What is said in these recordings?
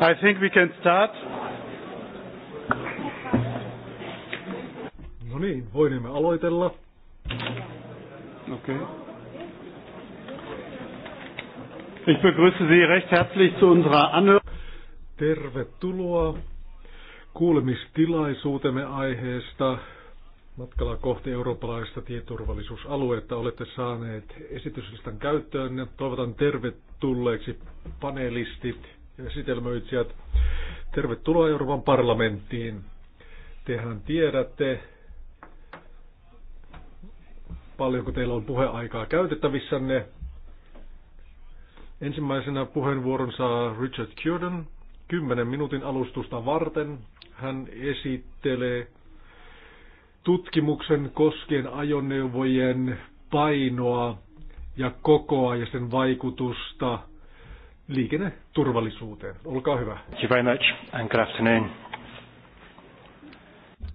I think we can start. No niin, voimme aloitella. Okay. Ich begrüße Sie recht herzlich zu unserer Anhörung. Tervetuloa kuulemistilaisuutemme aiheesta matkalla kohti eurooppalaista tieturvallisuusaluetta. Olette saaneet esityslistan käyttöön ja toivotan tervetulleeksi panelistit esitelmöitsijät. Tervetuloa Euroopan parlamenttiin. Tehän tiedätte, paljonko teillä on puheaikaa käytettävissänne. Ensimmäisenä puheenvuoron saa Richard Curden 10 minuutin alustusta varten. Hän esittelee tutkimuksen koskien ajoneuvojen painoa ja kokoa ja sen vaikutusta liikenneturvallisuuteen. Olkaa hyvä. Thank you very much and good afternoon.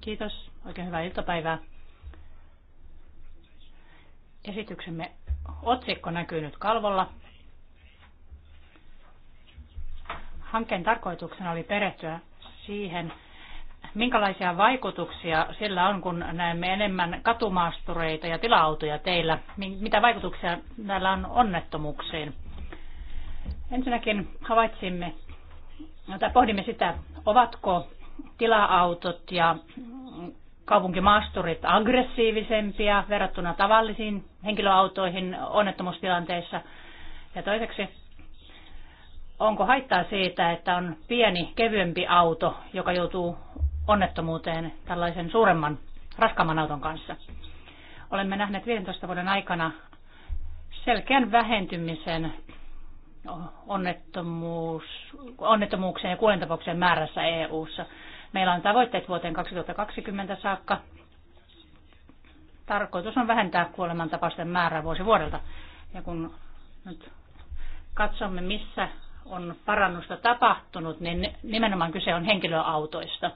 Kiitos. Oikein hyvää iltapäivää. Esityksemme otsikko näkyy nyt kalvolla. Hankkeen tarkoituksena oli perehtyä siihen, minkälaisia vaikutuksia sillä on, kun näemme enemmän katumaastureita ja tila-autoja teillä? Mitä vaikutuksia näillä on onnettomuuksiin? Ensinnäkin havaitsimme, tai pohdimme sitä, ovatko tila-autot ja kaupunkimaasturit aggressiivisempia verrattuna tavallisiin henkilöautoihin onnettomuustilanteissa. Ja toiseksi, onko haittaa siitä, että on pieni, kevyempi auto, joka joutuu onnettomuuteen tällaisen suuremman, raskaamman auton kanssa. Olemme nähneet 15 vuoden aikana selkeän vähentymisen onnettomuus, onnettomuuksien ja kuolentapauksien määrässä EU:ssa. Meillä on tavoitteet vuoteen 2020 saakka. Tarkoitus on vähentää kuolemantapausten määrää vuosi vuodelta. Ja kun nyt katsomme, missä on parannusta tapahtunut, niin nimenomaan kyse on henkilöautoista.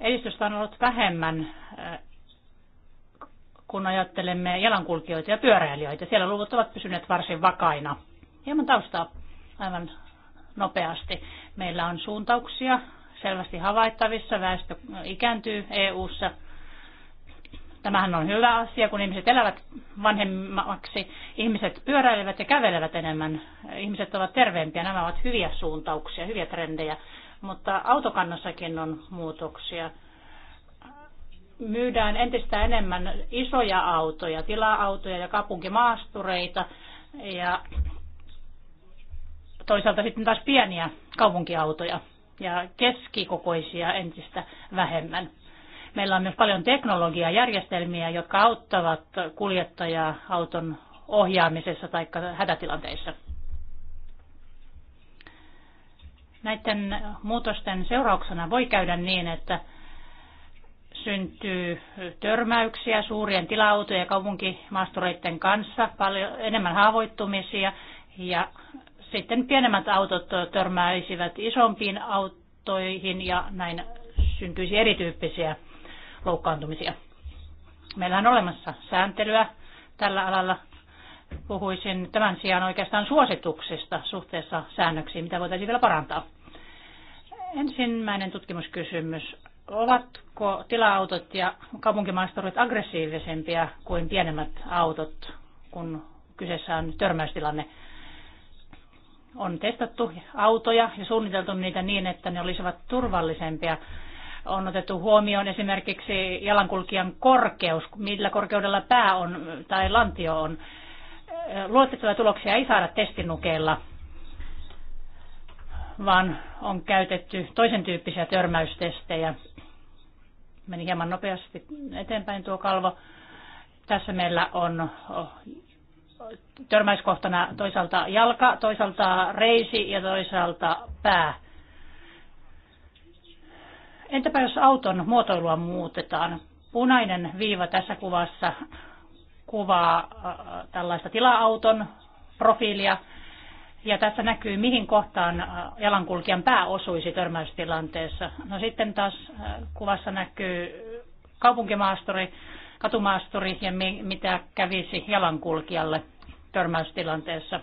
Edistystä on ollut vähemmän kun ajattelemme jalankulkijoita ja pyöräilijöitä. Siellä luvut ovat pysyneet varsin vakaina. Hieman taustaa aivan nopeasti. Meillä on suuntauksia selvästi havaittavissa. Väestö ikääntyy EU-ssa. Tämähän on hyvä asia, kun ihmiset elävät vanhemmaksi. Ihmiset pyöräilevät ja kävelevät enemmän. Ihmiset ovat terveempiä. Nämä ovat hyviä suuntauksia, hyviä trendejä. Mutta autokannassakin on muutoksia myydään entistä enemmän isoja autoja, tila-autoja ja kaupunkimaastureita ja toisaalta sitten taas pieniä kaupunkiautoja ja keskikokoisia entistä vähemmän. Meillä on myös paljon teknologiaa, järjestelmiä, jotka auttavat kuljettajaa auton ohjaamisessa tai hätätilanteissa. Näiden muutosten seurauksena voi käydä niin, että syntyy törmäyksiä suurien tila-autojen ja kaupunkimaastureiden kanssa, paljon enemmän haavoittumisia ja sitten pienemmät autot törmäisivät isompiin autoihin ja näin syntyisi erityyppisiä loukkaantumisia. Meillähän on olemassa sääntelyä tällä alalla. Puhuisin tämän sijaan oikeastaan suosituksista suhteessa säännöksiin, mitä voitaisiin vielä parantaa. Ensimmäinen tutkimuskysymys Ovatko tila-autot ja kaupunkimaisturit aggressiivisempia kuin pienemmät autot, kun kyseessä on törmäystilanne? On testattu autoja ja suunniteltu niitä niin, että ne olisivat turvallisempia on otettu huomioon esimerkiksi jalankulkijan korkeus, millä korkeudella pää on tai lantio on. Luotettavia tuloksia ei saada testinukeilla, vaan on käytetty toisen tyyppisiä törmäystestejä meni hieman nopeasti eteenpäin tuo kalvo. Tässä meillä on oh, törmäyskohtana toisaalta jalka, toisaalta reisi ja toisaalta pää. Entäpä jos auton muotoilua muutetaan? Punainen viiva tässä kuvassa kuvaa äh, tällaista tila-auton profiilia ja tässä näkyy, mihin kohtaan äh, jalankulkijan pää osuisi törmäystilanteessa. No sitten taas äh, kuvassa näkyy kaupunkimaasturi, katumaasturi ja mi- mitä kävisi jalankulkijalle törmäystilanteessa.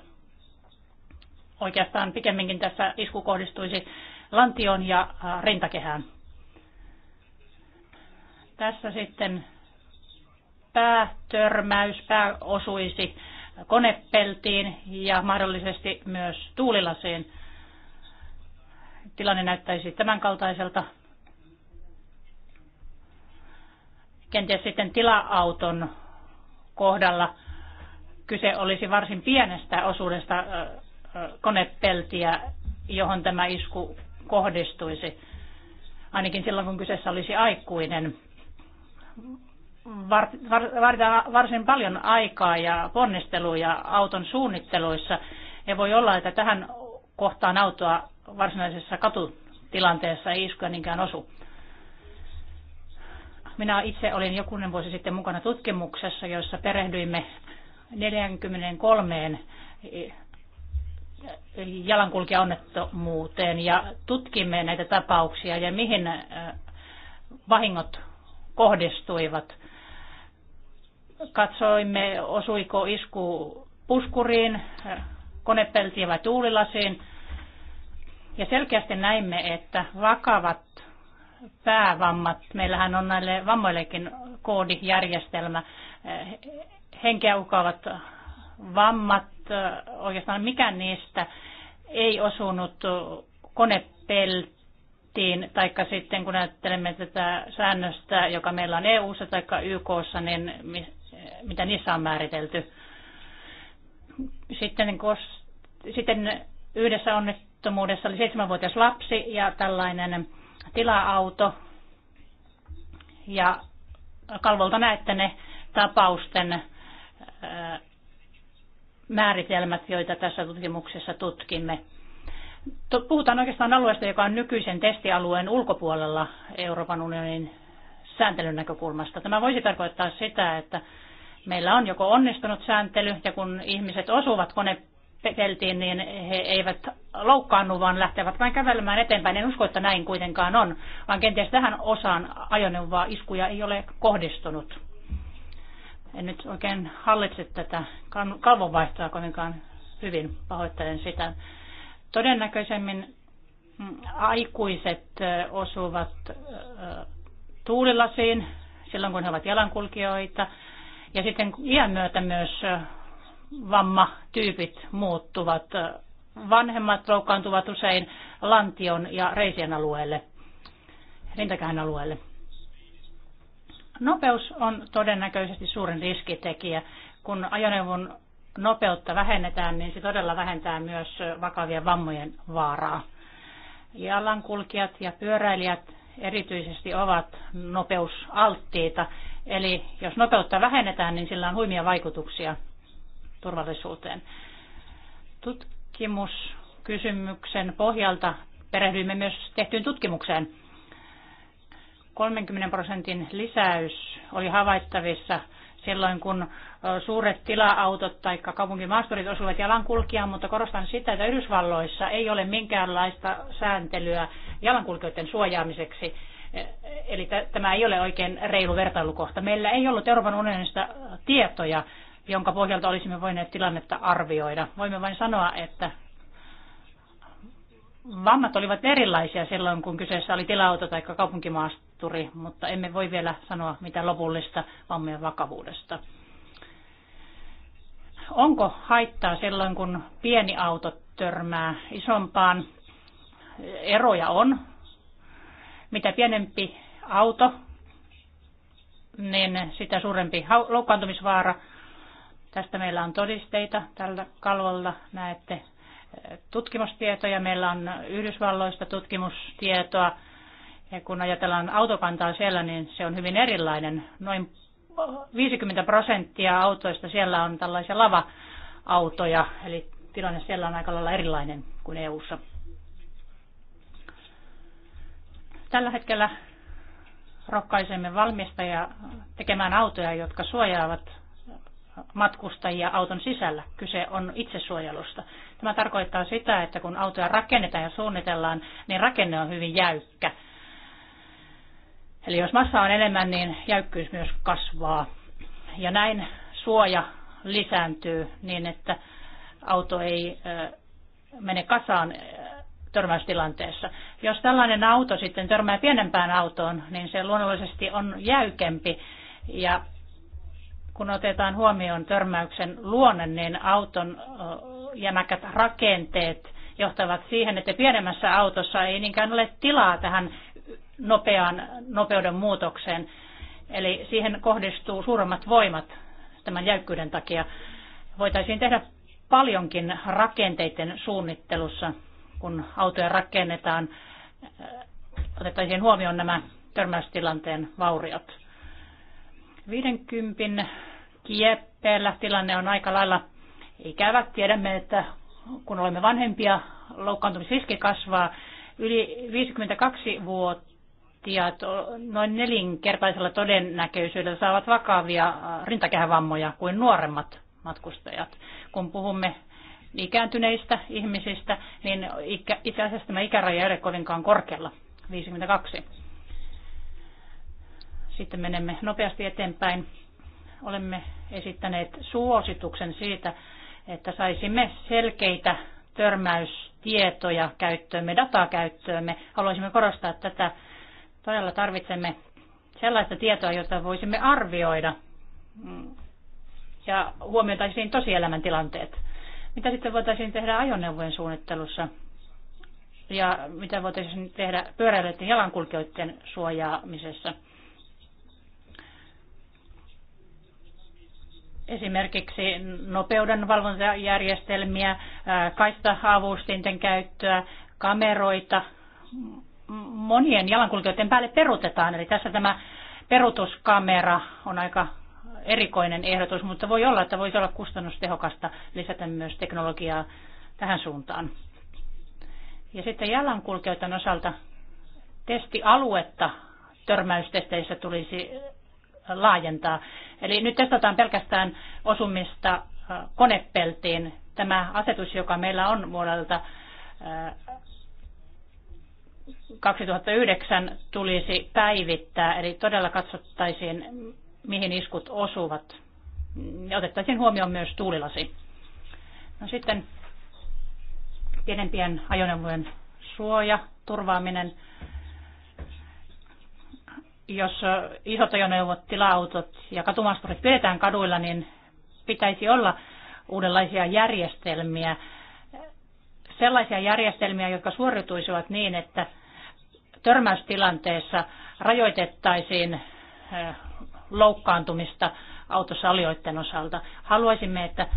Oikeastaan pikemminkin tässä isku kohdistuisi lantion ja äh, rintakehään. Tässä sitten päätörmäys, pää osuisi konepeltiin ja mahdollisesti myös tuulilasiin. Tilanne näyttäisi tämän kaltaiselta. Kenties sitten tila-auton kohdalla kyse olisi varsin pienestä osuudesta konepeltiä, johon tämä isku kohdistuisi, ainakin silloin kun kyseessä olisi aikuinen var, varsin paljon aikaa ja ponnisteluja auton suunnitteluissa. Ja voi olla, että tähän kohtaan autoa varsinaisessa katutilanteessa ei iskuja niinkään osu. Minä itse olin jokunen vuosi sitten mukana tutkimuksessa, jossa perehdyimme 43 jalankulkijaonnettomuuteen ja tutkimme näitä tapauksia ja mihin eh, vahingot kohdistuivat. Katsoimme, osuiko isku puskuriin, konepeltiin vai tuulilasiin. Ja selkeästi näimme, että vakavat päävammat, meillähän on näille vammoillekin koodijärjestelmä, henkeä ukavat vammat, oikeastaan mikään niistä ei osunut konepelttiin, taikka sitten kun ajattelemme tätä säännöstä, joka meillä on EU-ssa tai YKssa, niin mitä niissä on määritelty. Sitten, sitten yhdessä onnettomuudessa oli seitsemänvuotias lapsi ja tällainen tila-auto. Ja kalvolta näette ne tapausten määritelmät, joita tässä tutkimuksessa tutkimme. Puhutaan oikeastaan alueesta, joka on nykyisen testialueen ulkopuolella Euroopan unionin sääntelyn näkökulmasta. Tämä voisi tarkoittaa sitä, että Meillä on joko onnistunut sääntely, ja kun ihmiset osuvat koneteltiin, niin he eivät loukkaannu, vaan lähtevät vain kävelemään eteenpäin. En usko, että näin kuitenkaan on, vaan kenties tähän osaan ajoneuvoa iskuja ei ole kohdistunut. En nyt oikein hallitse tätä kalvonvaihtoa kovinkaan hyvin, pahoittelen sitä. Todennäköisemmin mm, aikuiset osuvat tuulilasiin silloin, kun he ovat jalankulkijoita. Ja sitten iän myötä myös vammatyypit muuttuvat. Vanhemmat loukkaantuvat usein lantion ja reisien alueelle, rintakähän alueelle. Nopeus on todennäköisesti suurin riskitekijä. Kun ajoneuvon nopeutta vähennetään, niin se todella vähentää myös vakavien vammojen vaaraa. Jalankulkijat ja pyöräilijät erityisesti ovat nopeusalttiita Eli jos nopeutta vähennetään, niin sillä on huimia vaikutuksia turvallisuuteen. Tutkimuskysymyksen pohjalta perehdyimme myös tehtyyn tutkimukseen. 30 prosentin lisäys oli havaittavissa silloin, kun suuret tila-autot tai kaupunkimaasturit osuivat jalankulkijaan, mutta korostan sitä, että Yhdysvalloissa ei ole minkäänlaista sääntelyä jalankulkijoiden suojaamiseksi Eli tämä ei ole oikein reilu vertailukohta. Meillä ei ollut Euroopan unionista tietoja, jonka pohjalta olisimme voineet tilannetta arvioida. Voimme vain sanoa, että vammat olivat erilaisia silloin, kun kyseessä oli tilauto tai kaupunkimaasturi, mutta emme voi vielä sanoa mitä lopullista vammojen vakavuudesta. Onko haittaa silloin, kun pieni auto törmää isompaan? Eroja on, mitä pienempi auto, niin sitä suurempi loukkaantumisvaara. Tästä meillä on todisteita tällä kalvolla. Näette eh, tutkimustietoja. Meillä on Yhdysvalloista tutkimustietoa. Ja kun ajatellaan autokantaa siellä, niin se on hyvin erilainen. Noin 50 prosenttia autoista siellä on tällaisia lava-autoja, eli tilanne siellä on aika lailla erilainen kuin EU-ssa. Tällä hetkellä rohkaisemme valmistajia tekemään autoja, jotka suojaavat matkustajia auton sisällä. Kyse on itsesuojelusta. Tämä tarkoittaa sitä, että kun autoja rakennetaan ja suunnitellaan, niin rakenne on hyvin jäykkä. Eli jos massa on enemmän, niin jäykkyys myös kasvaa. Ja näin suoja lisääntyy niin, että auto ei mene kasaan törmäystilanteessa. Jos tällainen auto sitten törmää pienempään autoon, niin se luonnollisesti on jäykempi ja kun otetaan huomioon törmäyksen luonne, niin auton jämäkät rakenteet johtavat siihen, että pienemmässä autossa ei niinkään ole tilaa tähän nopeaan nopeuden muutokseen. Eli siihen kohdistuu suuremmat voimat tämän jäykkyyden takia. Voitaisiin tehdä paljonkin rakenteiden suunnittelussa kun autoja rakennetaan, äh, otettaisiin huomioon nämä törmäystilanteen vauriot. 50 kieppeellä tilanne on aika lailla ikävä. Tiedämme, että kun olemme vanhempia, loukkaantumisriski kasvaa. Yli 52-vuotiaat noin nelinkertaisella todennäköisyydellä saavat vakavia rintakehävammoja kuin nuoremmat matkustajat. Kun puhumme ikääntyneistä ihmisistä, niin itse asiassa tämä ikäraja ei ole kovinkaan korkealla, 52. Sitten menemme nopeasti eteenpäin. Olemme esittäneet suosituksen siitä, että saisimme selkeitä törmäystietoja käyttöömme, dataa käyttöömme. Haluaisimme korostaa tätä. Todella tarvitsemme sellaista tietoa, jota voisimme arvioida ja huomioitaisiin tosielämän tilanteet. Mitä sitten voitaisiin tehdä ajoneuvojen suunnittelussa? Ja mitä voitaisiin tehdä pyöräilijöiden jalankulkijoiden suojaamisessa? Esimerkiksi nopeuden valvontajärjestelmiä, kaista-avustinten käyttöä, kameroita, monien jalankulkijoiden päälle perutetaan. Eli tässä tämä perutuskamera on aika erikoinen ehdotus, mutta voi olla, että voisi olla kustannustehokasta lisätä myös teknologiaa tähän suuntaan. Ja sitten jalankulkijoiden osalta testialuetta törmäystesteissä tulisi laajentaa. Eli nyt testataan pelkästään osumista konepeltiin. Tämä asetus, joka meillä on vuodelta 2009, tulisi päivittää, eli todella katsottaisiin, mihin iskut osuvat. Ja otettaisiin huomioon myös tuulilasi. No sitten pienempien ajoneuvojen suoja, turvaaminen. Jos isot ajoneuvot, tila-autot ja katumaskurit pidetään kaduilla, niin pitäisi olla uudenlaisia järjestelmiä, sellaisia järjestelmiä, jotka suorituisivat niin, että törmäystilanteessa rajoitettaisiin loukkaantumista autosalioiden osalta. Haluaisimme, että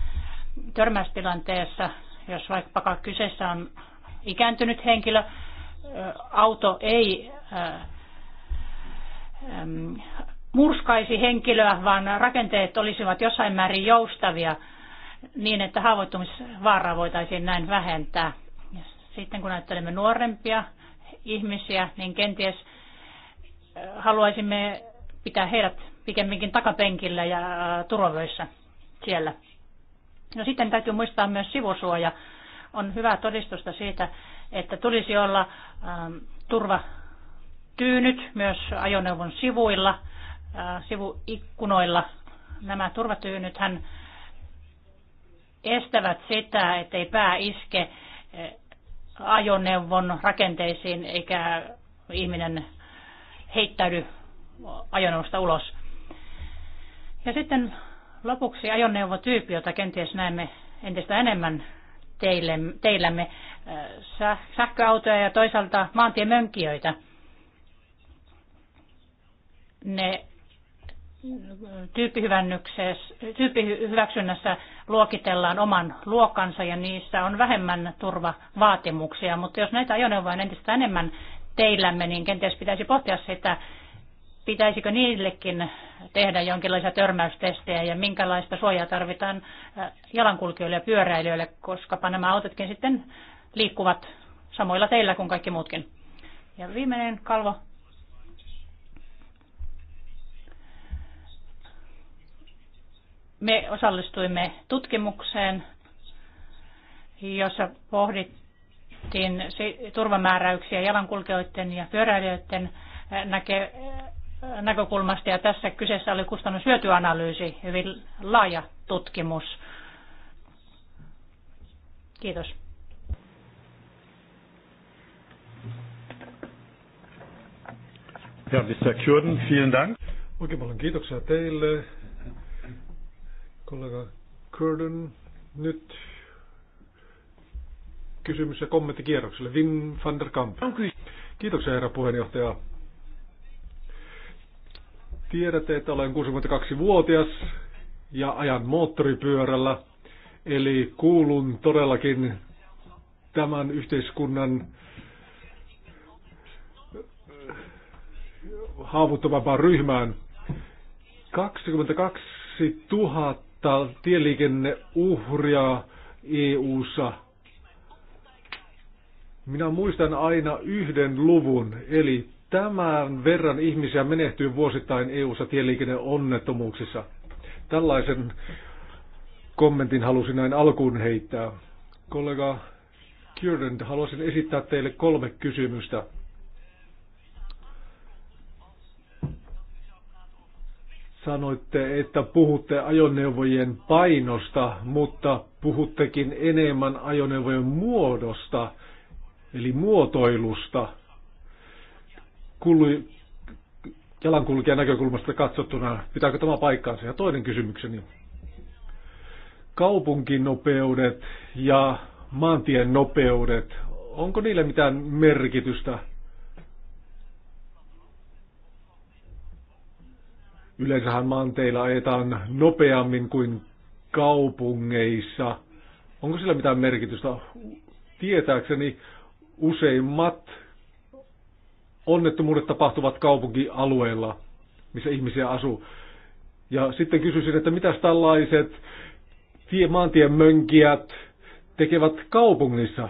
törmäystilanteessa, jos vaikka kyseessä on ikääntynyt henkilö, auto ei murskaisi henkilöä, vaan rakenteet olisivat jossain määrin joustavia niin, että haavoittumisvaaraa voitaisiin näin vähentää. Sitten kun ajattelemme nuorempia ihmisiä, niin kenties haluaisimme pitää heidät pikemminkin takapenkillä ja turvavöissä siellä. No sitten täytyy muistaa myös sivusuoja. On hyvää todistusta siitä, että tulisi olla ähm, turvatyynyt myös ajoneuvon sivuilla, äh, sivuikkunoilla. Nämä turvatyynythän estävät sitä, ettei pää iske ajoneuvon rakenteisiin eikä ihminen heittäydy ajoneuvosta ulos. Ja sitten lopuksi ajoneuvotyyppi, jota kenties näemme entistä enemmän teille, teillämme, äh, sähköautoja ja toisaalta maantiemönkijöitä. Ne äh, tyyppihyväksynnässä luokitellaan oman luokansa ja niissä on vähemmän turvavaatimuksia, mutta jos näitä ajoneuvoja on entistä enemmän teillämme, niin kenties pitäisi pohtia sitä, pitäisikö niillekin tehdä jonkinlaisia törmäystestejä ja minkälaista suojaa tarvitaan äh, jalankulkijoille ja pyöräilijöille, koska nämä autotkin sitten liikkuvat samoilla teillä kuin kaikki muutkin. Ja viimeinen kalvo. Me osallistuimme tutkimukseen, jossa pohdittiin turvamääräyksiä jalankulkijoiden ja pyöräilijöiden äh, näke, näkökulmasta ja tässä kyseessä oli kustannushyötyanalyysi, hyvin laaja tutkimus. Kiitos. Ja, Mr. Kjörden, vielen Dank. Oikein paljon kiitoksia teille, kollega Kjörden. Nyt kysymys- ja kommenttikierrokselle. Wim van der Kamp. Kiitoksia herra puheenjohtaja. Tiedätte, että olen 62-vuotias ja ajan moottoripyörällä, eli kuulun todellakin tämän yhteiskunnan äh, haavuttavampaan ryhmään. 22 000 tieliikenneuhria EU-ssa. Minä muistan aina yhden luvun, eli Tämän verran ihmisiä menehtyy vuosittain EU-ssa tieliikenneonnettomuuksissa. Tällaisen kommentin halusin näin alkuun heittää. Kollega Kyrden, haluaisin esittää teille kolme kysymystä. Sanoitte, että puhutte ajoneuvojen painosta, mutta puhuttekin enemmän ajoneuvojen muodosta, eli muotoilusta – kului, jalankulkijan näkökulmasta katsottuna, pitääkö tämä paikkaansa? Ja toinen kysymykseni. Kaupunkinopeudet ja maantien nopeudet, onko niillä mitään merkitystä? Yleensähän maanteilla ajetaan nopeammin kuin kaupungeissa. Onko sillä mitään merkitystä? Tietääkseni useimmat onnettomuudet tapahtuvat kaupunkialueilla, missä ihmisiä asuu. Ja sitten kysyisin, että mitä tällaiset tie, maantien mönkijät tekevät kaupungissa?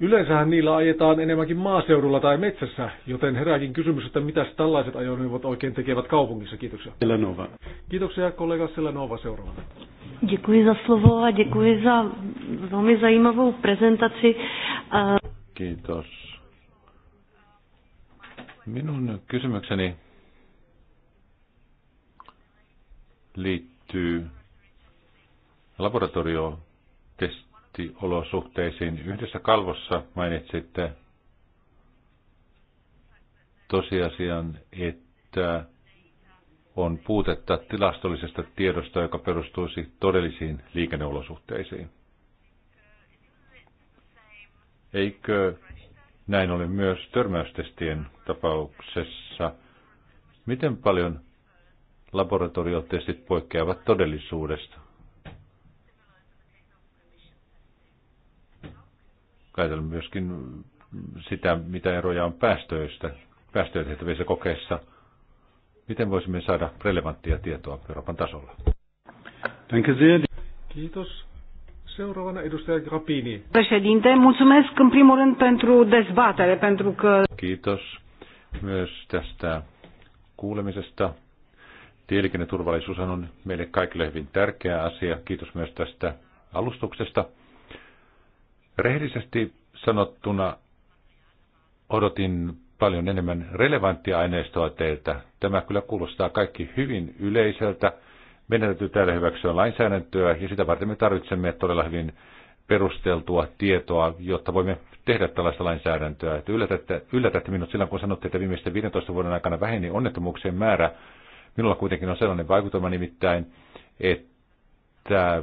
Yleensähän niillä ajetaan enemmänkin maaseudulla tai metsässä, joten herääkin kysymys, että mitä tällaiset ajoneuvot oikein tekevät kaupungissa. Kiitoksia. Selenova. Kiitoksia kollega Selenova seuraavana. Děkuji za slovo a děkuji za velmi zajímavou prezentaci. Kiitos Minun kysymykseni liittyy laboratoriotestiolosuhteisiin. Yhdessä kalvossa mainitsitte tosiasian, että on puutetta tilastollisesta tiedosta, joka perustuisi todellisiin liikenneolosuhteisiin. Eikö näin oli myös törmäystestien tapauksessa. Miten paljon laboratoriotestit poikkeavat todellisuudesta? Ajatellaan myöskin sitä, mitä eroja on päästöistä, päästöjä tehtävissä kokeissa. Miten voisimme saada relevanttia tietoa Euroopan tasolla? Kiitos. Seuraavana edustaja Grappini. Președinte, mulțumesc în primul rând pentru dezbatere, pentru că... Kiitos myös tästä kuulemisesta. Tieliikenneturvallisuus on meille kaikille hyvin tärkeä asia. Kiitos myös tästä alustuksesta. Rehellisesti sanottuna odotin paljon enemmän relevanttia aineistoa teiltä. Tämä kyllä kuulostaa kaikki hyvin yleiseltä meidän täytyy täällä hyväksyä lainsäädäntöä ja sitä varten me tarvitsemme todella hyvin perusteltua tietoa, jotta voimme tehdä tällaista lainsäädäntöä. Että yllätätte, yllätätte minut silloin, kun sanotte, että viimeisten 15 vuoden aikana väheni onnettomuuksien määrä. Minulla kuitenkin on sellainen vaikutelma nimittäin, että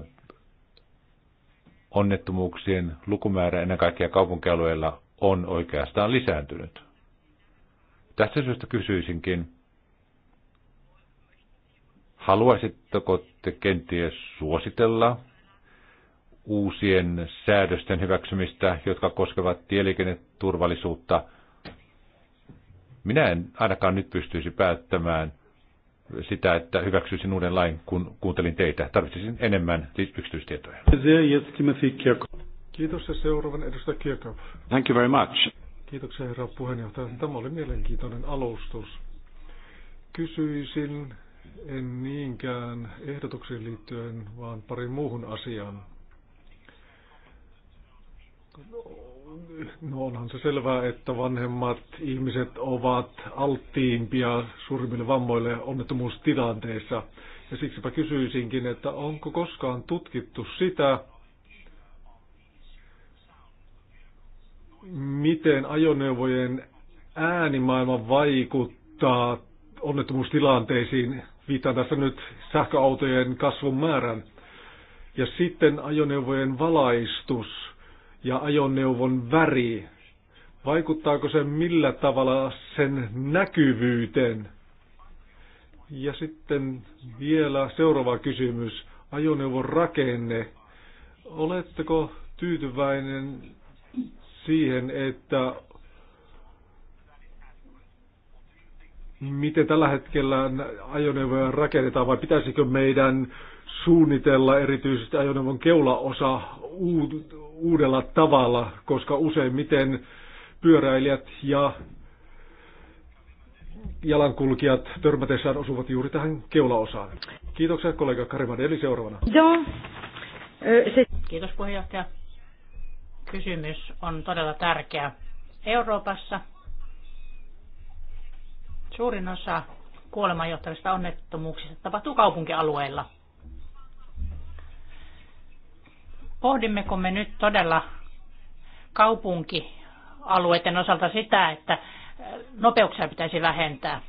onnettomuuksien lukumäärä ennen kaikkea kaupunkialueilla on oikeastaan lisääntynyt. Tästä syystä kysyisinkin, Haluaisitteko te kenties suositella uusien säädösten hyväksymistä, jotka koskevat tieliikenneturvallisuutta? Minä en ainakaan nyt pystyisi päättämään sitä, että hyväksyisin uuden lain, kun kuuntelin teitä. Tarvitsisin enemmän yksityistietoja. Kiitos ja seuraavan edustaja Kirkhoff. Thank you very much. Kiitoksia herra puheenjohtaja. Tämä oli mielenkiintoinen alustus. Kysyisin en niinkään ehdotuksiin liittyen, vaan pari muuhun asiaan. No onhan se selvää, että vanhemmat ihmiset ovat alttiimpia suurimmille vammoille onnettomuustilanteissa. Ja siksipä kysyisinkin, että onko koskaan tutkittu sitä, miten ajoneuvojen äänimaailma vaikuttaa onnettomuustilanteisiin Viittaan tässä nyt sähköautojen kasvun määrän. Ja sitten ajoneuvojen valaistus ja ajoneuvon väri. Vaikuttaako se millä tavalla sen näkyvyyteen? Ja sitten vielä seuraava kysymys. Ajoneuvon rakenne. Oletteko tyytyväinen siihen, että miten tällä hetkellä ajoneuvoja rakennetaan vai pitäisikö meidän suunnitella erityisesti ajoneuvon keulaosa uudella tavalla, koska useimmiten pyöräilijät ja jalankulkijat törmätessään osuvat juuri tähän keulaosaan. Kiitoksia kollega Karimadeli seuraavana. Joo. Kiitos puheenjohtaja. Kysymys on todella tärkeä. Euroopassa Suurin osa kuolemaan johtavista onnettomuuksista tapahtuu kaupunkialueilla. Pohdimmeko me nyt todella kaupunkialueiden osalta sitä, että nopeuksia pitäisi vähentää?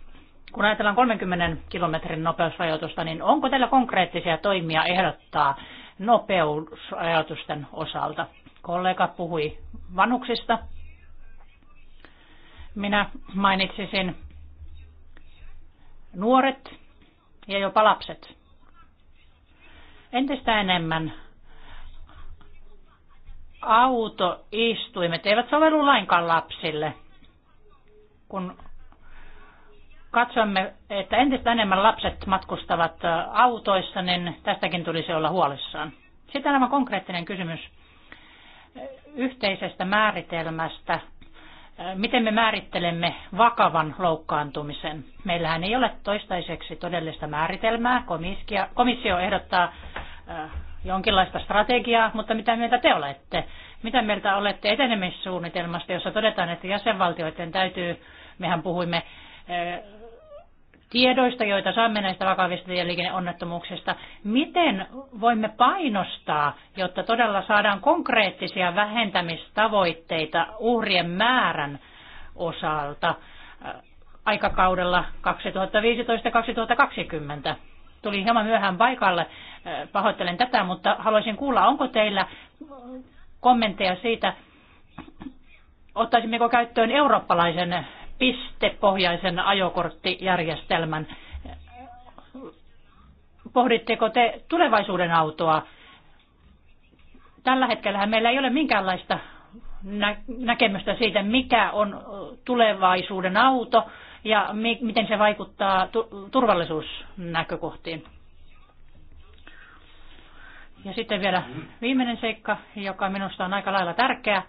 Kun ajatellaan 30 kilometrin nopeusrajoitusta, niin onko teillä konkreettisia toimia ehdottaa nopeusrajoitusten osalta? Kollega puhui vanuksista. Minä mainitsisin nuoret ja jopa lapset. Entistä enemmän autoistuimet eivät sovellu lainkaan lapsille, kun katsomme, että entistä enemmän lapset matkustavat autoissa, niin tästäkin tulisi olla huolissaan. Sitten tämä konkreettinen kysymys yhteisestä määritelmästä miten me määrittelemme vakavan loukkaantumisen. Meillähän ei ole toistaiseksi todellista määritelmää. Komissio ehdottaa jonkinlaista strategiaa, mutta mitä mieltä te olette? Mitä mieltä olette etenemissuunnitelmasta, jossa todetaan, että jäsenvaltioiden täytyy, mehän puhuimme tiedoista, joita saamme näistä vakavista tieliikenneonnettomuuksista. Miten voimme painostaa, jotta todella saadaan konkreettisia vähentämistavoitteita uhrien määrän osalta äh, aikakaudella 2015-2020? Tuli hieman myöhään paikalle, äh, pahoittelen tätä, mutta haluaisin kuulla, onko teillä kommentteja siitä, ottaisimmeko käyttöön eurooppalaisen pistepohjaisen ajokorttijärjestelmän. Pohditteko te tulevaisuuden autoa? Tällä hetkellä meillä ei ole minkäänlaista näkemystä siitä, mikä on tulevaisuuden auto ja mi- miten se vaikuttaa tu- turvallisuusnäkökohtiin. Ja sitten vielä viimeinen seikka, joka minusta on aika lailla tärkeä.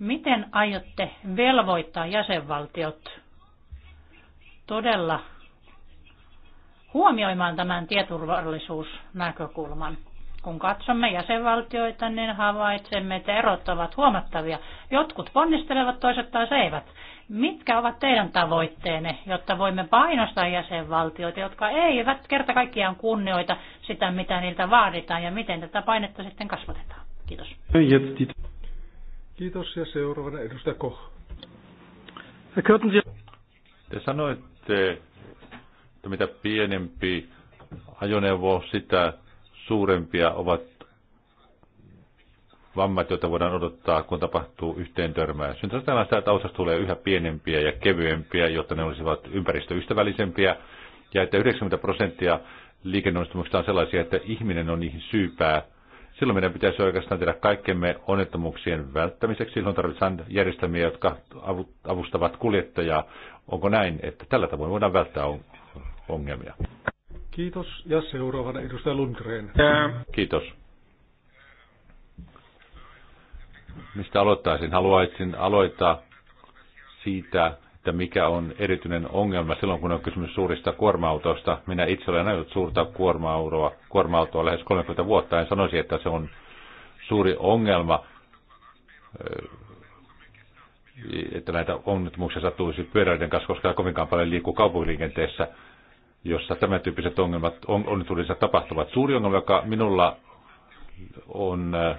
Miten aiotte velvoittaa jäsenvaltiot todella huomioimaan tämän tieturvallisuusnäkökulman? Kun katsomme jäsenvaltioita, niin havaitsemme, että erot ovat huomattavia. Jotkut ponnistelevat, toiset taas eivät. Mitkä ovat teidän tavoitteenne, jotta voimme painostaa jäsenvaltioita, jotka eivät kerta kaikkiaan kunnioita sitä, mitä niiltä vaaditaan ja miten tätä painetta sitten kasvatetaan? Kiitos. Kiitos ja seuraavana edustaja Koh. Te sanoitte, että mitä pienempi ajoneuvo, sitä suurempia ovat vammat, joita voidaan odottaa, kun tapahtuu yhteen törmää. Nyt ajatellaan sitä, että autosta tulee yhä pienempiä ja kevyempiä, jotta ne olisivat ympäristöystävällisempiä, ja että 90 prosenttia liikenneonnistumisista on sellaisia, että ihminen on niihin syypää, Silloin meidän pitäisi oikeastaan tehdä kaikkemme onnettomuuksien välttämiseksi. Silloin tarvitaan järjestelmiä, jotka avustavat kuljettajaa. Onko näin, että tällä tavoin voidaan välttää ongelmia? Kiitos. Ja seuraavana edustaja Lundgren. Äh. Kiitos. Mistä aloittaisin? Haluaisin aloittaa siitä, että mikä on erityinen ongelma silloin, kun on kysymys suurista kuorma-autoista. Minä itse olen ajanut suurta kuorma-autoa, kuorma-autoa lähes 30 vuotta. En sanoisi, että se on suuri ongelma, eh, että näitä onnettomuuksia sattuisi pyöräiden kanssa, koska kovinkaan paljon liikkuu kaupunkiliikenteessä, jossa tämän tyyppiset ongelmat onnettomuudessa tapahtuvat. Suuri ongelma, joka minulla on, eh,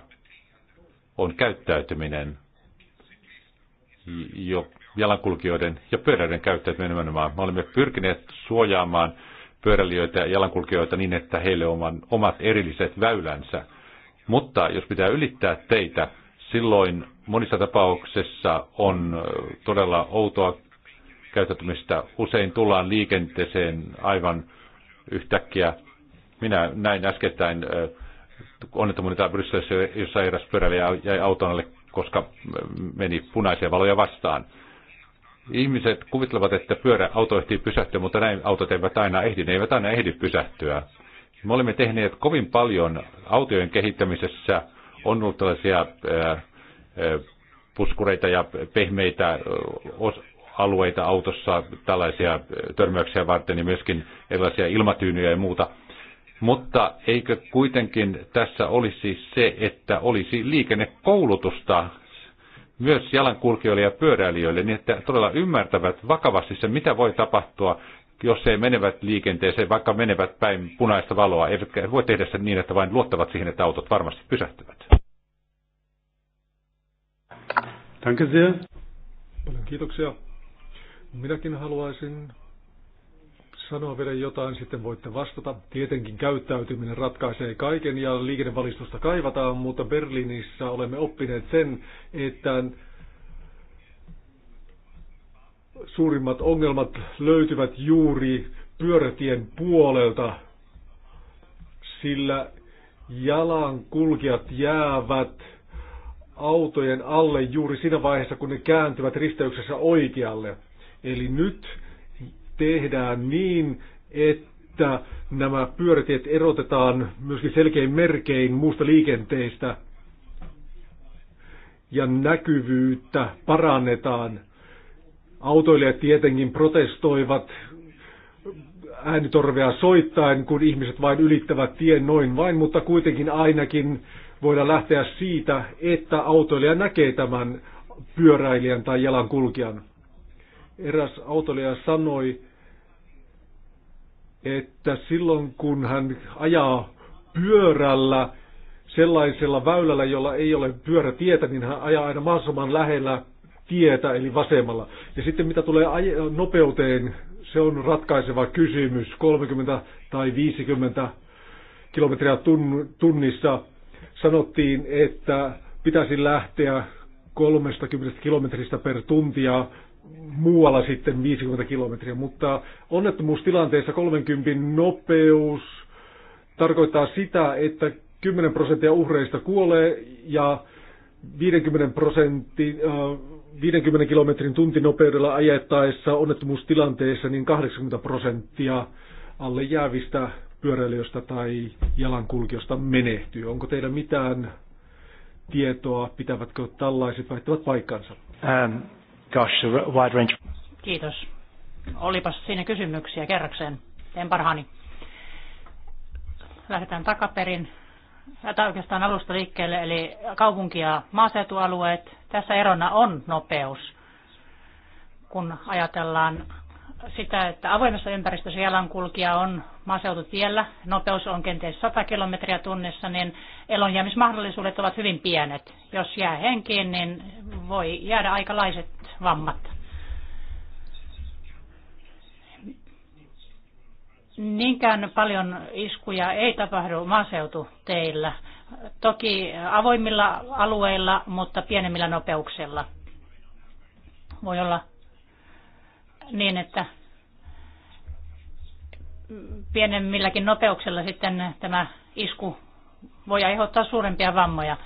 on käyttäytyminen, jo, jalankulkijoiden ja pyöräilijöiden käyttäjät nimenomaan. Me olemme pyrkineet suojaamaan pyöräilijöitä ja jalankulkijoita niin, että heille on omat erilliset väylänsä. Mutta jos pitää ylittää teitä, silloin monissa tapauksissa on todella outoa käyttäytymistä. Usein tullaan liikenteeseen aivan yhtäkkiä. Minä näin äskettäin onnettomuuden täällä Brysselissä, jossa eräs pyöräilijä jäi auton alle, koska meni punaisia valoja vastaan. Ihmiset kuvittelevat, että pyörä auto ehtii pysähtyä, mutta näin autot eivät aina ehdi. Ne eivät aina ehdi pysähtyä. Me olemme tehneet kovin paljon autojen kehittämisessä. On ollut tällaisia puskureita ja pehmeitä alueita autossa tällaisia törmäyksiä varten ja myöskin erilaisia ilmatyynyjä ja muuta. Mutta eikö kuitenkin tässä olisi se, että olisi liikennekoulutusta myös jalankulkijoille ja pyöräilijöille, niin että todella ymmärtävät vakavasti se, mitä voi tapahtua, jos he menevät liikenteeseen, vaikka menevät päin punaista valoa. Eivätkä voi tehdä sen niin, että vain luottavat siihen, että autot varmasti pysähtyvät. Danke sehr. Paljon kiitoksia. Minäkin haluaisin sanoa vielä jotain, sitten voitte vastata. Tietenkin käyttäytyminen ratkaisee kaiken ja liikennevalistusta kaivataan, mutta Berliinissä olemme oppineet sen, että suurimmat ongelmat löytyvät juuri pyörätien puolelta, sillä jalankulkijat jäävät autojen alle juuri siinä vaiheessa, kun ne kääntyvät risteyksessä oikealle. Eli nyt tehdään niin, että nämä pyörätiet erotetaan myöskin selkein merkein muusta liikenteestä ja näkyvyyttä parannetaan. Autoilijat tietenkin protestoivat äänitorvea soittain, kun ihmiset vain ylittävät tien noin vain, mutta kuitenkin ainakin voidaan lähteä siitä, että autoilija näkee tämän pyöräilijän tai jalankulkijan. Eräs autoilija sanoi, että silloin kun hän ajaa pyörällä sellaisella väylällä, jolla ei ole pyörätietä, niin hän ajaa aina mahdollisimman lähellä tietä, eli vasemmalla. Ja sitten mitä tulee nopeuteen, se on ratkaiseva kysymys, 30 tai 50 kilometriä tunnissa. Sanottiin, että pitäisi lähteä 30 kilometristä per tuntia muualla sitten 50 kilometriä, mutta onnettomuustilanteessa 30 nopeus tarkoittaa sitä, että 10 prosenttia uhreista kuolee ja 50 prosentti, 50 äh, kilometrin tuntinopeudella ajettaessa onnettomuustilanteessa niin 80 prosenttia alle jäävistä pyöräilijöistä tai jalankulkijoista menehtyy. Onko teillä mitään tietoa, pitävätkö tällaiset väittävät paikkansa? Ähm. Gosh, the wide range. Kiitos. Olipas siinä kysymyksiä kerrakseen. Teen parhaani. Lähdetään takaperin äh, tai oikeastaan alusta liikkeelle, eli kaupunki- ja maaseutualueet. Tässä erona on nopeus, kun ajatellaan sitä, että avoimessa ympäristössä jalankulkija on maaseututiellä, nopeus on kenties 100 kilometriä tunnissa, niin elonjäämismahdollisuudet ovat hyvin pienet. Jos jää henkiin, niin voi jäädä aikalaiset vammat. Niinkään paljon iskuja ei tapahdu teillä. Toki avoimilla alueilla, mutta pienemmillä nopeuksilla. Voi olla niin, että pienemmilläkin nopeuksilla sitten tämä isku voi aiheuttaa suurempia vammoja.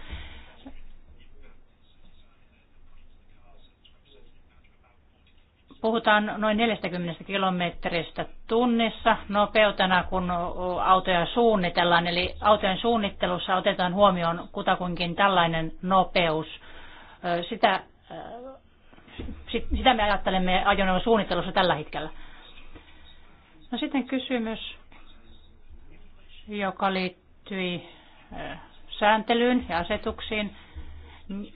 Puhutaan noin 40 kilometristä tunnissa nopeutena, kun autoja suunnitellaan. Eli autojen suunnittelussa otetaan huomioon kutakuinkin tällainen nopeus. Sitä, sitä me ajattelemme ajoneuvon suunnittelussa tällä hetkellä. No sitten kysymys, joka liittyi sääntelyyn ja asetuksiin.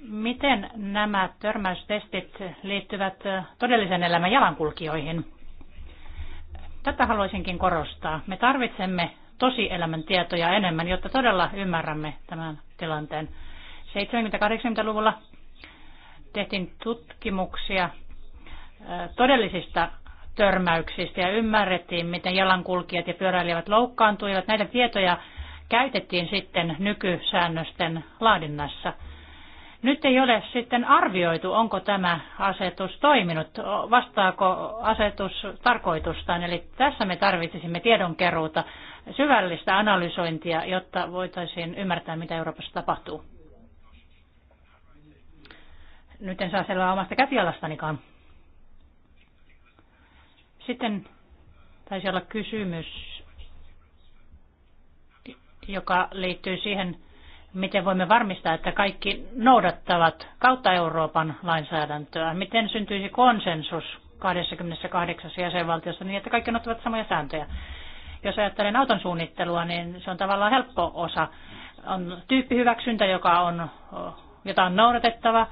Miten nämä törmäystestit liittyvät todellisen elämän jalankulkijoihin? Tätä haluaisinkin korostaa. Me tarvitsemme tosielämän tietoja enemmän, jotta todella ymmärrämme tämän tilanteen. 70-80-luvulla tehtiin tutkimuksia todellisista törmäyksistä ja ymmärrettiin, miten jalankulkijat ja pyöräilijät loukkaantuivat. Näitä tietoja käytettiin sitten nykysäännösten laadinnassa – nyt ei ole sitten arvioitu, onko tämä asetus toiminut, vastaako asetus tarkoitustaan. Eli tässä me tarvitsisimme tiedonkeruuta, syvällistä analysointia, jotta voitaisiin ymmärtää, mitä Euroopassa tapahtuu. Nyt en saa selvää omasta käpialastanikaan. Sitten taisi olla kysymys, joka liittyy siihen, miten voimme varmistaa, että kaikki noudattavat kautta Euroopan lainsäädäntöä? Miten syntyisi konsensus 28 jäsenvaltiossa niin, että kaikki noudattavat samoja sääntöjä? Jos ajattelen auton suunnittelua, niin se on tavallaan helppo osa. On tyyppihyväksyntä, joka on, jota on noudatettava.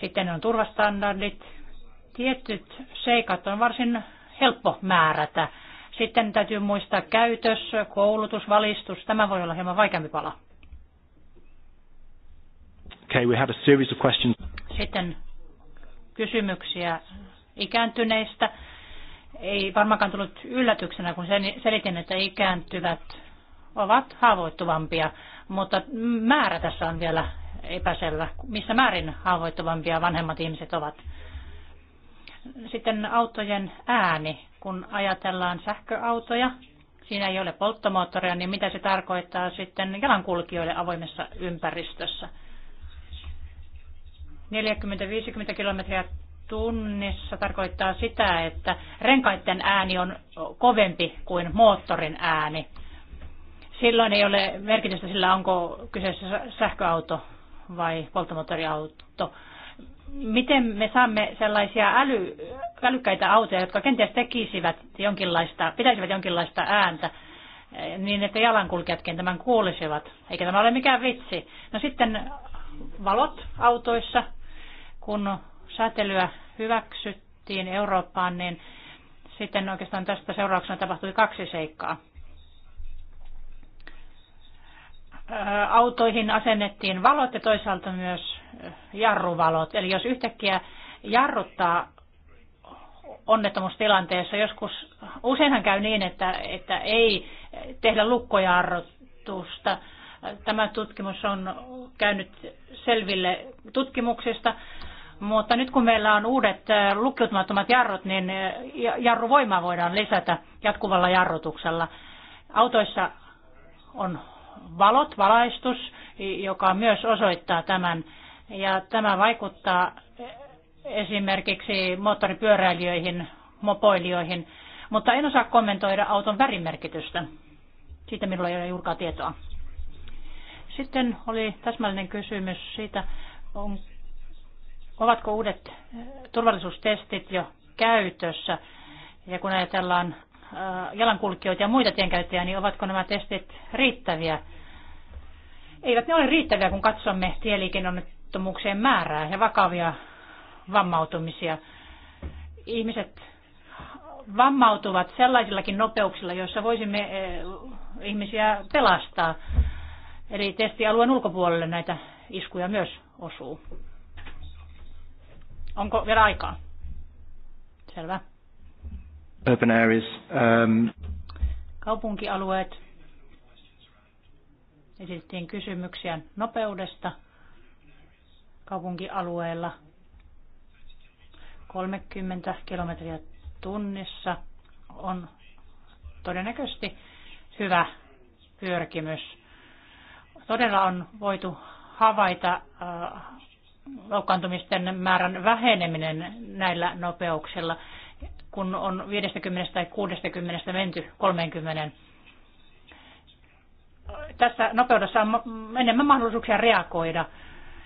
Sitten on turvastandardit. Tietyt seikat on varsin helppo määrätä. Sitten täytyy muistaa käytös, koulutus, valistus. Tämä voi olla hieman vaikeampi pala. Okay, we have a series of questions. Sitten kysymyksiä ikääntyneistä. Ei varmaankaan tullut yllätyksenä, kun selitin, että ikääntyvät ovat haavoittuvampia, mutta määrä tässä on vielä epäselvä, missä määrin haavoittuvampia vanhemmat ihmiset ovat. Sitten autojen ääni, kun ajatellaan sähköautoja, siinä ei ole polttomoottoria, niin mitä se tarkoittaa sitten jalankulkijoille avoimessa ympäristössä? 40-50 kilometriä tunnissa tarkoittaa sitä, että renkaiden ääni on kovempi kuin moottorin ääni. Silloin ei ole merkitystä sillä, onko kyseessä sähköauto vai polttomoottoriauto. Miten me saamme sellaisia äly, älykkäitä autoja, jotka kenties tekisivät jonkinlaista, pitäisivät jonkinlaista ääntä, niin että jalankulkijatkin tämän kuulisivat. Eikä tämä ole mikään vitsi. No sitten valot autoissa, kun säätelyä hyväksyttiin Eurooppaan, niin sitten oikeastaan tästä seurauksena tapahtui kaksi seikkaa. Autoihin asennettiin valot ja toisaalta myös jarruvalot. Eli jos yhtäkkiä jarruttaa onnettomuustilanteessa, joskus useinhan käy niin, että, että ei tehdä lukkojarrutusta. Tämä tutkimus on käynyt selville tutkimuksista mutta nyt kun meillä on uudet lukkiutumattomat jarrut, niin jarruvoimaa voidaan lisätä jatkuvalla jarrutuksella. Autoissa on valot, valaistus, joka myös osoittaa tämän. Ja tämä vaikuttaa esimerkiksi moottoripyöräilijöihin, mopoilijoihin, mutta en osaa kommentoida auton värimerkitystä. Siitä minulla ei ole juurikaan tietoa. Sitten oli täsmällinen kysymys siitä, onko Ovatko uudet eh, turvallisuustestit jo käytössä? Ja kun ajatellaan eh, jalankulkijoita ja muita tienkäyttäjiä, niin ovatko nämä testit riittäviä? Eivät ne ole riittäviä, kun katsomme tieliikennonnettomuuksien määrää ja vakavia vammautumisia. Ihmiset vammautuvat sellaisillakin nopeuksilla, joissa voisimme eh, ihmisiä pelastaa. Eli testialueen ulkopuolelle näitä iskuja myös osuu. Onko vielä aikaa? Selvä. Urban areas. Um... Kaupunkialueet. Esitettiin kysymyksiä nopeudesta kaupunkialueella. 30 kilometriä tunnissa on todennäköisesti hyvä pyrkimys. Todella on voitu havaita äh, loukkaantumisten määrän väheneminen näillä nopeuksilla, kun on 50 tai 60 menty 30. Tässä nopeudessa on enemmän mahdollisuuksia reagoida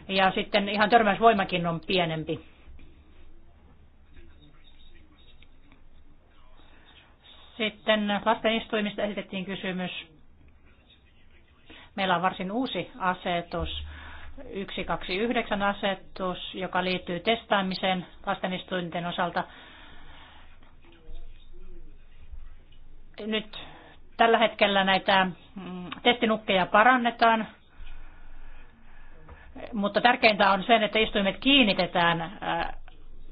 ja sitten ihan törmäysvoimakin on pienempi. Sitten lasten istuimista esitettiin kysymys. Meillä on varsin uusi asetus 129 asetus, joka liittyy testaamiseen lastenistuinten osalta. Nyt tällä hetkellä näitä mm, testinukkeja parannetaan, mutta tärkeintä on sen, että istuimet kiinnitetään äh,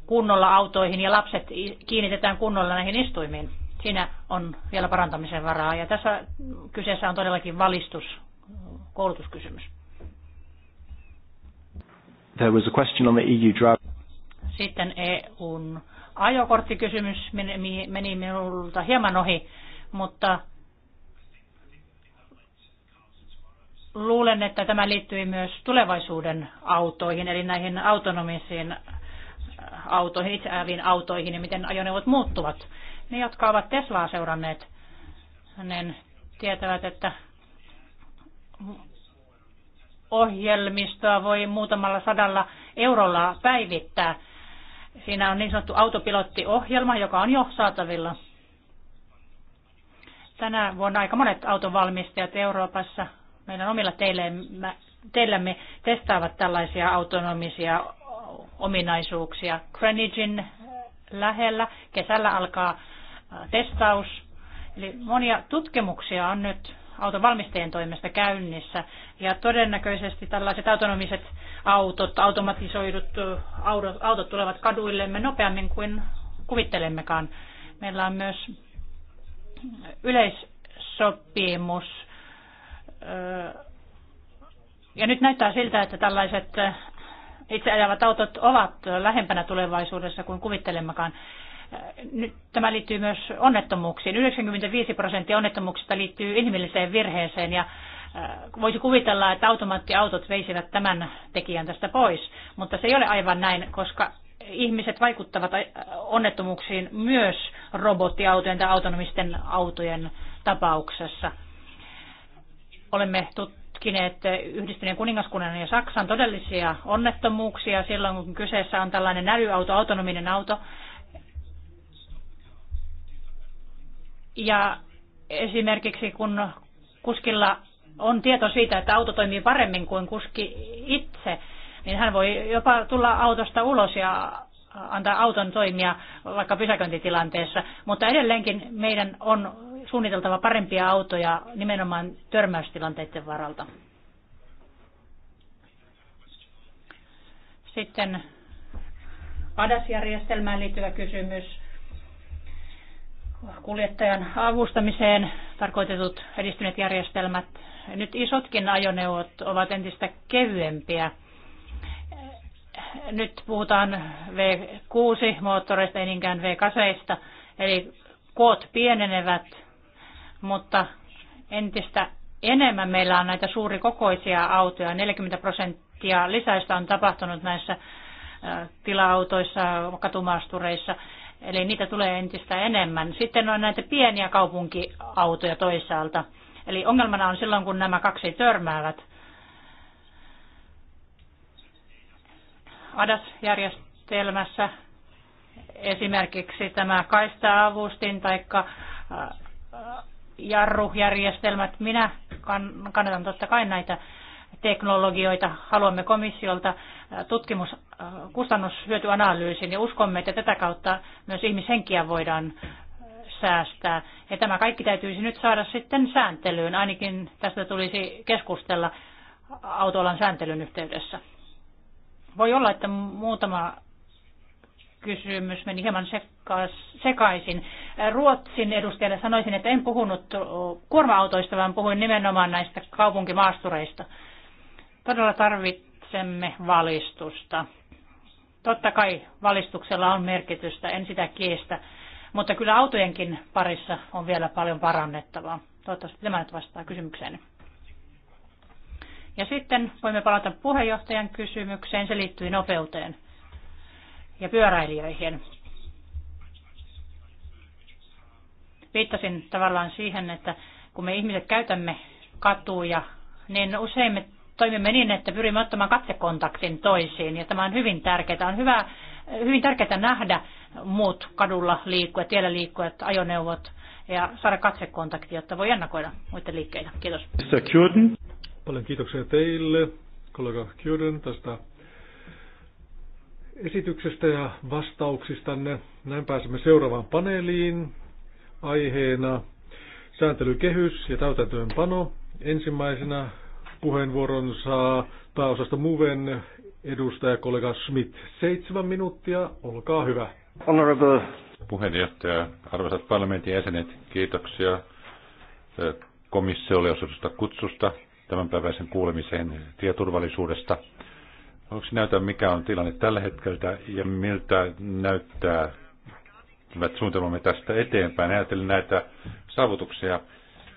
kunnolla autoihin ja lapset kiinnitetään kunnolla näihin istuimiin. Siinä on vielä parantamisen varaa ja tässä kyseessä on todellakin valistus, koulutuskysymys. There was a question on the EU drug. Sitten EUn ajokorttikysymys meni minulta hieman ohi, mutta luulen, että tämä liittyy myös tulevaisuuden autoihin, eli näihin autonomisiin äh, autoihin, itseääviin autoihin ja miten ajoneuvot muuttuvat. Ne, jotka ovat Teslaa seuranneet, niin tietävät, että ohjelmistoa voi muutamalla sadalla eurolla päivittää. Siinä on niin sanottu autopilottiohjelma, joka on jo saatavilla. Tänä vuonna aika monet autonvalmistajat Euroopassa meidän omilla teillemme, teillämme testaavat tällaisia autonomisia ominaisuuksia. Greenwichin lähellä kesällä alkaa äh, testaus. Eli monia tutkimuksia on nyt auton valmistajien toimesta käynnissä. Ja todennäköisesti tällaiset autonomiset autot, automatisoidut autot tulevat kaduillemme nopeammin kuin kuvittelemmekaan. Meillä on myös yleissopimus. Ja nyt näyttää siltä, että tällaiset itse ajavat autot ovat lähempänä tulevaisuudessa kuin kuvittelemmekaan. Nyt tämä liittyy myös onnettomuuksiin. 95 prosenttia onnettomuuksista liittyy inhimilliseen virheeseen ja äh, voisi kuvitella, että automaattiautot veisivät tämän tekijän tästä pois, mutta se ei ole aivan näin, koska ihmiset vaikuttavat äh, onnettomuuksiin myös robottiautojen tai autonomisten autojen tapauksessa. Olemme tutkineet yhdistyneen kuningaskunnan ja Saksan todellisia onnettomuuksia silloin, kun kyseessä on tällainen älyauto, autonominen auto. Ja esimerkiksi kun kuskilla on tieto siitä, että auto toimii paremmin kuin kuski itse, niin hän voi jopa tulla autosta ulos ja antaa auton toimia vaikka pysäköintitilanteessa. Mutta edelleenkin meidän on suunniteltava parempia autoja nimenomaan törmäystilanteiden varalta. Sitten padasjärjestelmään liittyvä kysymys kuljettajan avustamiseen tarkoitetut edistyneet järjestelmät. Nyt isotkin ajoneuvot ovat entistä kevyempiä. Nyt puhutaan V6-moottoreista, ei niinkään V8, eli koot pienenevät, mutta entistä enemmän meillä on näitä suurikokoisia autoja. 40 prosenttia lisäistä on tapahtunut näissä tila-autoissa, katumaastureissa. Eli niitä tulee entistä enemmän. Sitten on näitä pieniä kaupunkiautoja toisaalta. Eli ongelmana on silloin, kun nämä kaksi törmäävät. ADAS-järjestelmässä esimerkiksi tämä kaista-avustin tai äh, äh, jarrujärjestelmät. Minä kannatan totta kai näitä teknologioita. Haluamme komissiolta tutkimus kustannushyötyanalyysin ja uskomme, että tätä kautta myös ihmishenkiä voidaan säästää. Ja tämä kaikki täytyisi nyt saada sitten sääntelyyn, ainakin tästä tulisi keskustella autoalan sääntelyn yhteydessä. Voi olla, että muutama kysymys meni hieman sekaisin. Ruotsin edustajalle sanoisin, että en puhunut kuorma-autoista, vaan puhuin nimenomaan näistä kaupunkimaastureista. Todella tarvitsemme valistusta. Totta kai valistuksella on merkitystä, en sitä kiestä, mutta kyllä autojenkin parissa on vielä paljon parannettavaa. Toivottavasti tämä nyt vastaa kysymykseen. Ja sitten voimme palata puheenjohtajan kysymykseen. Se liittyy nopeuteen ja pyöräilijöihin. Viittasin tavallaan siihen, että kun me ihmiset käytämme katuja, niin usein me toimimme niin, että pyrimme ottamaan katsekontaktin toisiin, ja tämä on hyvin tärkeää. On hyvä, hyvin tärkeää nähdä muut kadulla liikkujat, tiellä liikkujat, ajoneuvot, ja saada katsekontakti, jotta voi ennakoida muita liikkeitä. Kiitos. Paljon kiitoksia teille, kollega Kjuden, tästä esityksestä ja vastauksistanne. Näin pääsemme seuraavaan paneeliin. Aiheena sääntelykehys ja täytäntöönpano. Ensimmäisenä puheenvuoronsa pääosasta Muven edustaja kollega Schmidt. Seitsemän minuuttia, olkaa hyvä. Honorable. Puheenjohtaja, arvoisat parlamentin jäsenet, kiitoksia eh, komissiolle osoitusta kutsusta tämänpäiväisen kuulemiseen tieturvallisuudesta. Onko näytä, mikä on tilanne tällä hetkellä ja miltä näyttää hyvät suunnitelmamme tästä eteenpäin? Ajatellen näitä saavutuksia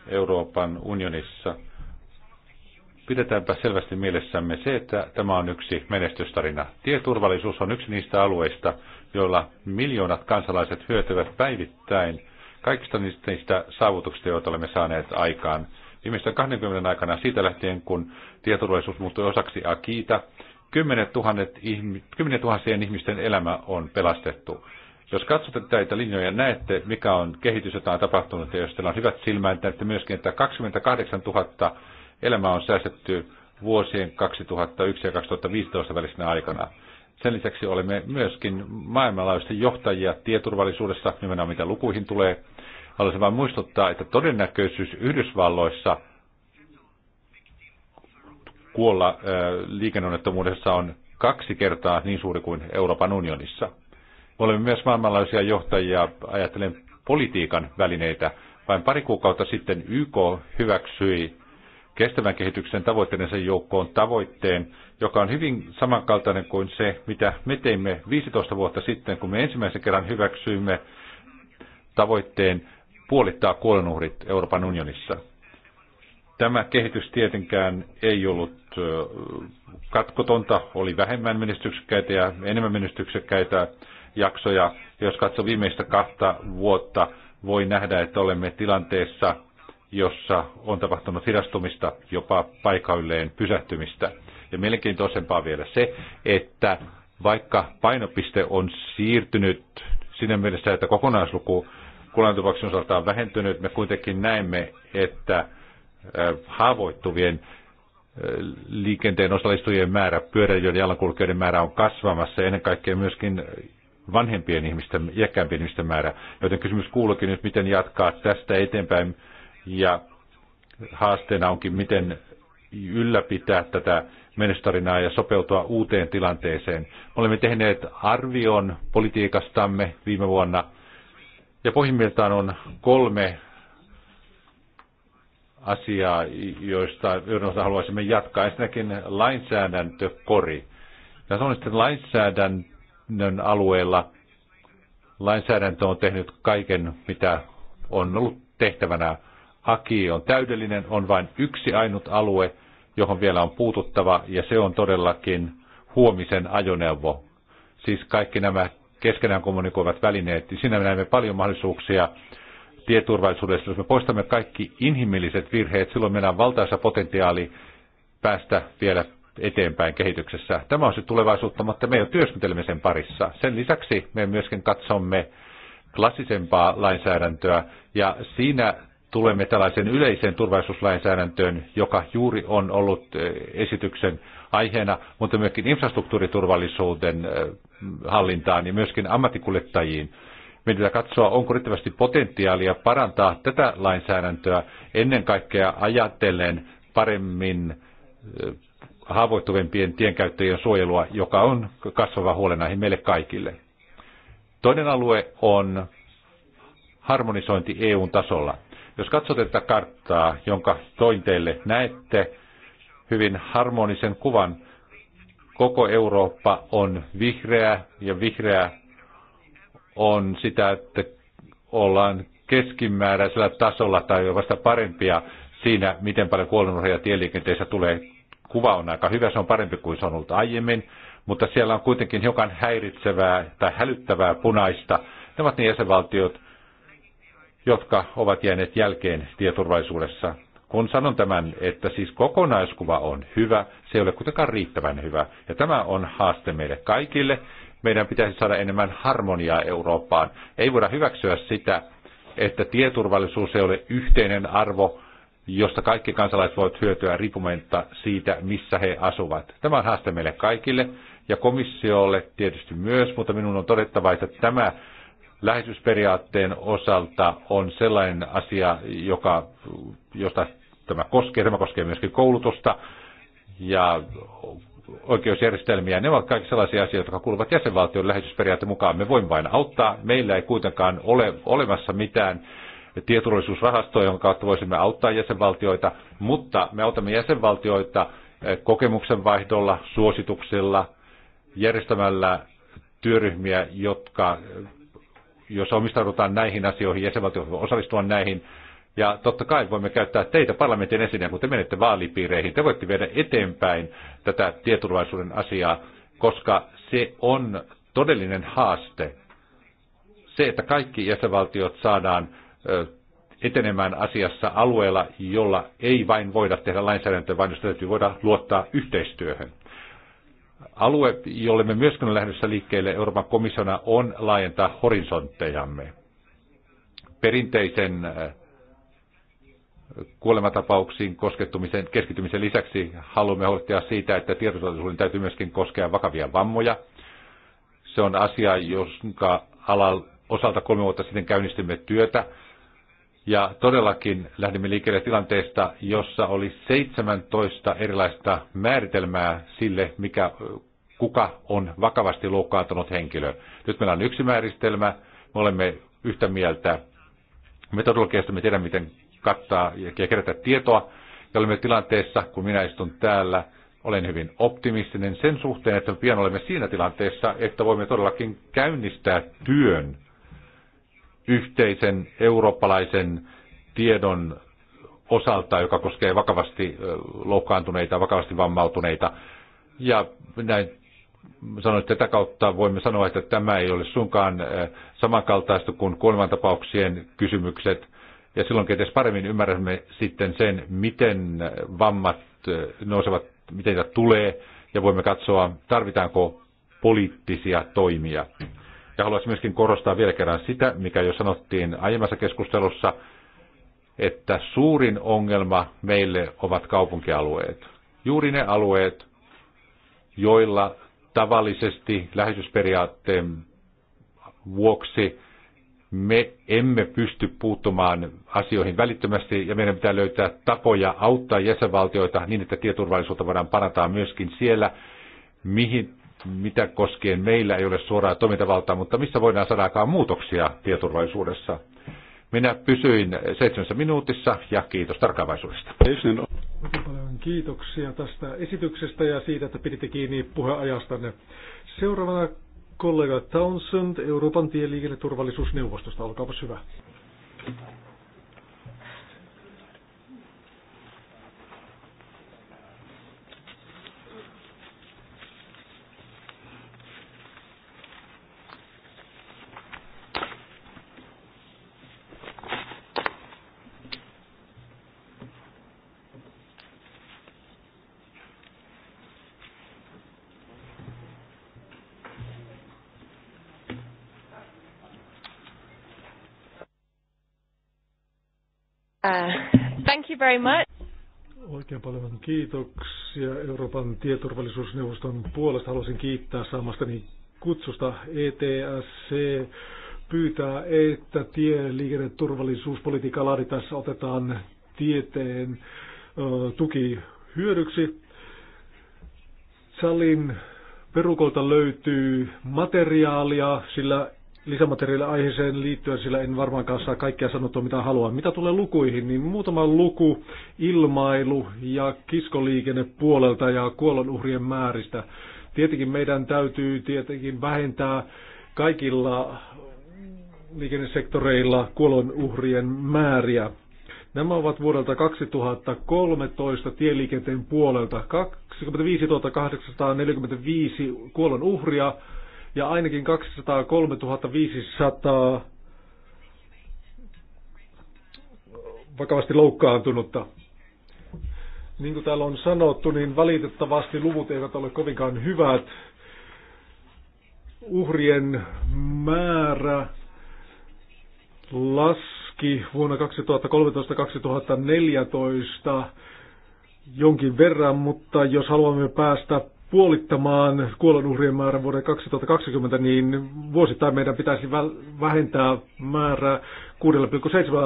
Euroopan unionissa Pidetäänpä selvästi mielessämme se, että tämä on yksi menestystarina. Tieturvallisuus on yksi niistä alueista, joilla miljoonat kansalaiset hyötyvät päivittäin kaikista niistä saavutuksista, joita olemme saaneet aikaan. Viimeisten 20 aikana siitä lähtien, kun tieturvallisuus muuttui osaksi Akiita, kymmenet, tuhannet, kymmenet tuhansien ihmisten elämä on pelastettu. Jos katsotte näitä linjoja, näette, mikä on kehitys, jota on tapahtunut, ja jos teillä on hyvät silmät, näette myöskin, että 28 000 Elämä on säästetty vuosien 2001 ja 2015 välisenä aikana. Sen lisäksi olemme myöskin maailmanlaajuisesti johtajia tieturvallisuudessa, nimenomaan mitä lukuihin tulee. Haluaisin vain muistuttaa, että todennäköisyys Yhdysvalloissa kuolla liikennonnettomuudessa on kaksi kertaa niin suuri kuin Euroopan unionissa. Olemme myös maailmanlaajuisia johtajia, ajattelen politiikan välineitä. Vain pari kuukautta sitten YK hyväksyi kestävän kehityksen sen joukkoon tavoitteen, joka on hyvin samankaltainen kuin se, mitä me teimme 15 vuotta sitten, kun me ensimmäisen kerran hyväksyimme tavoitteen puolittaa kuolenuhrit Euroopan unionissa. Tämä kehitys tietenkään ei ollut katkotonta, oli vähemmän menestyksekkäitä ja enemmän menestyksekkäitä jaksoja. Jos katsoo viimeistä kahta vuotta, voi nähdä, että olemme tilanteessa – jossa on tapahtunut hidastumista, jopa paikoilleen pysähtymistä. Ja mielenkiintoisempaa vielä se, että vaikka painopiste on siirtynyt siinä mielessä, että kokonaisluku kulantupauksen osalta on vähentynyt, me kuitenkin näemme, että äh, haavoittuvien äh, liikenteen osallistujien määrä, pyöräilijöiden jalankulkijoiden määrä on kasvamassa ja ennen kaikkea myöskin vanhempien ihmisten, iäkkäämpien ihmisten määrä. Joten kysymys kuuluukin nyt, miten jatkaa tästä eteenpäin ja haasteena onkin, miten ylläpitää tätä menestarinaa ja sopeutua uuteen tilanteeseen. Me olemme tehneet arvion politiikastamme viime vuonna, ja pohjimmiltaan on kolme asiaa, joista, yhdessä haluaisimme jatkaa. Ensinnäkin lainsäädäntökori. Ja se on sitten lainsäädännön alueella. Lainsäädäntö on tehnyt kaiken, mitä on ollut tehtävänä Aki on täydellinen, on vain yksi ainut alue, johon vielä on puututtava, ja se on todellakin huomisen ajoneuvo. Siis kaikki nämä keskenään kommunikoivat välineet, niin siinä me näemme paljon mahdollisuuksia tieturvallisuudessa. Jos me poistamme kaikki inhimilliset virheet, silloin meillä on valtaisa potentiaali päästä vielä eteenpäin kehityksessä. Tämä on se tulevaisuutta, mutta me jo työskentelemme sen parissa. Sen lisäksi me myöskin katsomme klassisempaa lainsäädäntöä, ja siinä tulemme tällaisen yleiseen turvallisuuslainsäädäntöön, joka juuri on ollut esityksen aiheena, mutta myöskin infrastruktuuriturvallisuuden hallintaan ja myöskin ammattikuljettajiin. Meidän pitää katsoa, onko riittävästi potentiaalia parantaa tätä lainsäädäntöä ennen kaikkea ajatellen paremmin haavoittuvimpien tienkäyttäjien suojelua, joka on kasvava huolenaihe meille kaikille. Toinen alue on harmonisointi EUn tasolla. Jos katsot tätä karttaa, jonka toin teille, näette hyvin harmonisen kuvan. Koko Eurooppa on vihreä ja vihreä on sitä, että ollaan keskimääräisellä tasolla tai jo vasta parempia siinä, miten paljon kuolonuhreja tieliikenteessä tulee. Kuva on aika hyvä, se on parempi kuin se on ollut aiemmin, mutta siellä on kuitenkin hiukan häiritsevää tai hälyttävää punaista. Ne ovat niin jäsenvaltiot, jotka ovat jääneet jälkeen tieturvallisuudessa. Kun sanon tämän, että siis kokonaiskuva on hyvä, se ei ole kuitenkaan riittävän hyvä. Ja tämä on haaste meille kaikille. Meidän pitäisi saada enemmän harmoniaa Eurooppaan. Ei voida hyväksyä sitä, että tieturvallisuus ei ole yhteinen arvo, josta kaikki kansalaiset voivat hyötyä riippumatta siitä, missä he asuvat. Tämä on haaste meille kaikille ja komissiolle tietysti myös, mutta minun on todettava, että tämä lähetysperiaatteen osalta on sellainen asia, joka, josta tämä koskee. Tämä koskee myöskin koulutusta ja oikeusjärjestelmiä. Ne ovat kaikki sellaisia asioita, jotka kuuluvat jäsenvaltion lähetysperiaatteen mukaan. Me voimme vain auttaa. Meillä ei kuitenkaan ole olemassa mitään tieturvallisuusrahastoa, jonka kautta voisimme auttaa jäsenvaltioita, mutta me autamme jäsenvaltioita eh, kokemuksen vaihdolla, suosituksilla, järjestämällä työryhmiä, jotka jos omistaudutaan näihin asioihin, jäsenvaltiot voi osallistua näihin. Ja totta kai voimme käyttää teitä parlamentin esineen, kun te menette vaalipiireihin. Te voitte viedä eteenpäin tätä tieturvallisuuden asiaa, koska se on todellinen haaste. Se, että kaikki jäsenvaltiot saadaan etenemään asiassa alueella, jolla ei vain voida tehdä lainsäädäntöä, vaan jos täytyy voida luottaa yhteistyöhön. Alue, jolle me myöskin lähdössä liikkeelle Euroopan komissiona, on laajentaa horisonttejamme. Perinteisen äh, kuolematapauksiin koskettumisen, keskittymisen lisäksi haluamme huolehtia siitä, että tietoturvallisuuden täytyy myöskin koskea vakavia vammoja. Se on asia, jonka alalla osalta kolme vuotta sitten käynnistimme työtä ja todellakin lähdimme liikkeelle tilanteesta, jossa oli 17 erilaista määritelmää sille, mikä, kuka on vakavasti loukkaantunut henkilö. Nyt meillä on yksi määristelmä, me olemme yhtä mieltä metodologiasta, me tiedämme, miten kattaa ja kerätä tietoa. Ja olemme tilanteessa, kun minä istun täällä, olen hyvin optimistinen sen suhteen, että pian olemme siinä tilanteessa, että voimme todellakin käynnistää työn yhteisen eurooppalaisen tiedon osalta, joka koskee vakavasti loukkaantuneita, vakavasti vammautuneita. Ja näin sanoin, että tätä kautta voimme sanoa, että tämä ei ole sunkaan samankaltaista kuin kuolemantapauksien kysymykset. Ja silloin kenties paremmin ymmärrämme sitten sen, miten vammat nousevat, miten niitä tulee, ja voimme katsoa, tarvitaanko poliittisia toimia. Ja haluaisin myöskin korostaa vielä kerran sitä, mikä jo sanottiin aiemmassa keskustelussa, että suurin ongelma meille ovat kaupunkialueet. Juuri ne alueet, joilla tavallisesti lähetysperiaatteen vuoksi me emme pysty puuttumaan asioihin välittömästi ja meidän pitää löytää tapoja auttaa jäsenvaltioita niin, että tieturvallisuutta voidaan parantaa myöskin siellä, mihin mitä koskien meillä ei ole suoraa toimintavaltaa, mutta missä voidaan saada aikaan muutoksia tietoturvallisuudessa. Minä pysyin seitsemässä minuutissa ja kiitos tarkkaavaisuudesta. Paljon kiitoksia tästä esityksestä ja siitä, että piditte kiinni puheajastanne. Seuraavana kollega Townsend Euroopan tieliikenneturvallisuusneuvostosta. Olkaapas hyvä. very much. Oikein paljon kiitoksia Euroopan tieturvallisuusneuvoston puolesta. Haluaisin kiittää saamastani kutsusta ETSC pyytää, että tieliikenneturvallisuuspolitiikka laaditaan, otetaan tieteen tuki hyödyksi. Salin perukolta löytyy materiaalia, sillä lisämateriaalia aiheeseen liittyen, sillä en varmaankaan saa kaikkea sanottua mitä haluan. Mitä tulee lukuihin, niin muutama luku ilmailu- ja kiskoliikenne puolelta ja kuolonuhrien määristä. Tietenkin meidän täytyy tietenkin vähentää kaikilla liikennesektoreilla kuolonuhrien määriä. Nämä ovat vuodelta 2013 tieliikenteen puolelta 25 845 kuolonuhria, ja ainakin 200 500 vakavasti loukkaantunutta. Niin kuin täällä on sanottu, niin valitettavasti luvut eivät ole kovinkaan hyvät. Uhrien määrä laski vuonna 2013-2014 jonkin verran, mutta jos haluamme päästä puolittamaan kuolonuhrien määrän vuoden 2020, niin vuosittain meidän pitäisi vähentää määrää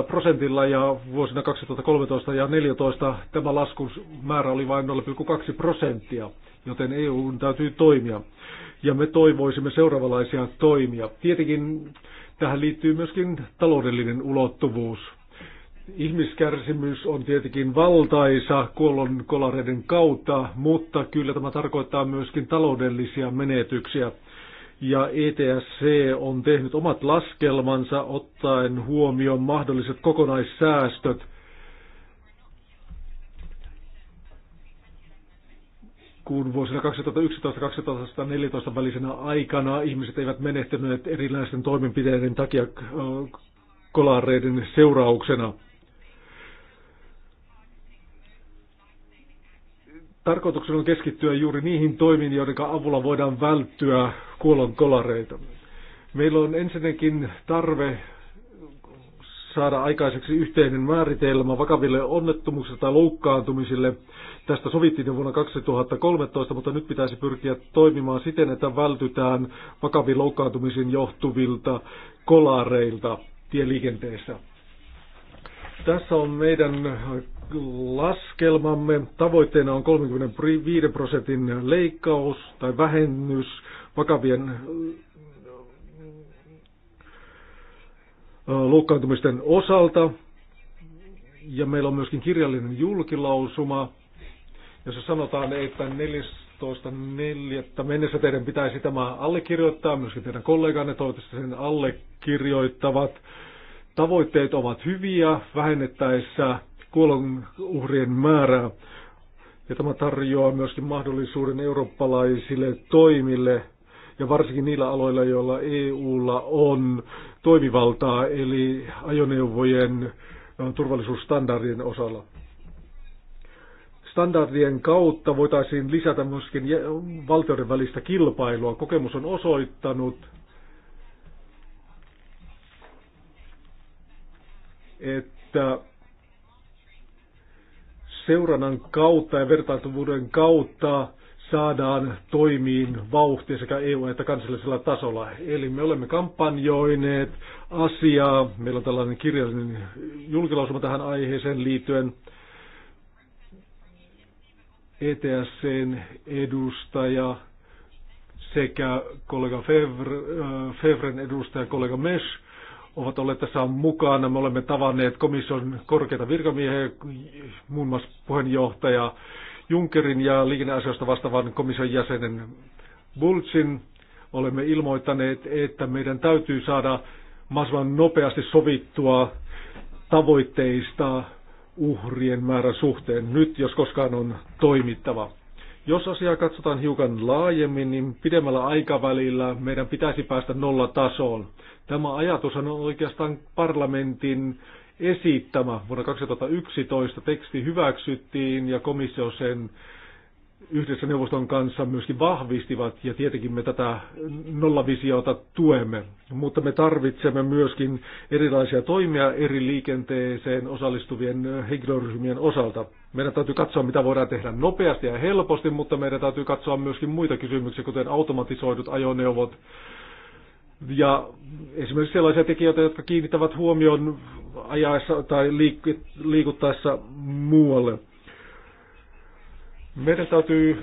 6,7 prosentilla ja vuosina 2013 ja 2014 tämä laskun määrä oli vain 0,2 prosenttia, joten EU täytyy toimia. Ja me toivoisimme seuraavanlaisia toimia. Tietenkin tähän liittyy myöskin taloudellinen ulottuvuus. Ihmiskärsimys on tietenkin valtaisa kuollon kolareiden kautta, mutta kyllä tämä tarkoittaa myöskin taloudellisia menetyksiä. Ja ETSC on tehnyt omat laskelmansa ottaen huomioon mahdolliset kokonaissäästöt. Kun vuosina 2011-2014 välisenä aikana ihmiset eivät menehtyneet erilaisten toimenpiteiden takia kolareiden seurauksena. Tarkoituksena on keskittyä juuri niihin toimiin, joiden avulla voidaan välttyä kuolon kolareita. Meillä on ensinnäkin tarve saada aikaiseksi yhteinen määritelmä vakaville onnettomuuksille tai loukkaantumisille. Tästä sovittiin jo vuonna 2013, mutta nyt pitäisi pyrkiä toimimaan siten, että vältytään vakaviin loukkaantumisiin johtuvilta kolareilta tieliikenteessä. Tässä on meidän laskelmamme tavoitteena on 35 prosentin leikkaus tai vähennys vakavien äh, loukkaantumisten osalta. Ja meillä on myöskin kirjallinen julkilausuma, jossa sanotaan, että 14.4. mennessä teidän pitäisi tämä allekirjoittaa, myöskin teidän kolleganne toivottavasti sen allekirjoittavat. Tavoitteet ovat hyviä vähennettäessä uhrien määrää. Ja tämä tarjoaa myöskin mahdollisuuden eurooppalaisille toimille ja varsinkin niillä aloilla, joilla EUlla on toimivaltaa, eli ajoneuvojen turvallisuusstandardien osalla. Standardien kautta voitaisiin lisätä myöskin valtioiden välistä kilpailua. Kokemus on osoittanut, että seurannan kautta ja vertailtavuuden kautta saadaan toimiin vauhtia sekä EU- että kansallisella tasolla. Eli me olemme kampanjoineet asiaa, meillä on tällainen kirjallinen julkilausuma tähän aiheeseen liittyen. ETSCn edustaja sekä kollega äh, Fevren edustaja kollega Mesh ovat olleet tässä mukana. Me olemme tavanneet komission korkeita virkamiehiä, muun muassa puheenjohtaja Junckerin ja liikenneasioista vastaavan komission jäsenen Bulcin. Olemme ilmoittaneet, että meidän täytyy saada mahdollisimman nopeasti sovittua tavoitteista uhrien määrän suhteen. Nyt jos koskaan on toimittava. Jos asiaa katsotaan hiukan laajemmin, niin pidemmällä aikavälillä meidän pitäisi päästä nollatasoon. Tämä ajatus on oikeastaan parlamentin esittämä. Vuonna 2011 teksti hyväksyttiin ja komissio sen yhdessä neuvoston kanssa myöskin vahvistivat ja tietenkin me tätä nollavisiota tuemme, mutta me tarvitsemme myöskin erilaisia toimia eri liikenteeseen osallistuvien henkilöryhmien osalta. Meidän täytyy katsoa, mitä voidaan tehdä nopeasti ja helposti, mutta meidän täytyy katsoa myöskin muita kysymyksiä, kuten automatisoidut ajoneuvot ja esimerkiksi sellaisia tekijöitä, jotka kiinnittävät huomion ajaessa tai liikuttaessa muualle. Meidän täytyy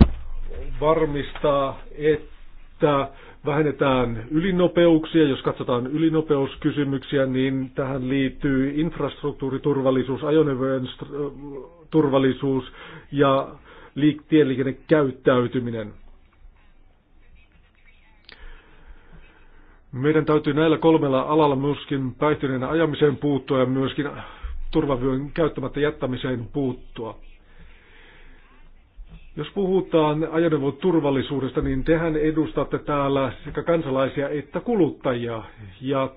varmistaa, että vähennetään ylinopeuksia. Jos katsotaan ylinopeuskysymyksiä, niin tähän liittyy infrastruktuuriturvallisuus, ajoneuvojen turvallisuus ja liik- tieliikennekäyttäytyminen. Meidän täytyy näillä kolmella alalla myöskin päihtyneenä ajamiseen puuttua ja myöskin turvavyön käyttämättä jättämiseen puuttua. Jos puhutaan ajoneuvon turvallisuudesta, niin tehän edustatte täällä sekä kansalaisia että kuluttajia. Ja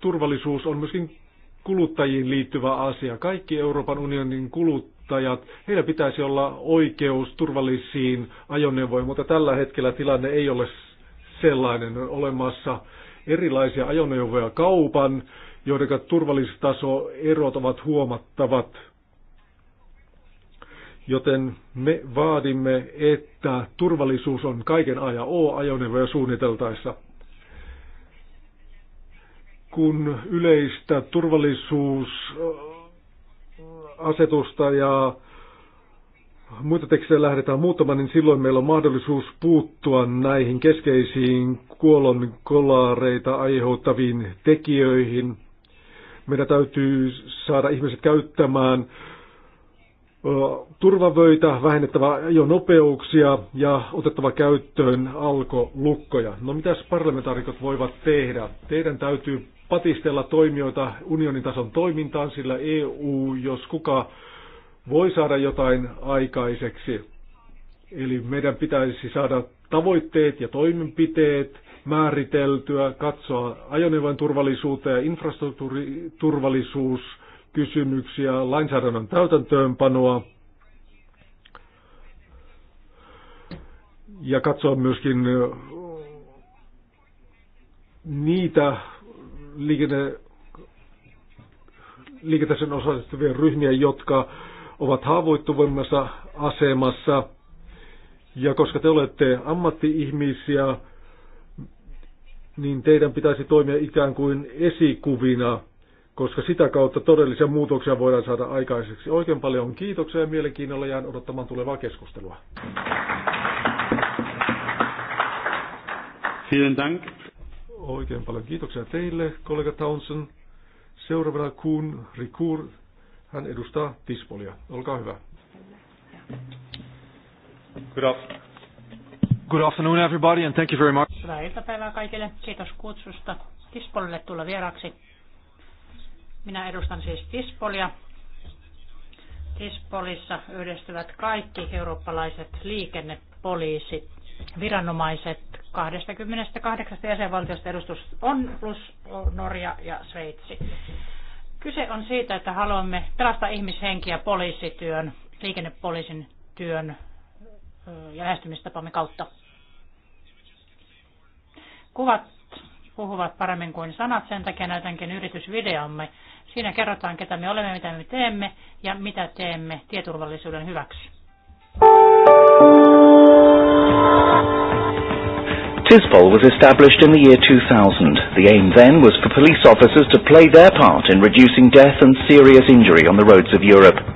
turvallisuus on myöskin kuluttajiin liittyvä asia. Kaikki Euroopan unionin kuluttajat, heillä pitäisi olla oikeus turvallisiin ajoneuvoihin, mutta tällä hetkellä tilanne ei ole sellainen. On olemassa erilaisia ajoneuvoja kaupan, joiden turvallisuustaso erot ovat huomattavat Joten me vaadimme, että turvallisuus on kaiken ajan O ajoneuvoja suunniteltaessa. Kun yleistä turvallisuusasetusta ja muita tekstejä lähdetään muuttamaan, niin silloin meillä on mahdollisuus puuttua näihin keskeisiin kuolon kolareita aiheuttaviin tekijöihin. Meidän täytyy saada ihmiset käyttämään turvavöitä, vähennettävä jo nopeuksia ja otettava käyttöön alkolukkoja. No mitä parlamentaarikot voivat tehdä? Teidän täytyy patistella toimijoita unionin tason toimintaan, sillä EU, jos kuka, voi saada jotain aikaiseksi. Eli meidän pitäisi saada tavoitteet ja toimenpiteet määriteltyä, katsoa ajoneuvon turvallisuutta ja infrastruktuuriturvallisuus – kysymyksiä, lainsäädännön täytäntöönpanoa ja katsoa myöskin niitä liikenne, liikenteeseen osallistuvia ryhmiä, jotka ovat haavoittuvimmassa asemassa. Ja koska te olette ammattiihmisiä, niin teidän pitäisi toimia ikään kuin esikuvina – koska sitä kautta todellisia muutoksia voidaan saada aikaiseksi. Oikein paljon kiitoksia ja mielenkiinnolla jään odottamaan tulevaa keskustelua. Vielen Dank. Oikein paljon kiitoksia teille, kollega Townsend. Seuraavana Kuun Rikur, hän edustaa Tispolia. Olkaa hyvä. Good, up. Good afternoon everybody and thank you very much. Hyvää iltapäivää kaikille. Kiitos kutsusta Tispolille tulla vieraksi. Minä edustan siis Tispolia. Tispolissa yhdistyvät kaikki eurooppalaiset liikennepoliisit, viranomaiset 28 jäsenvaltiosta edustus on plus Norja ja Sveitsi. Kyse on siitä, että haluamme pelastaa ihmishenkiä poliisityön, liikennepoliisin työn ja lähestymistapamme kautta. Kuvat puhuvat paremmin kuin sanat, sen takia näytänkin yritysvideomme, Siinä kerrotaan, ketä me olemme, mitä me teemme ja mitä teemme tieturvallisuuden hyväksi. TISPOL was established in the year 2000. The aim then was for police officers to play their part in reducing death and serious injury on the roads of Europe.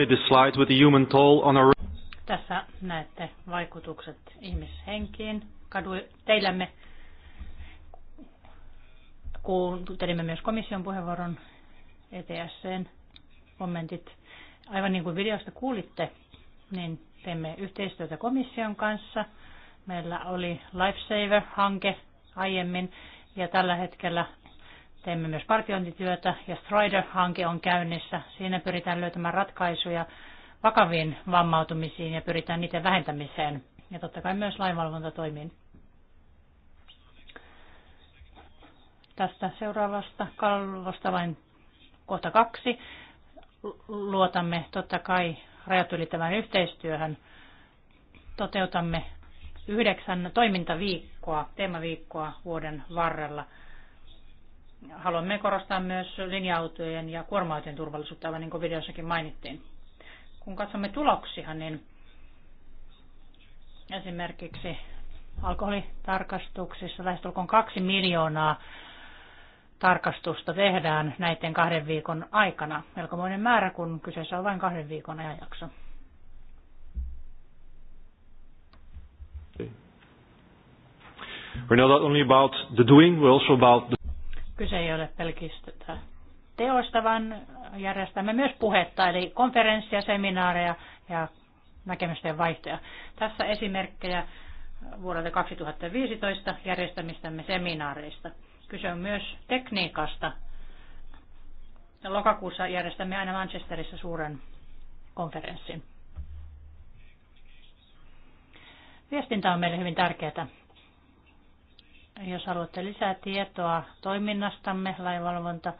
already this slide with the human toll on a Tässä näette vaikutukset ihmishenkiin kadu, teillämme. Kuuntelimme myös komission puheenvuoron ETSn kommentit. Aivan niin kuin videosta kuulitte, niin teemme yhteistyötä komission kanssa. Meillä oli Lifesaver-hanke aiemmin ja tällä hetkellä Teemme myös partiointityötä ja Strider-hanke on käynnissä. Siinä pyritään löytämään ratkaisuja vakaviin vammautumisiin ja pyritään niiden vähentämiseen ja totta kai myös lainvalvontatoimiin. Tästä seuraavasta kalvosta vain kohta kaksi. Luotamme totta kai rajat ylittävään yhteistyöhön. Toteutamme yhdeksän toimintaviikkoa, teemaviikkoa vuoden varrella – Haluamme korostaa myös linja-autojen ja kuorma-autojen turvallisuutta, aivan niin kuin videossakin mainittiin. Kun katsomme tuloksia, niin esimerkiksi alkoholitarkastuksissa lähestulkoon kaksi miljoonaa tarkastusta tehdään näiden kahden viikon aikana. Melkomoinen määrä, kun kyseessä on vain kahden viikon ajanjakso. We're not only about the doing, we're also about the Kyse ei ole pelkistä teosta, vaan järjestämme myös puhetta, eli konferenssia, seminaareja ja näkemysten vaihtoja. Tässä esimerkkejä vuodelta 2015 järjestämistämme seminaareista. Kyse on myös tekniikasta. Lokakuussa järjestämme aina Manchesterissa suuren konferenssin. Viestintä on meille hyvin tärkeää. Jos haluatte lisää tietoa toiminnastamme laivalvonta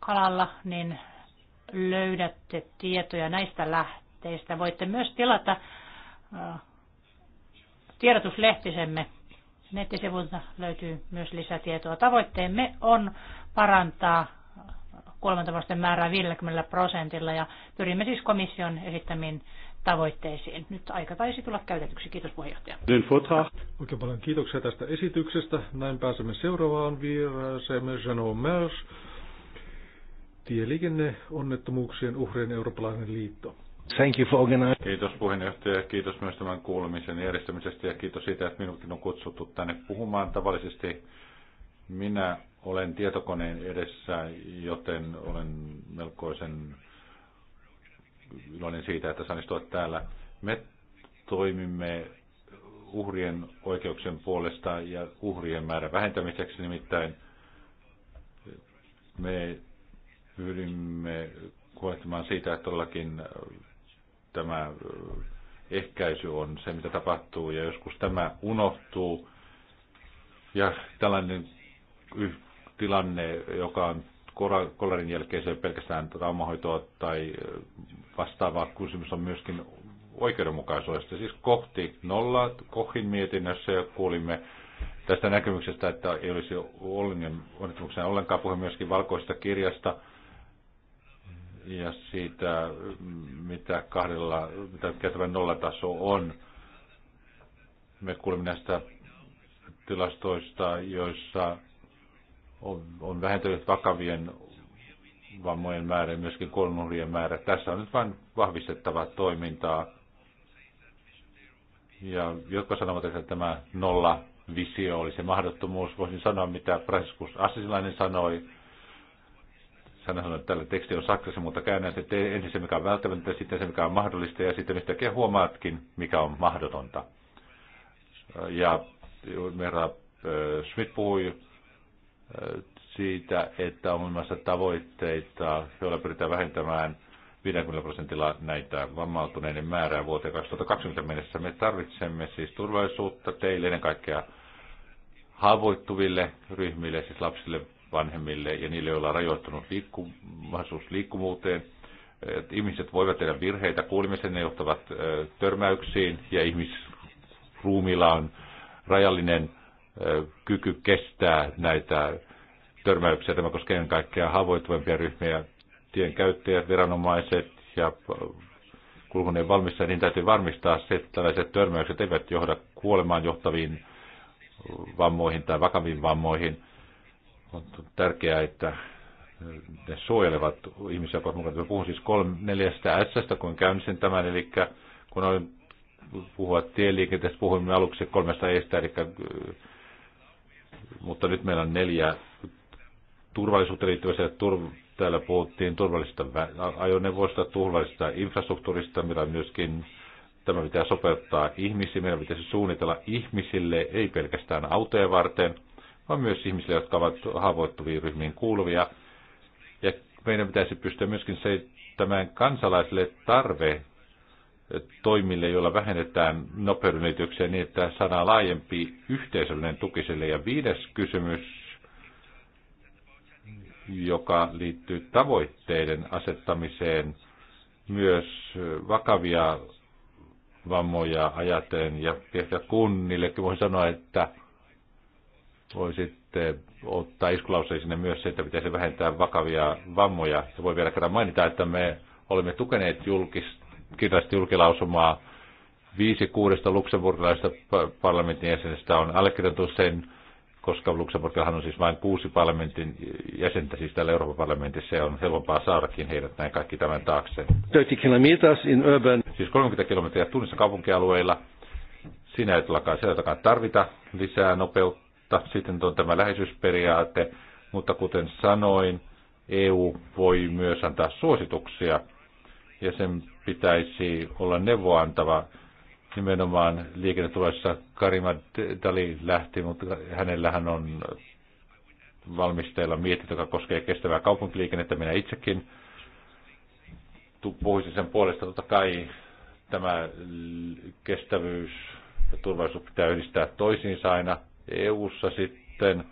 kalalla, niin löydätte tietoja näistä lähteistä. Voitte myös tilata tiedotuslehtisemme. Nettisivuilta löytyy myös lisätietoa. Tavoitteemme on parantaa kuolemantapausten määrää 50 prosentilla ja pyrimme siis komission esittämiin tavoitteisiin. Nyt aika taisi tulla käytetyksi. Kiitos puheenjohtaja. Oikein paljon kiitoksia tästä esityksestä. Näin pääsemme seuraavaan vieraaseen Jean Omers. onnettomuuksien uhrien eurooppalainen liitto. Thank you for organizing. Kiitos puheenjohtaja, kiitos myös tämän kuulemisen järjestämisestä ja kiitos siitä, että minutkin on kutsuttu tänne puhumaan. Tavallisesti minä olen tietokoneen edessä, joten olen melkoisen iloinen siitä, että saan istua täällä. Me toimimme uhrien oikeuksien puolesta ja uhrien määrän vähentämiseksi nimittäin. Me pyrimme huolehtimaan siitä, että todellakin tämä ehkäisy on se, mitä tapahtuu, ja joskus tämä unohtuu. Ja tällainen tilanne, joka on kolarin jälkeen se pelkästään traumahoitoa tai Vastaava kysymys on myöskin oikeudenmukaisuudesta, siis kohti nolla Kohin mietinnössä ja kuulimme tästä näkemyksestä, että ei olisi onnettomuuksena ollenkaan puhe myöskin valkoista kirjasta ja siitä, mitä kahdella, mitä käytävän nollataso on. Me kuulimme näistä tilastoista, joissa on, on vähentänyt vakavien vammojen määrä ja myöskin kolmurien määrä. Tässä on nyt vain vahvistettavaa toimintaa. Ja jotka sanovat, että tämä nolla visio oli se mahdottomuus. Voisin sanoa, mitä Franciscus Assisilainen sanoi. Hän sanoi, että tällä teksti on saksassa, mutta käännän se ensin se, mikä on välttämättä, sitten se, mikä on mahdollista, ja sitten yhtäkkiä huomaatkin, mikä on mahdotonta. Ja Merra äh, Schmidt puhui äh, siitä, että on muun mm. muassa tavoitteita, joilla pyritään vähentämään 50 prosentilla näitä vammautuneiden määrää vuoteen 2020 mennessä. Me tarvitsemme siis turvallisuutta teille ennen kaikkea haavoittuville ryhmille, siis lapsille, vanhemmille ja niille, joilla on rajoittunut liikku, mahdollisuus liikkumuuteen. Että ihmiset voivat tehdä virheitä, kuulimisen, ne johtavat törmäyksiin ja ihmisruumilla on rajallinen kyky kestää näitä törmäyksiä. Tämä koskee ennen kaikkea haavoittuvampia ryhmiä, tien käyttäjät, viranomaiset ja kulkuneen valmistajat, niin täytyy varmistaa se, että tällaiset törmäykset eivät johda kuolemaan johtaviin vammoihin tai vakaviin vammoihin. On tärkeää, että ne suojelevat ihmisiä mukaan. puhun siis kolme, neljästä S, kun käynnistin tämän, eli kun olin puhua tieliikenteestä, puhuimme aluksi kolmesta estä, eli, mutta nyt meillä on neljä turvallisuuteen että turv... Täällä puhuttiin turvallisista ajoneuvoista, turvallisista infrastruktuurista, mitä myöskin tämä pitää sopeuttaa ihmisiin. Meidän pitäisi suunnitella ihmisille, ei pelkästään autoja varten, vaan myös ihmisille, jotka ovat haavoittuviin ryhmiin kuuluvia. Ja meidän pitäisi pystyä myöskin se, tämän kansalaisille tarve toimille, joilla vähennetään nopeudenlityksiä niin, että saadaan laajempi yhteisöllinen tuki sille. Ja viides kysymys joka liittyy tavoitteiden asettamiseen myös vakavia vammoja ajatellen. Ja ehkä kunnillekin voi sanoa, että voi sitten ottaa iskulauseisiin sinne myös se, että pitäisi vähentää vakavia vammoja. Ja voi vielä kerran mainita, että me olemme tukeneet julkista, julkilausumaa viisi kuudesta luksemburgilaisesta parlamentin jäsenestä on allekirjoitettu sen koska Luxemburgillahan on siis vain kuusi parlamentin jäsentä, siis täällä Euroopan parlamentissa, ja on helpompaa saadakin heidät näin kaikki tämän taakse. 30 kilometers in urban. Siis 30 kilometriä tunnissa kaupunkialueilla. Siinä ei todellakaan, siellä tarvita lisää nopeutta. Sitten on tämä läheisyysperiaate, mutta kuten sanoin, EU voi myös antaa suosituksia, ja sen pitäisi olla neuvoantava nimenomaan liikennetulossa Karima Dali lähti, mutta hänellähän on valmisteilla mietintö, joka koskee kestävää kaupunkiliikennettä. Minä itsekin puhuisin sen puolesta. Totta kai tämä kestävyys ja turvallisuus pitää yhdistää toisiinsa aina. EU-ssa sitten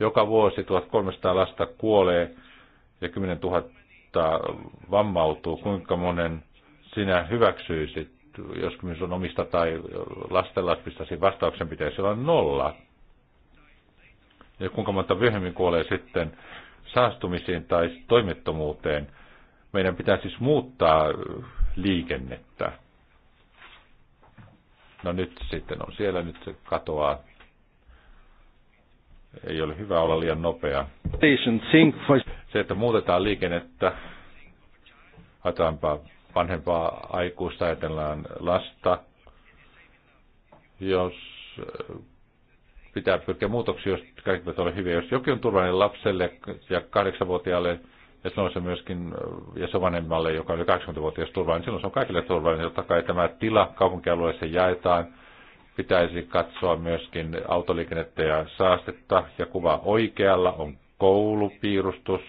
joka vuosi 1300 lasta kuolee ja 10 000 vammautuu. Kuinka monen sinä hyväksyisit jos kysymys on omista tai lastenlapsista, vastauksen pitäisi olla nolla. Ja kuinka monta myöhemmin kuolee sitten saastumisiin tai toimettomuuteen. Meidän pitää siis muuttaa liikennettä. No nyt sitten on siellä, nyt se katoaa. Ei ole hyvä olla liian nopea. Se, että muutetaan liikennettä, haetaanpa vanhempaa aikuista, ajatellaan lasta. Jos äh, pitää pyrkiä muutoksiin, jos kaikki pitää olla hyviä. Jos jokin on turvallinen lapselle ja kahdeksanvuotiaalle, ja se on se myöskin, äh, ja se vanhemmalle, joka on yli 80-vuotias turvallinen, niin silloin se on kaikille turvallinen. Totta kai tämä tila kaupunkialueessa jaetaan, pitäisi katsoa myöskin autoliikennettä ja saastetta, ja kuva oikealla on koulupiirustus,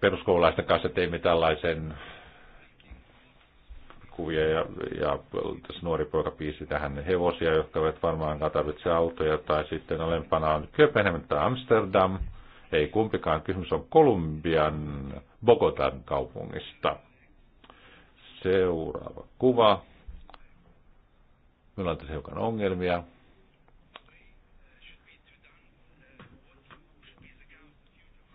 peruskoululaisten kanssa teimme tällaisen kuvia ja, ja tässä nuori poika piisi tähän hevosia, jotka eivät varmaan tarvitse autoja, tai sitten alempana on Köpenhamn tai Amsterdam. Ei kumpikaan, kysymys on Kolumbian Bogotan kaupungista. Seuraava kuva. Meillä on tässä hiukan ongelmia.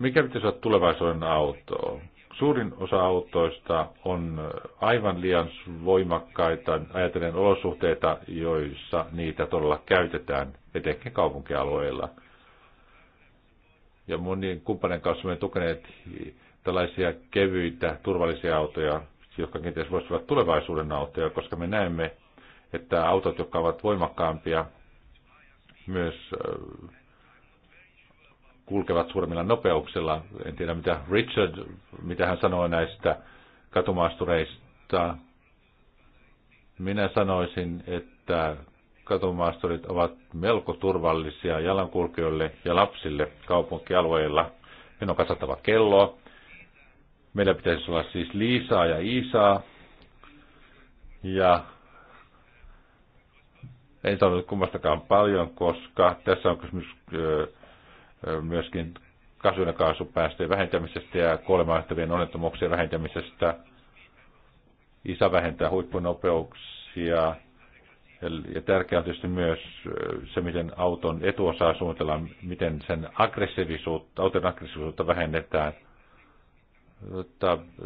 Mikä pitäisi olla tulevaisuuden auto? Suurin osa autoista on aivan liian voimakkaita, ajatellen olosuhteita, joissa niitä todella käytetään, etenkin kaupunkialueilla. Ja monien kumppanien kanssa me tukeneet tällaisia kevyitä, turvallisia autoja, jotka kenties voisivat olla tulevaisuuden autoja, koska me näemme, että autot, jotka ovat voimakkaampia, myös äh, kulkevat suuremmilla nopeuksilla. En tiedä, mitä Richard, mitä hän sanoi näistä katumaastureista. Minä sanoisin, että katumaasturit ovat melko turvallisia jalankulkijoille ja lapsille kaupunkialueilla. Minun on kasattava kelloa. Meillä pitäisi olla siis Liisaa ja Iisaa. Ja en sanonut kummastakaan paljon, koska tässä on kysymys myöskin kasvihuonekaasupäästöjen vähentämisestä ja kuolemahtavien onnettomuuksien vähentämisestä. ISA vähentää huippunopeuksia. Ja tärkeää on tietysti myös se, miten auton etuosaa suunnitellaan, miten sen aggressiivisuutta, auton aggressiivisuutta vähennetään.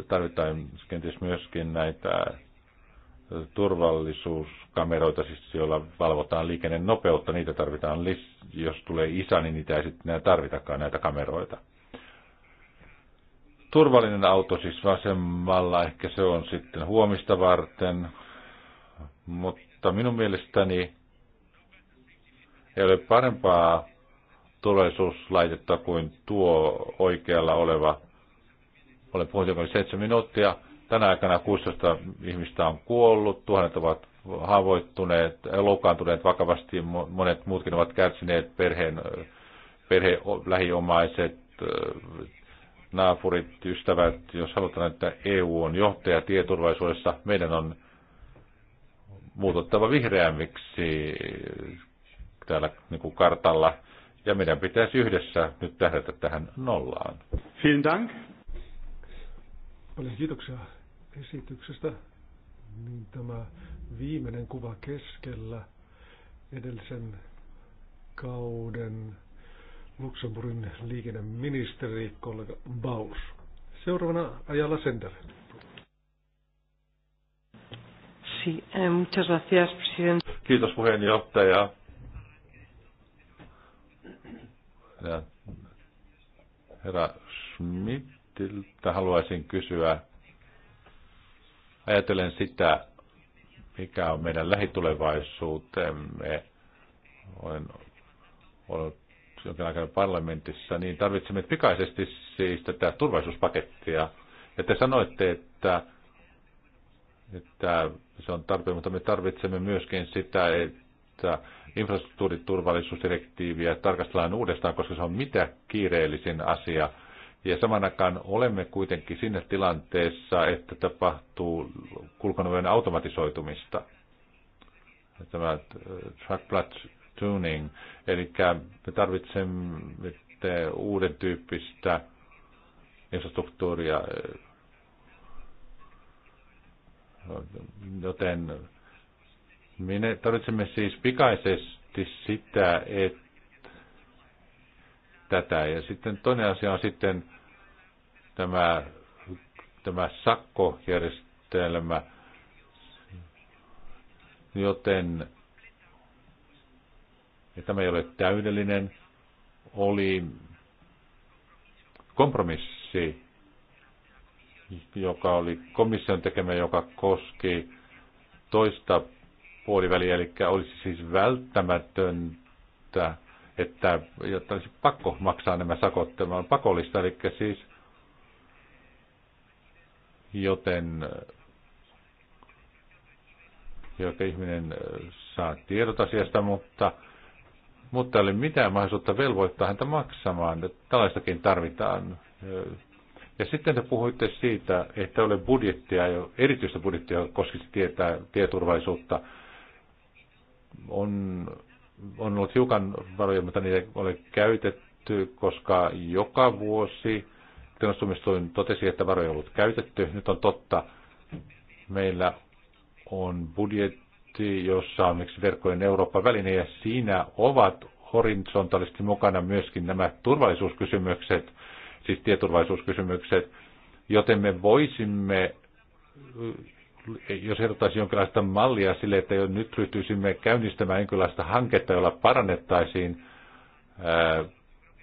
Tarvitaan kenties myöskin näitä turvallisuuskameroita, siis joilla valvotaan liikennenopeutta, niitä tarvitaan, jos tulee isä, niin niitä ei sitten enää tarvitakaan näitä kameroita. Turvallinen auto siis vasemmalla, ehkä se on sitten huomista varten, mutta minun mielestäni ei ole parempaa turvallisuuslaitetta kuin tuo oikealla oleva. Olen puhunut seitsemän minuuttia Tänä aikana 16 ihmistä on kuollut, tuhannet ovat haavoittuneet, loukkaantuneet vakavasti, monet muutkin ovat kärsineet, perheen, perhe, lähiomaiset, naapurit, ystävät. Jos halutaan, että EU on johtaja tieturvallisuudessa, meidän on muutottava vihreämmiksi täällä niin kuin kartalla. Ja meidän pitäisi yhdessä nyt tähdätä tähän nollaan. Vielen dank. Paljon kiitoksia esityksestä, niin tämä viimeinen kuva keskellä edellisen kauden Luxemburgin liikenneministeri kollega Baus. Seuraavana ajalla Sender. Sí, eh, muchas gracias, Kiitos puheenjohtaja. Herra Schmidtiltä haluaisin kysyä Ajatellen sitä, mikä on meidän lähitulevaisuutemme, olen ollut jonkin aikana parlamentissa, niin tarvitsemme pikaisesti siis tätä turvallisuuspakettia. Ja te sanoitte, että, että se on tarpeen, mutta me tarvitsemme myöskin sitä, että infrastruktuuriturvallisuusdirektiiviä tarkastellaan uudestaan, koska se on mitä kiireellisin asia – ja saman aikaan olemme kuitenkin siinä tilanteessa, että tapahtuu kulkunoven automatisoitumista. Tämä äh, track tuning, eli me tarvitsemme uuden tyyppistä infrastruktuuria, äh, joten me tarvitsemme siis pikaisesti sitä, että tätä. Ja sitten toinen asia on sitten tämä, tämä sakkojärjestelmä, joten ja tämä ei ole täydellinen, oli kompromissi, joka oli komission tekemä, joka koski toista puoliväliä, eli olisi siis välttämätöntä että jotta olisi pakko maksaa nämä sakot, tämä on pakollista, eli siis joten joka ihminen saa tiedot asiasta, mutta, mutta ei ole mitään mahdollisuutta velvoittaa häntä maksamaan. Tällaistakin tarvitaan. Ja sitten te puhuitte siitä, että ole budjettia, erityistä budjettia koskisi tietää, tieturvallisuutta. On on ollut hiukan varoja, mutta niitä oli käytetty, koska joka vuosi tilastumistuin totesi, että varoja on ollut käytetty. Nyt on totta, meillä on budjetti, jossa on yksi verkkojen Euroopan väline, ja siinä ovat horisontaalisesti mukana myöskin nämä turvallisuuskysymykset, siis tieturvallisuuskysymykset, joten me voisimme jos ehdottaisi jonkinlaista mallia sille, että jo nyt ryhtyisimme käynnistämään jonkinlaista hanketta, jolla parannettaisiin ää,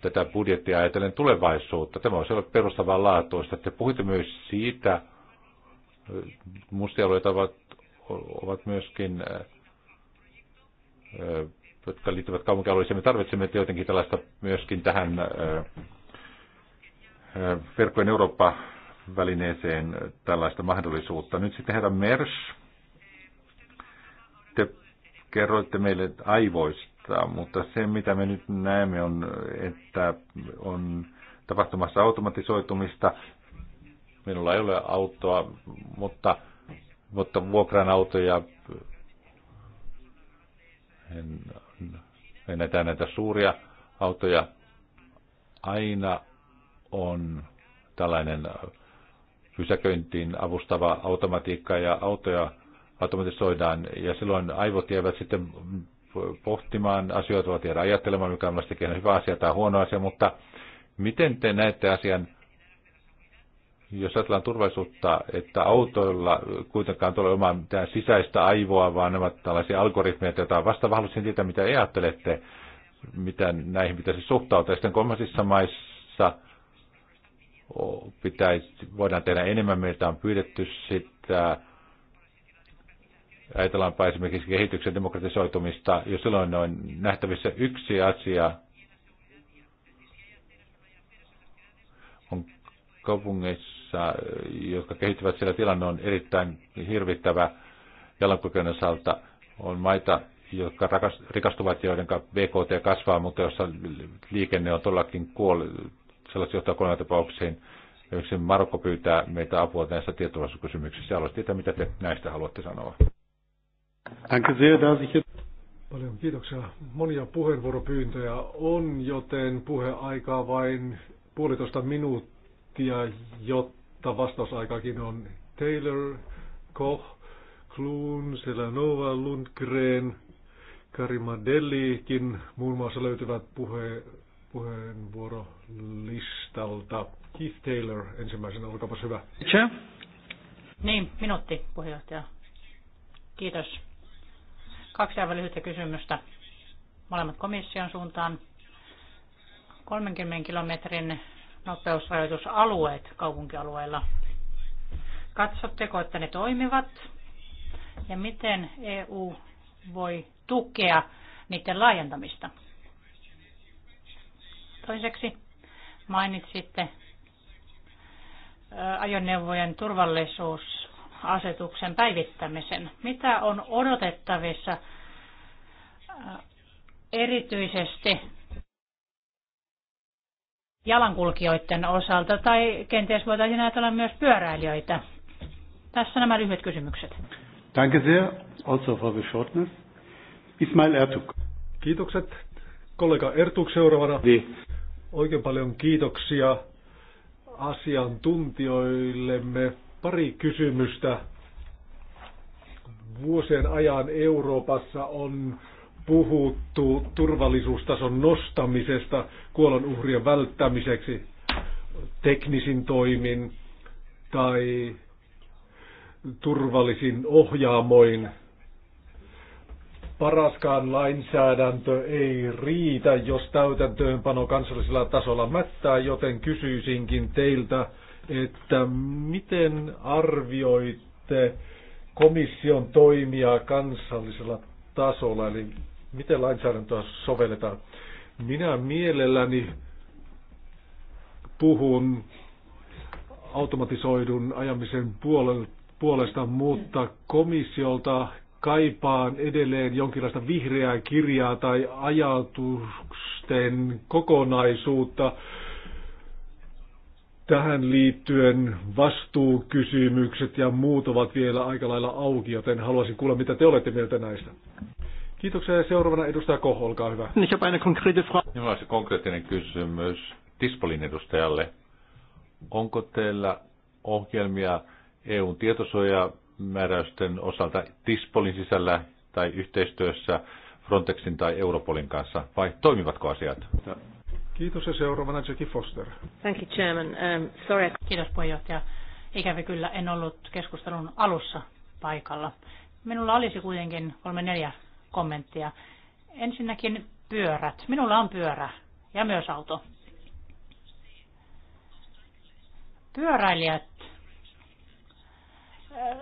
tätä budjettia ajatellen tulevaisuutta. Tämä on ollut perustavaa laatuista. Te puhuitte myös siitä, mustialueita ovat, ovat myöskin, ää, jotka liittyvät kaupunkialueisiin. Me tarvitsemme jotenkin tällaista myöskin tähän ää, verkkojen Eurooppa välineeseen tällaista mahdollisuutta. Nyt sitten herra Mers, te kerroitte meille aivoista, mutta se mitä me nyt näemme on, että on tapahtumassa automatisoitumista. Minulla ei ole autoa, mutta, mutta vuokran autoja. En, en näitä, näitä suuria autoja. Aina on tällainen pysäköintiin avustava automatiikka ja autoja automatisoidaan ja silloin aivot jäävät sitten pohtimaan asioita, voivat jäädä ajattelemaan, mikä on sitten hyvä asia tai huono asia, mutta miten te näette asian, jos ajatellaan turvallisuutta, että autoilla kuitenkaan tulee omaa mitään sisäistä aivoa, vaan ne ovat tällaisia algoritmeja, joita vasta haluaisin tietää, mitä ajattelette, mitä näihin pitäisi suhtautua. Sitten kolmansissa maissa pitäisi, voidaan tehdä enemmän, meiltä on pyydetty sitä. Ajatellaanpa esimerkiksi kehityksen demokratisoitumista, jo silloin on nähtävissä yksi asia, on kaupungeissa, jotka kehittyvät siellä tilanne on erittäin hirvittävä jalankokeen osalta. On maita, jotka rikastuvat, joiden BKT kasvaa, mutta jossa liikenne on todellakin kuollut sellaisiin johtaa tapauksiin. Yksi Marokko pyytää meitä apua näissä tietoturvallisuuskysymyksissä. Haluaisin tietää, mitä te näistä haluatte sanoa. Paljon kiitoksia. Monia puheenvuoropyyntöjä on, joten puheaikaa vain puolitoista minuuttia, jotta vastausaikakin on Taylor, Koch, Kluun, Selanova, Lundgren, Delliikin muun muassa löytyvät puhe, puheenvuoro listalta. Keith Taylor ensimmäisenä, olkaapas hyvä. Chair. Niin, minuutti puheenjohtaja. Kiitos. Kaksi aivan lyhyttä kysymystä. Molemmat komission suuntaan. 30 kilometrin nopeusrajoitusalueet kaupunkialueilla. Katsotteko, että ne toimivat? Ja miten EU voi tukea niiden laajentamista? Toiseksi mainitsitte ajoneuvojen turvallisuusasetuksen päivittämisen. Mitä on odotettavissa erityisesti jalankulkijoiden osalta tai kenties voitaisiin ajatella myös pyöräilijöitä? Tässä nämä lyhyet kysymykset. Danke sehr, also for the shortness. Ismail Ertug. Kiitokset kollega Ertug seuraavana. Niin. Oikein paljon kiitoksia asiantuntijoillemme. Pari kysymystä. Vuosien ajan Euroopassa on puhuttu turvallisuustason nostamisesta kuolonuhrien välttämiseksi teknisin toimin tai turvallisin ohjaamoin paraskaan lainsäädäntö ei riitä, jos täytäntöönpano kansallisella tasolla mättää, joten kysyisinkin teiltä, että miten arvioitte komission toimia kansallisella tasolla, eli miten lainsäädäntöä sovelletaan. Minä mielelläni puhun automatisoidun ajamisen puolesta, mutta komissiolta kaipaan edelleen jonkinlaista vihreää kirjaa tai ajatusten kokonaisuutta tähän liittyen vastuukysymykset ja muut ovat vielä aika lailla auki, joten haluaisin kuulla, mitä te olette mieltä näistä. Kiitoksia ja seuraavana edustaja Koh, olkaa hyvä. Niin, Minulla olisi konkreettinen kysymys Tispolin edustajalle. Onko teillä ohjelmia EUn tietosuoja määräysten osalta Tispolin sisällä tai yhteistyössä Frontexin tai Europolin kanssa, vai toimivatko asiat? Kiitos ja seuraavana Jackie Foster. Thank you, Chairman. Um, sorry. Kiitos puheenjohtaja. Ikävä kyllä en ollut keskustelun alussa paikalla. Minulla olisi kuitenkin kolme neljä kommenttia. Ensinnäkin pyörät. Minulla on pyörä ja myös auto. Pyöräilijät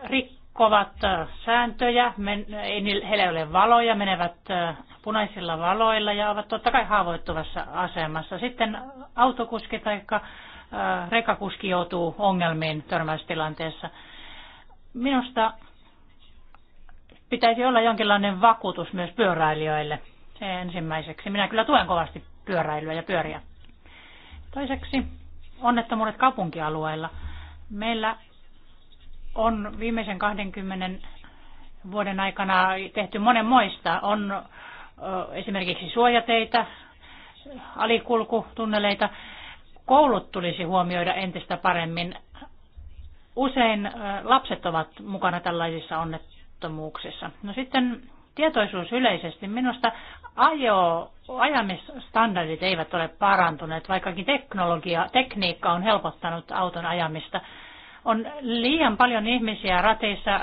rikkovat äh, sääntöjä, heillä ei ole valoja, menevät äh, punaisilla valoilla ja ovat totta kai haavoittuvassa asemassa. Sitten autokuski tai äh, rekakuski joutuu ongelmiin törmäystilanteessa. Minusta pitäisi olla jonkinlainen vakuutus myös pyöräilijöille se ensimmäiseksi. Minä kyllä tuen kovasti pyöräilyä ja pyöriä. Toiseksi onnettomuudet kaupunkialueilla. Meillä on viimeisen 20 vuoden aikana tehty monenmoista. On esimerkiksi suojateitä, alikulkutunneleita. Koulut tulisi huomioida entistä paremmin. Usein lapset ovat mukana tällaisissa onnettomuuksissa. No sitten tietoisuus yleisesti. Minusta ajo, ajamisstandardit eivät ole parantuneet, vaikkakin teknologia, tekniikka on helpottanut auton ajamista – on liian paljon ihmisiä rateissa,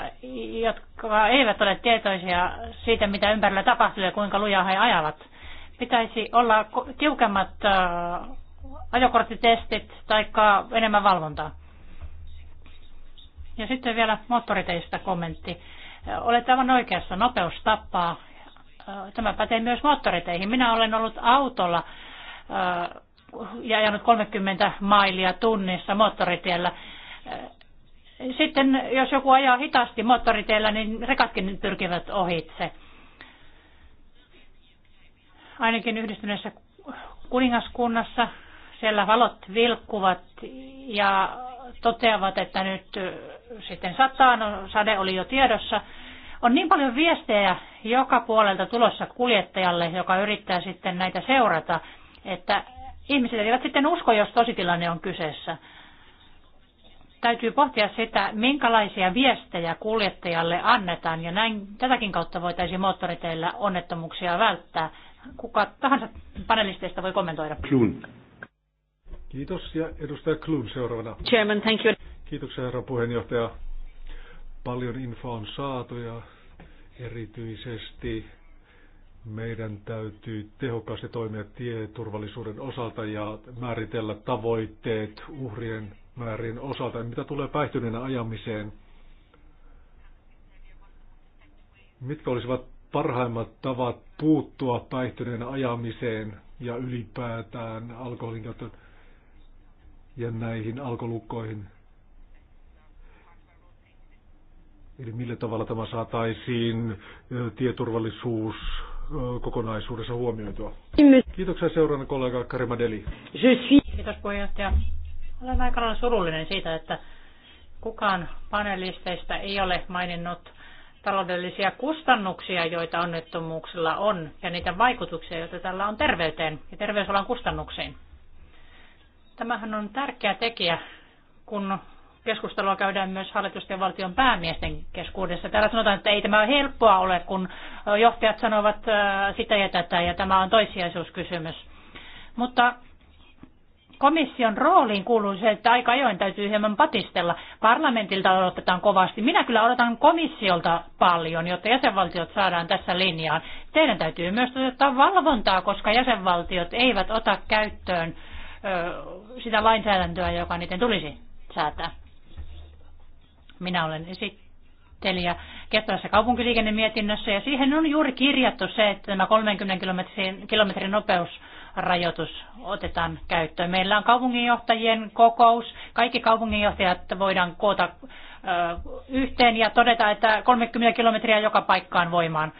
jotka eivät ole tietoisia siitä, mitä ympärillä tapahtuu ja kuinka lujaa he ajavat. Pitäisi olla tiukemmat äh, ajokorttitestit tai enemmän valvontaa. Ja sitten vielä moottoriteistä kommentti. Olet aivan oikeassa, nopeus tappaa. Äh, tämä pätee myös moottoriteihin. Minä olen ollut autolla äh, ja ajanut 30 mailia tunnissa moottoritiellä. Sitten jos joku ajaa hitaasti moottoriteellä, niin rekatkin pyrkivät ohitse. Ainakin yhdistyneessä kuningaskunnassa siellä valot vilkkuvat ja toteavat, että nyt sitten sataa, no sade oli jo tiedossa. On niin paljon viestejä joka puolelta tulossa kuljettajalle, joka yrittää sitten näitä seurata, että ihmiset eivät sitten usko, jos tositilanne on kyseessä täytyy pohtia sitä, minkälaisia viestejä kuljettajalle annetaan, ja näin tätäkin kautta voitaisiin moottoriteillä onnettomuuksia välttää. Kuka tahansa panelisteista voi kommentoida. Klun. Kiitos, ja edustaja Klun seuraavana. Chairman, thank you. Kiitoksia, herra puheenjohtaja. Paljon infoa on saatu, ja erityisesti meidän täytyy tehokkaasti toimia tieturvallisuuden osalta ja määritellä tavoitteet uhrien määrin osalta. Mitä tulee päihtyneenä ajamiseen? Mitkä olisivat parhaimmat tavat puuttua päihtyneenä ajamiseen ja ylipäätään alkoholin käyttöön ja näihin alkolukkoihin? Eli millä tavalla tämä saataisiin tieturvallisuus kokonaisuudessa huomioitua? Kiitoksia seurana kollega Karima Deli. Kiitos puheenjohtaja. Olen aika lailla surullinen siitä, että kukaan panelisteista ei ole maininnut taloudellisia kustannuksia, joita onnettomuuksilla on, ja niitä vaikutuksia, joita tällä on terveyteen ja terveysalan kustannuksiin. Tämähän on tärkeä tekijä, kun keskustelua käydään myös hallitusten ja valtion päämiesten keskuudessa. Täällä sanotaan, että ei tämä ole helppoa ole, kun johtajat sanovat äh, sitä ja tätä, ja tämä on toissijaisuuskysymys. Mutta komission rooliin kuuluu se, että aika ajoin täytyy hieman patistella. Parlamentilta odotetaan kovasti. Minä kyllä odotan komissiolta paljon, jotta jäsenvaltiot saadaan tässä linjaan. Teidän täytyy myös ottaa valvontaa, koska jäsenvaltiot eivät ota käyttöön sitä lainsäädäntöä, joka niiden tulisi säätää. Minä olen esittelijä kestävässä kaupunkiliikennemietinnössä ja siihen on juuri kirjattu se, että tämä 30 kilometrin, kilometrin nopeus rajoitus otetaan käyttöön. Meillä on kaupunginjohtajien kokous. Kaikki kaupunginjohtajat voidaan koota yhteen ja todeta, että 30 kilometriä joka paikkaan voimaan.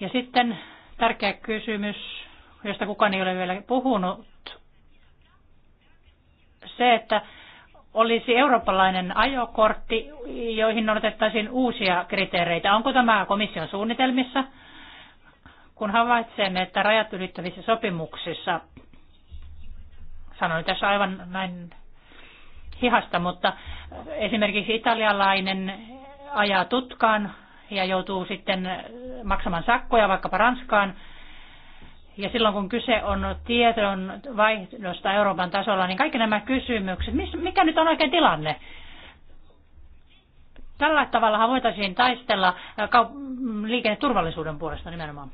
Ja sitten tärkeä kysymys, josta kukaan ei ole vielä puhunut, se, että olisi eurooppalainen ajokortti, joihin noudatettaisiin uusia kriteereitä. Onko tämä komission suunnitelmissa? kun havaitsen, että rajat ylittävissä sopimuksissa, sanoin tässä aivan näin hihasta, mutta esimerkiksi italialainen ajaa tutkaan ja joutuu sitten maksamaan sakkoja vaikkapa Ranskaan, ja silloin kun kyse on tiedon vaihdosta Euroopan tasolla, niin kaikki nämä kysymykset, mikä nyt on oikein tilanne? Tällä tavalla voitaisiin taistella liikenneturvallisuuden puolesta nimenomaan.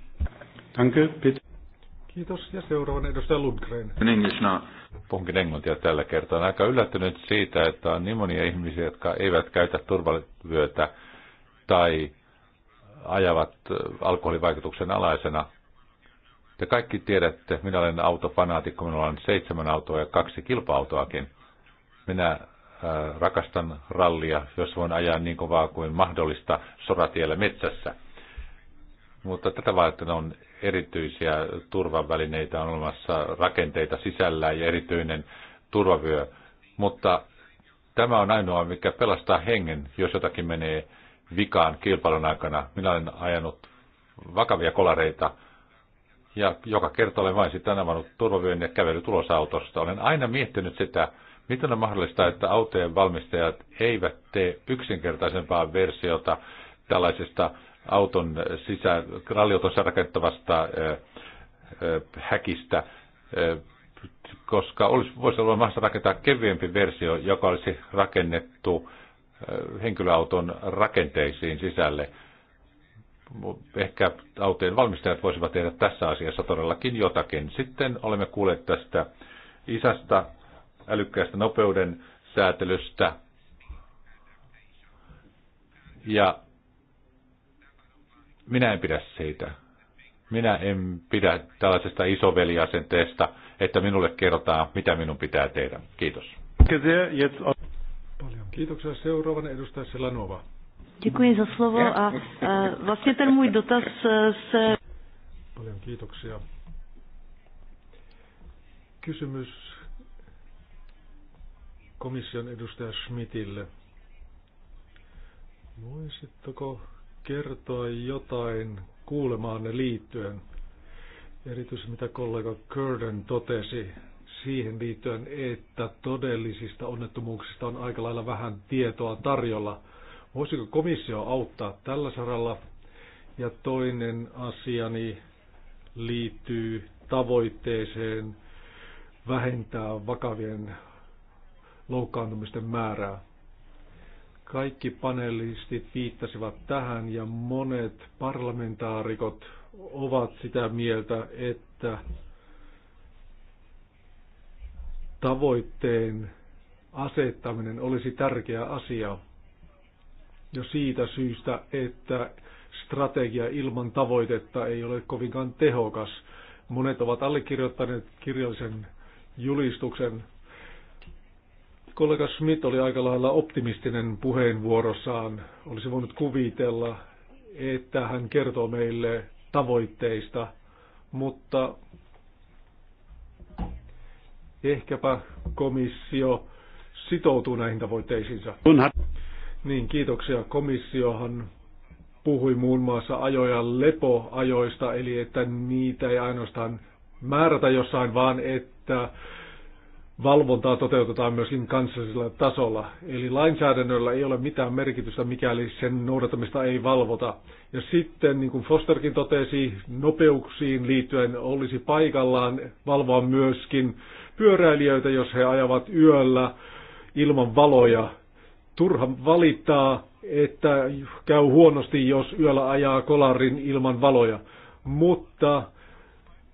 Danke, bitte. Kiitos. Ja seuraavana edustaja Lundgren. English now. Puhunkin englantia tällä kertaa. Olen aika yllättynyt siitä, että on niin monia ihmisiä, jotka eivät käytä turvavyötä tai ajavat alkoholivaikutuksen alaisena. Te kaikki tiedätte, minä olen autofanaatikko, minulla on seitsemän autoa ja kaksi kilpa-autoakin. Minä rakastan rallia, jos voin ajaa niin kovaa kuin mahdollista soratiellä metsässä. Mutta tätä varten on erityisiä turvavälineitä, on olemassa rakenteita sisällä ja erityinen turvavyö. Mutta tämä on ainoa, mikä pelastaa hengen, jos jotakin menee vikaan kilpailun aikana. Minä olen ajanut vakavia kolareita ja joka kerta olen vain sitten avannut turvavyön ja kävellyt ulos autosta. Olen aina miettinyt sitä, miten on mahdollista, että autojen valmistajat eivät tee yksinkertaisempaa versiota tällaisesta auton sisä, rallioton rakentavasta häkistä, koska olisi, voisi olla mahdollista rakentaa kevyempi versio, joka olisi rakennettu henkilöauton rakenteisiin sisälle. Ehkä autojen valmistajat voisivat tehdä tässä asiassa todellakin jotakin. Sitten olemme kuulleet tästä isästä älykkäästä nopeuden säätelystä. Ja minä en pidä siitä. Minä en pidä tällaisesta isoveliasenteesta, että minulle kerrotaan, mitä minun pitää tehdä. Kiitos. Paljon kiitoksia. Seuraavana edustaja Selanova. Děkuji za slovo a vlastně ten můj dotaz e, se... Paljon kiitoksia. Kysymys komission edustaja Schmidtille. Voisitteko kertoa jotain kuulemaanne liittyen, erityisesti mitä kollega Curden totesi siihen liittyen, että todellisista onnettomuuksista on aika lailla vähän tietoa tarjolla. Voisiko komissio auttaa tällä saralla? Ja toinen asiani liittyy tavoitteeseen vähentää vakavien loukkaantumisten määrää. Kaikki panelistit viittasivat tähän ja monet parlamentaarikot ovat sitä mieltä, että tavoitteen asettaminen olisi tärkeä asia jo siitä syystä, että strategia ilman tavoitetta ei ole kovinkaan tehokas. Monet ovat allekirjoittaneet kirjallisen julistuksen Kollega Schmidt oli aika lailla optimistinen puheenvuorossaan. Olisi voinut kuvitella, että hän kertoo meille tavoitteista, mutta ehkäpä komissio sitoutuu näihin tavoitteisiinsa. Niin, kiitoksia. Komissiohan puhui muun muassa ajoja lepoajoista, eli että niitä ei ainoastaan määrätä jossain, vaan että valvontaa toteutetaan myöskin kansallisella tasolla. Eli lainsäädännöllä ei ole mitään merkitystä, mikäli sen noudattamista ei valvota. Ja sitten, niin kuin Fosterkin totesi, nopeuksiin liittyen olisi paikallaan valvoa myöskin pyöräilijöitä, jos he ajavat yöllä ilman valoja. Turha valittaa, että käy huonosti, jos yöllä ajaa kolarin ilman valoja. Mutta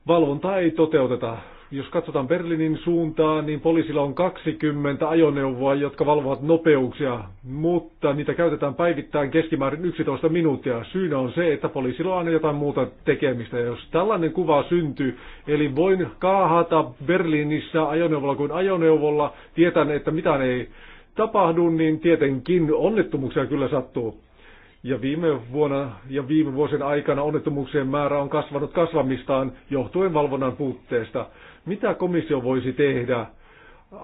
valvontaa ei toteuteta jos katsotaan Berliinin suuntaan, niin poliisilla on 20 ajoneuvoa, jotka valvovat nopeuksia, mutta niitä käytetään päivittäin keskimäärin 11 minuuttia. Syynä on se, että poliisilla on aina jotain muuta tekemistä. Ja jos tällainen kuva syntyy, eli voin kaahata Berliinissä ajoneuvolla kuin ajoneuvolla, tietän, että mitään ei tapahdu, niin tietenkin onnettomuuksia kyllä sattuu. Ja viime vuonna ja viime vuosien aikana onnettomuuksien määrä on kasvanut kasvamistaan johtuen valvonnan puutteesta. Mitä komissio voisi tehdä?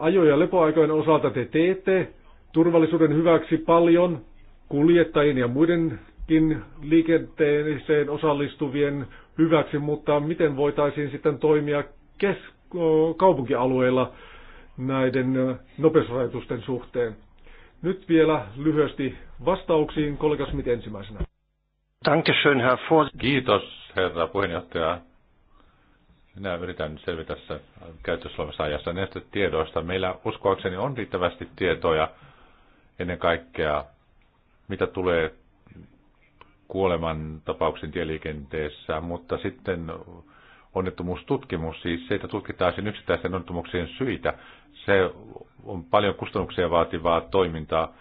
Ajo- ja lepoaikojen osalta te teette turvallisuuden hyväksi paljon kuljettajien ja muidenkin liikenteeseen osallistuvien hyväksi, mutta miten voitaisiin sitten toimia kes- kaupunkialueilla näiden nopeusrajoitusten suhteen? Nyt vielä lyhyesti vastauksiin. Kollega Smith ensimmäisenä. Kiitos, herra puheenjohtaja. Minä yritän selvitä tässä käytössä olevassa ajassa näistä tiedoista. Meillä uskoakseni on riittävästi tietoja ennen kaikkea, mitä tulee kuoleman tapauksen tieliikenteessä, mutta sitten onnettomuustutkimus, siis se, että tutkitaan yksittäisten onnettomuuksien syitä, se on paljon kustannuksia vaativaa toimintaa,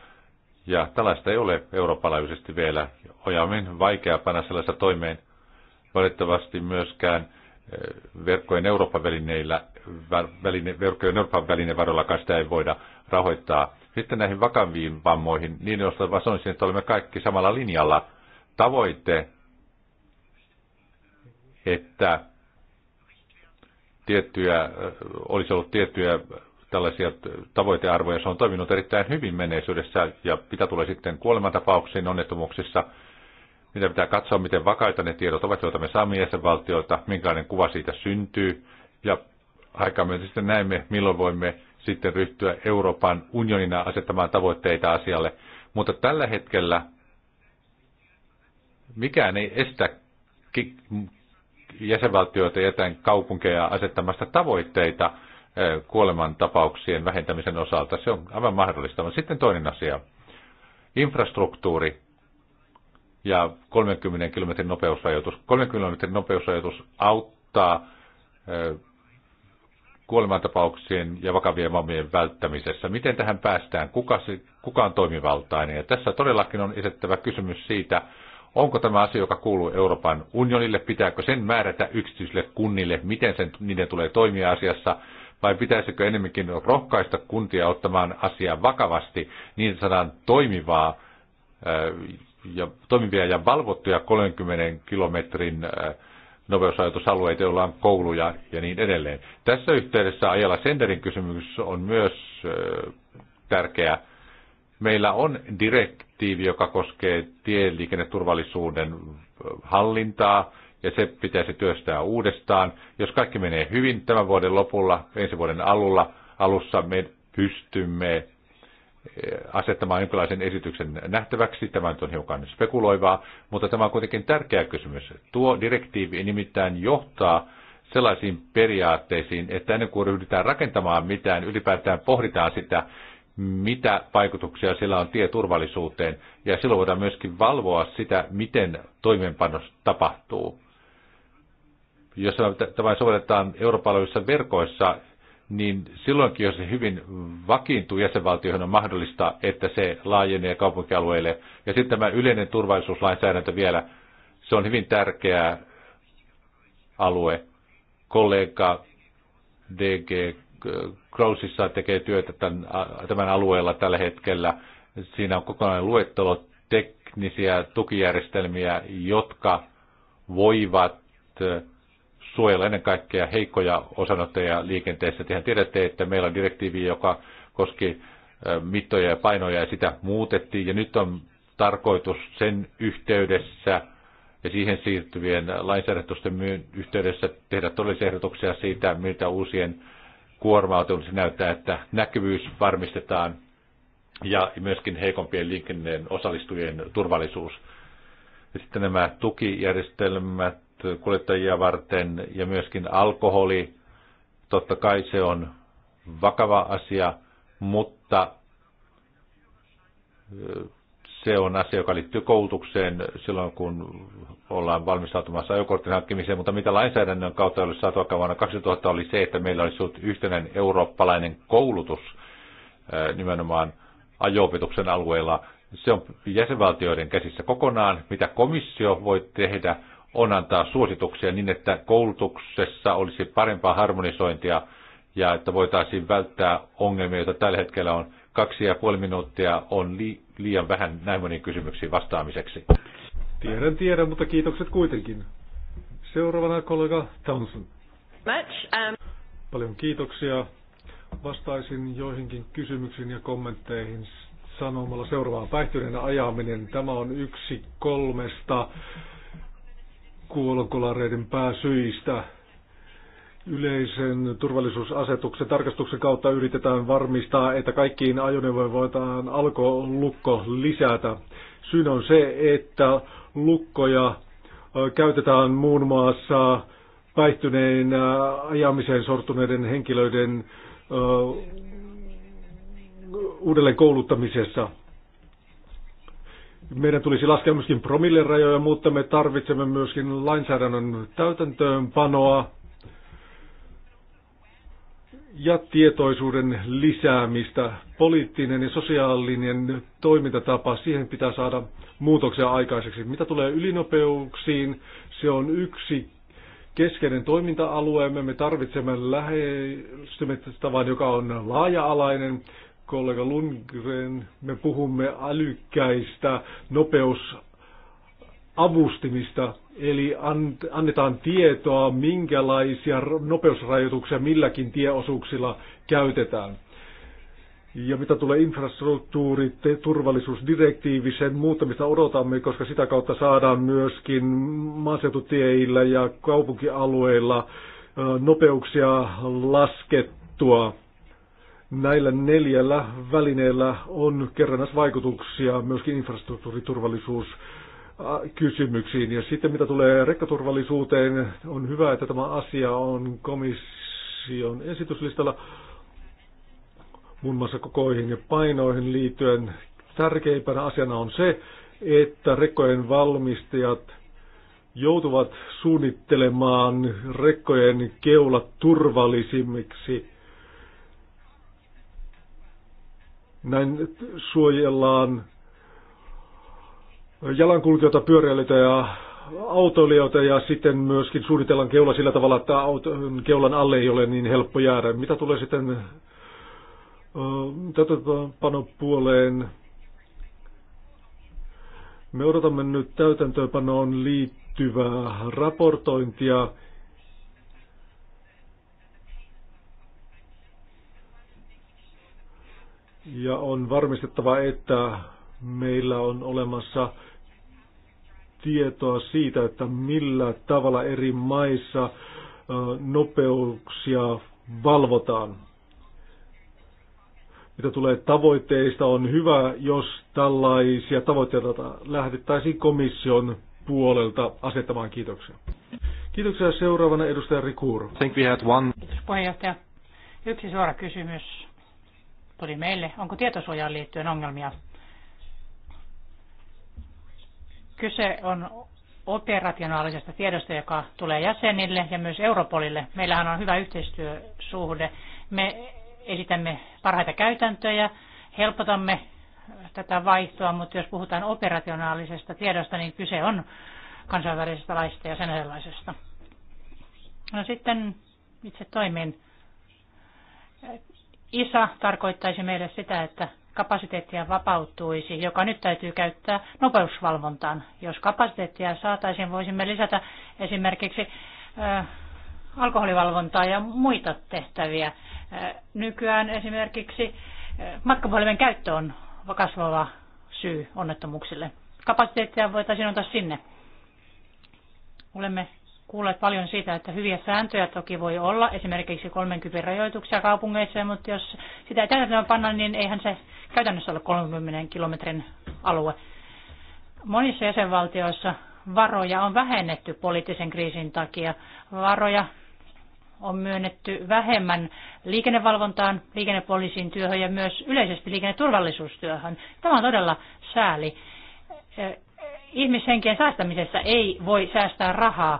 ja tällaista ei ole eurooppalaisesti vielä. ojaammin vaikea panna sellaista toimeen. Valitettavasti myöskään verkkojen Euroopan välineillä, väline, verkkojen Euroopan välinevaroilla varoillakaan sitä ei voida rahoittaa. Sitten näihin vakaviin vammoihin, niin jos vaan sanoisin, että olemme kaikki samalla linjalla. Tavoite, että tiettyjä, olisi ollut tiettyjä tällaisia tavoitearvoja. Se on toiminut erittäin hyvin menneisyydessä ja mitä tulee sitten kuolemantapauksiin onnettomuuksissa – meidän pitää katsoa, miten vakaita ne tiedot ovat, joita me saamme jäsenvaltioilta, minkälainen kuva siitä syntyy. Ja aikaa sitten näemme, milloin voimme sitten ryhtyä Euroopan unionina asettamaan tavoitteita asialle. Mutta tällä hetkellä mikään ei estä jäsenvaltioita ja kaupunkeja asettamasta tavoitteita kuolemantapauksien vähentämisen osalta. Se on aivan mahdollista. Mutta sitten toinen asia. Infrastruktuuri ja 30 kilometrin nopeusrajoitus. 30 kilometrin nopeusrajoitus auttaa kuolemantapauksien ja vakavien vammien välttämisessä. Miten tähän päästään? Kuka, kuka on toimivaltainen? Ja tässä todellakin on esittävä kysymys siitä, onko tämä asia, joka kuuluu Euroopan unionille, pitääkö sen määrätä yksityisille kunnille, miten sen, niiden tulee toimia asiassa, vai pitäisikö enemmänkin rohkaista kuntia ottamaan asiaa vakavasti, niin saadaan toimivaa ja toimivia ja valvottuja 30 kilometrin äh, nopeusajatusalueita, joilla on kouluja ja niin edelleen. Tässä yhteydessä ajalla senderin kysymys on myös äh, tärkeä. Meillä on direktiivi, joka koskee tieliikenneturvallisuuden äh, hallintaa, ja se pitäisi työstää uudestaan. Jos kaikki menee hyvin tämän vuoden lopulla, ensi vuoden alulla, alussa me pystymme asettamaan jonkinlaisen esityksen nähtäväksi. Tämä nyt on hiukan spekuloivaa, mutta tämä on kuitenkin tärkeä kysymys. Tuo direktiivi nimittäin johtaa sellaisiin periaatteisiin, että ennen kuin ryhdytään rakentamaan mitään, ylipäätään pohditaan sitä, mitä vaikutuksia sillä on tieturvallisuuteen, ja silloin voidaan myöskin valvoa sitä, miten toimeenpanos tapahtuu. Jos tämä sovelletaan Euroopan verkoissa, niin silloinkin, jos se hyvin vakiintuu jäsenvaltioihin, on mahdollista, että se laajenee kaupunkialueille. Ja sitten tämä yleinen turvallisuuslainsäädäntö vielä, se on hyvin tärkeä alue. Kollega DG Grossissa tekee työtä tämän, tämän alueella tällä hetkellä. Siinä on kokonainen luettelo teknisiä tukijärjestelmiä, jotka voivat suojella ennen kaikkea heikkoja osanottajia liikenteessä. Tehän tiedätte, että meillä on direktiivi, joka koski mittoja ja painoja ja sitä muutettiin. Ja nyt on tarkoitus sen yhteydessä ja siihen siirtyvien lainsäädäntösten yhteydessä tehdä todellisia ehdotuksia siitä, miltä uusien kuorma se näyttää, että näkyvyys varmistetaan ja myöskin heikompien liikenteen osallistujien turvallisuus. Ja sitten nämä tukijärjestelmät kuljettajia varten ja myöskin alkoholi. Totta kai se on vakava asia, mutta se on asia, joka liittyy koulutukseen silloin, kun ollaan valmistautumassa ajokortin hankkimiseen, mutta mitä lainsäädännön kautta olisi saatu aikaan vuonna 2000 oli se, että meillä olisi ollut yhtenäinen eurooppalainen koulutus nimenomaan ajoopetuksen alueella. Se on jäsenvaltioiden käsissä kokonaan. Mitä komissio voi tehdä, on antaa suosituksia niin, että koulutuksessa olisi parempaa harmonisointia ja että voitaisiin välttää ongelmia, joita tällä hetkellä on. Kaksi ja puoli minuuttia on liian vähän näin moniin kysymyksiin vastaamiseksi. Tiedän, tiedän, mutta kiitokset kuitenkin. Seuraavana kollega Townsend. Much, um... Paljon kiitoksia. Vastaisin joihinkin kysymyksiin ja kommentteihin sanomalla seuraavaan päihtyneenä ajaminen. Tämä on yksi kolmesta kuolokolareiden pääsyistä. Yleisen turvallisuusasetuksen tarkastuksen kautta yritetään varmistaa, että kaikkiin ajoneuvoihin voidaan alkolukko lisätä. Syyn on se, että lukkoja käytetään muun muassa päihtyneen ajamiseen sortuneiden henkilöiden uudelleen kouluttamisessa meidän tulisi laskea myöskin promillerajoja, mutta me tarvitsemme myöskin lainsäädännön täytäntöönpanoa ja tietoisuuden lisäämistä. Poliittinen ja sosiaalinen toimintatapa, siihen pitää saada muutoksia aikaiseksi. Mitä tulee ylinopeuksiin, se on yksi keskeinen toiminta-alueemme. Me tarvitsemme lähestymistä, joka on laaja-alainen kollega Lundgren, me puhumme älykkäistä nopeusavustimista, eli annetaan tietoa, minkälaisia nopeusrajoituksia milläkin tieosuuksilla käytetään. Ja mitä tulee infrastruktuuri, turvallisuusdirektiivi, sen muuttamista odotamme, koska sitä kautta saadaan myöskin maaseututieillä ja kaupunkialueilla nopeuksia laskettua. Näillä neljällä välineellä on vaikutuksia, myöskin infrastruktuuriturvallisuus kysymyksiin. Ja sitten mitä tulee rekkaturvallisuuteen, on hyvä, että tämä asia on komission esityslistalla muun muassa kokoihin ja painoihin liittyen. Tärkeimpänä asiana on se, että rekkojen valmistajat joutuvat suunnittelemaan rekkojen keulat turvallisimmiksi Näin suojellaan jalankulkijoita, pyöräilijöitä ja autoilijoita ja sitten myöskin suunnitellaan keula sillä tavalla, että auton, keulan alle ei ole niin helppo jäädä. Mitä tulee sitten panopuoleen? Me odotamme nyt täytäntöönpanoon liittyvää raportointia Ja on varmistettava, että meillä on olemassa tietoa siitä, että millä tavalla eri maissa nopeuksia valvotaan. Mitä tulee tavoitteista, on hyvä, jos tällaisia tavoitteita lähdettäisiin komission puolelta asettamaan kiitoksia. Kiitoksia seuraavana edustaja Rikuur. puheenjohtaja. Yksi suora kysymys tuli meille. Onko tietosuojaan liittyen ongelmia? Kyse on operationaalisesta tiedosta, joka tulee jäsenille ja myös Europolille. Meillähän on hyvä yhteistyösuhde. Me esitämme parhaita käytäntöjä, helpotamme tätä vaihtoa, mutta jos puhutaan operationaalisesta tiedosta, niin kyse on kansainvälisestä laista ja sen sellaisesta. No sitten itse toimin. ISA tarkoittaisi meille sitä, että kapasiteettia vapautuisi, joka nyt täytyy käyttää nopeusvalvontaan. Jos kapasiteettia saataisiin, voisimme lisätä esimerkiksi alkoholivalvontaa ja muita tehtäviä. Nykyään esimerkiksi matkapuhelimen käyttö on kasvava syy onnettomuuksille. Kapasiteettia voitaisiin ottaa sinne. Olemme kuulleet paljon siitä, että hyviä sääntöjä toki voi olla, esimerkiksi 30 rajoituksia kaupungeissa, mutta jos sitä ei täytäntöön panna, niin eihän se käytännössä ole 30 kilometrin alue. Monissa jäsenvaltioissa varoja on vähennetty poliittisen kriisin takia. Varoja on myönnetty vähemmän liikennevalvontaan, liikennepoliisin työhön ja myös yleisesti liikenneturvallisuustyöhön. Tämä on todella sääli. Eh, eh, ihmishenkien säästämisessä ei voi säästää rahaa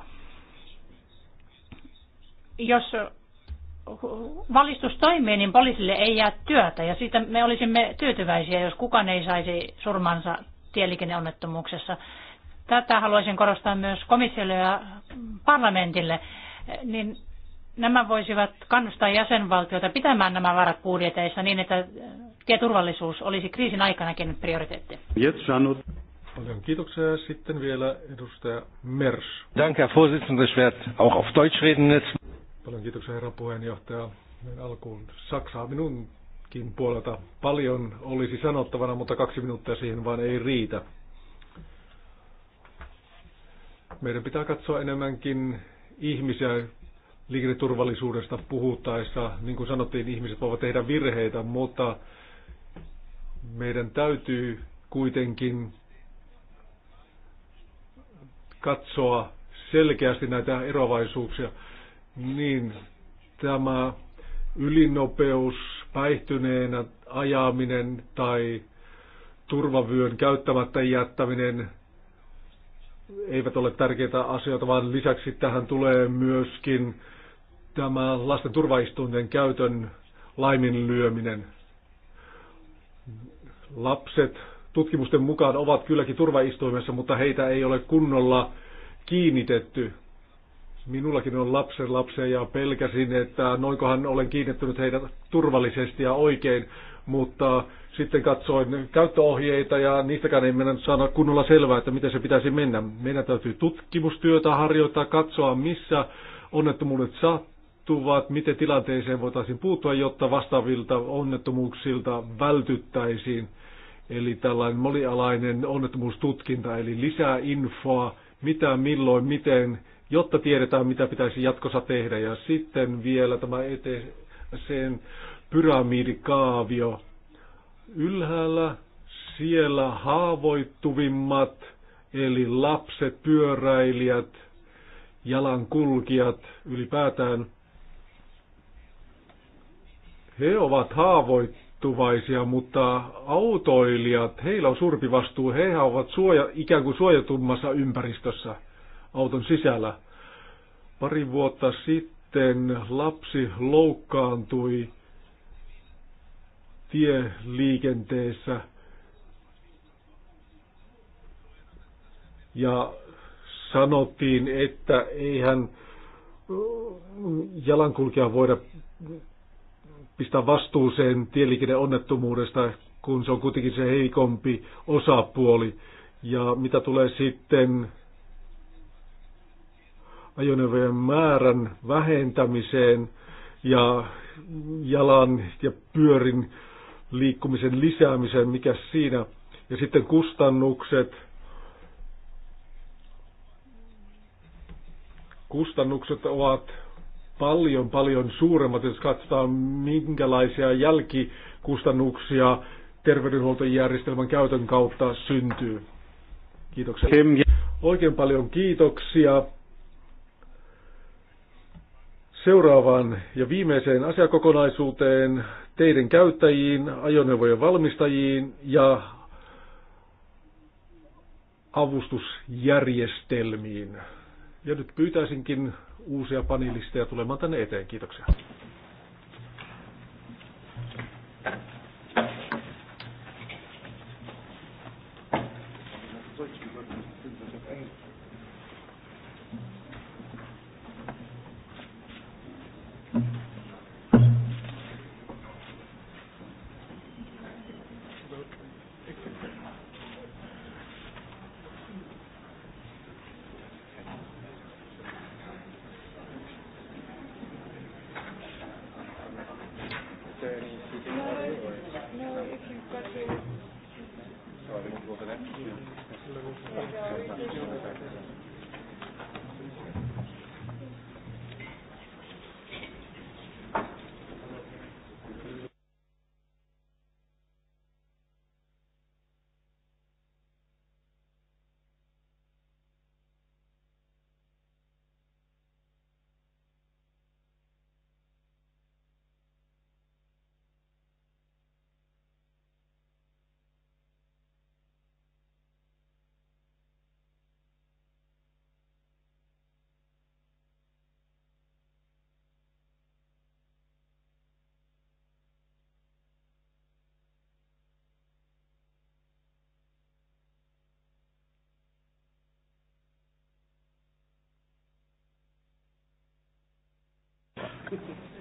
jos valistus toimii, niin poliisille ei jää työtä ja siitä me olisimme tyytyväisiä, jos kukaan ei saisi surmansa tieliikenneonnettomuuksessa. Tätä haluaisin korostaa myös komissiolle ja parlamentille, niin nämä voisivat kannustaa jäsenvaltioita pitämään nämä varat budjeteissa niin, että tieturvallisuus olisi kriisin aikanakin prioriteetti. Paljon kiitoksia. Sitten vielä edustaja Mers. Danke, Herr Vorsitzender. Ich werde auch auf Deutsch reden jetzt. Paljon kiitoksia herra puheenjohtaja. Meidän alkuun Saksaa minunkin puolelta paljon olisi sanottavana, mutta kaksi minuuttia siihen vaan ei riitä. Meidän pitää katsoa enemmänkin ihmisiä liikenneturvallisuudesta puhuttaessa. Niin kuin sanottiin, ihmiset voivat tehdä virheitä, mutta meidän täytyy kuitenkin katsoa selkeästi näitä eroavaisuuksia. Niin, tämä ylinopeus, päihtyneenä ajaminen tai turvavyön käyttämättä jättäminen eivät ole tärkeitä asioita, vaan lisäksi tähän tulee myöskin tämä lasten turvaistuinten käytön laiminlyöminen. Lapset tutkimusten mukaan ovat kylläkin turvaistuimessa, mutta heitä ei ole kunnolla kiinnitetty Minullakin on lapsen lapsia ja pelkäsin, että noinkohan olen kiinnittynyt heidät turvallisesti ja oikein, mutta sitten katsoin käyttöohjeita ja niistäkään ei mennä saada kunnolla selvää, että miten se pitäisi mennä. Meidän täytyy tutkimustyötä harjoittaa, katsoa missä onnettomuudet sattuvat, miten tilanteeseen voitaisiin puuttua, jotta vastaavilta onnettomuuksilta vältyttäisiin. Eli tällainen molialainen onnettomuustutkinta, eli lisää infoa, mitä, milloin, miten jotta tiedetään, mitä pitäisi jatkossa tehdä. Ja sitten vielä tämä eteen pyramidikaavio. Ylhäällä siellä haavoittuvimmat, eli lapset, pyöräilijät, jalankulkijat ylipäätään, he ovat haavoittuvaisia, mutta autoilijat, heillä on suurpi vastuu, he ovat suoja, ikään kuin suojatummassa ympäristössä – auton sisällä. Pari vuotta sitten lapsi loukkaantui tieliikenteessä ja sanottiin, että eihän jalankulkija voida pistää vastuuseen tieliikenneonnettomuudesta, kun se on kuitenkin se heikompi osapuoli. Ja mitä tulee sitten ajoneuvojen määrän vähentämiseen ja jalan ja pyörin liikkumisen lisäämiseen, mikä siinä. Ja sitten kustannukset. Kustannukset ovat paljon paljon suuremmat, jos katsotaan minkälaisia jälkikustannuksia terveydenhuoltojärjestelmän käytön kautta syntyy. Kiitoksia. Oikein paljon kiitoksia seuraavaan ja viimeiseen asiakokonaisuuteen, teiden käyttäjiin, ajoneuvojen valmistajiin ja avustusjärjestelmiin. Ja nyt pyytäisinkin uusia panelisteja tulemaan tänne eteen. Kiitoksia.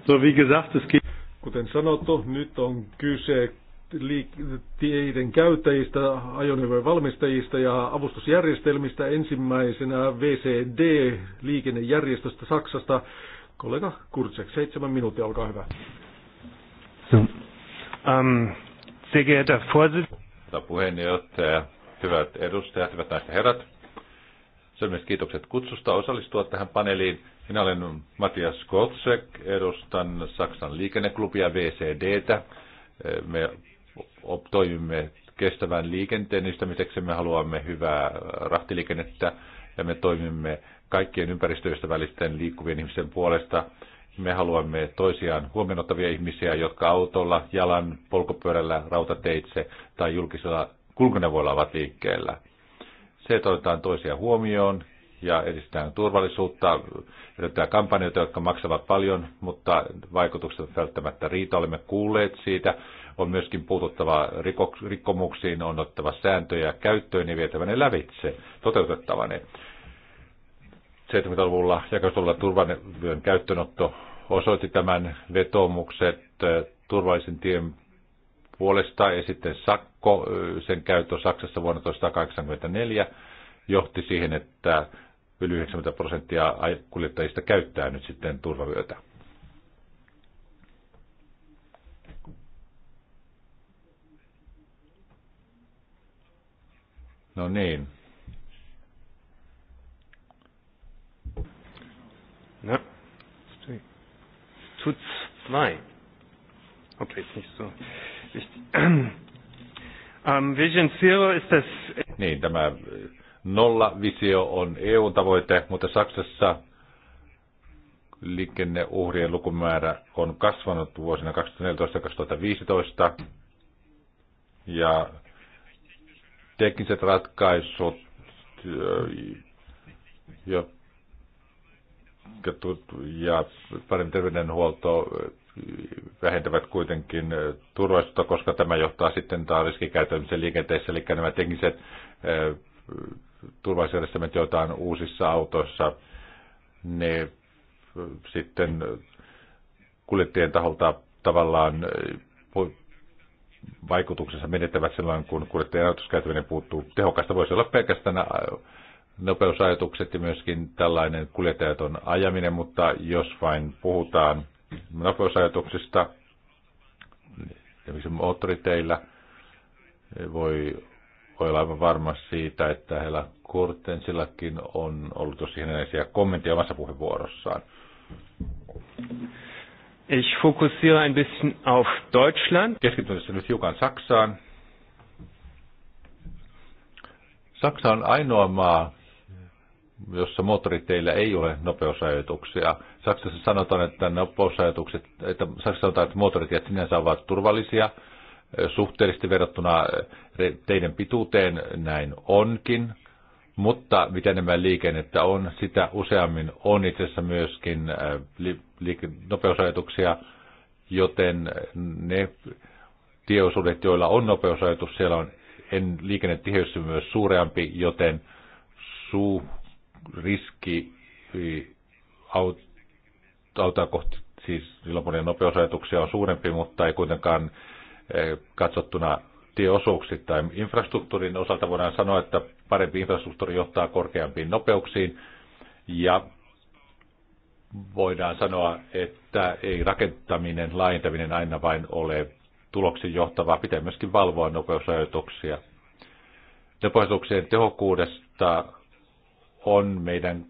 So wie gesagt, es geht Kuten sanottu, nyt on kyse tieiden käyttäjistä, ajoneuvojen valmistajista ja avustusjärjestelmistä. Ensimmäisenä VCD-liikennejärjestöstä Saksasta. Kollega Kurczek, seitsemän minuuttia, olkaa hyvä. So, um, sehr geehrter Herra puheenjohtaja, hyvät edustajat, hyvät naiset ja herrat. myös kiitokset kutsusta osallistua tähän paneeliin. Minä olen Matias Kotsek, edustan Saksan liikenneklubia VCDtä. Me toimimme kestävän liikenteen edistämiseksi, me haluamme hyvää rahtiliikennettä ja me toimimme kaikkien ympäristöystävällisten liikkuvien ihmisten puolesta. Me haluamme toisiaan huomioonottavia ihmisiä, jotka autolla, jalan, polkupyörällä, rautateitse tai julkisella kulkuneuvoilla ovat liikkeellä. Se, että otetaan toisia huomioon ja edistetään turvallisuutta, edetään kampanjoita, jotka maksavat paljon, mutta vaikutukset välttämättä riitä. Olemme kuulleet siitä. On myöskin puututtava rikkomuksiin, on ottava sääntöjä käyttöön ja vietävä ne lävitse, toteutettava ne. 70-luvulla jakautulla turvallisuuden käyttöönotto osoitti tämän vetomukset turvallisen tien puolesta ja sitten sakko, sen käyttö Saksassa vuonna 1984 johti siihen, että yli 90 prosenttia kuljettajista käyttää nyt sitten turvavyötä. No niin. No. Zu zwei. Okay, ist nicht so wichtig. Ähm, Vision Zero ist das... Niin, tämä Nollavisio on EU-tavoite, mutta Saksassa liikenneuhrien lukumäärä on kasvanut vuosina 2014-2015 ja tekniset ratkaisut, ja, ja paremmin terveydenhuolto vähentävät kuitenkin turvallisuutta, koska tämä johtaa sitten taas riskikäyttäytymiseen liikenteessä, eli nämä tekniset turvallisuusjärjestelmät, joita on uusissa autoissa, ne äh, sitten äh, kuljettajien taholta tavallaan äh, vaikutuksensa menettävät silloin, kun kuljettajien autoskäytäminen puuttuu tehokasta. Voisi olla pelkästään nopeusajatukset ja myöskin tällainen kuljettajaton ajaminen, mutta jos vain puhutaan nopeusajatuksista, esimerkiksi moottoriteillä, voi voi olla aivan varma siitä, että heillä Kurtensillakin on ollut tosi hienoisia kommentteja omassa puheenvuorossaan. Ich fokussiere ein bisschen auf Deutschland. Keskityn nyt hiukan Saksaan. Saksa on ainoa maa, jossa moottoriteillä ei ole nopeusajoituksia. Saksassa sanotaan, että nopeusrajoitukset, että Saksassa sanotaan, että moottoritiet sinänsä ovat turvallisia, suhteellisesti verrattuna eh, teiden pituuteen näin onkin, mutta mitä enemmän liikennettä on, sitä useammin on itse asiassa myöskin eh, nopeusajatuksia, joten ne tieosuudet, joilla on nopeusajatus, siellä on en, liikennetiheys myös suurempi, joten suu, riski eh, aut, kohti, siis ilmapuolinen nopeusrajoituksia on suurempi, mutta ei kuitenkaan Eh, katsottuna tieosuuksittain. Infrastruktuurin osalta voidaan sanoa, että parempi infrastruktuuri johtaa korkeampiin nopeuksiin ja voidaan sanoa, että ei rakentaminen, laajentaminen aina vain ole tuloksiin johtavaa. Pitää myöskin valvoa nopeusrajoituksia. Nopeusrajoituksien tehokkuudesta on meidän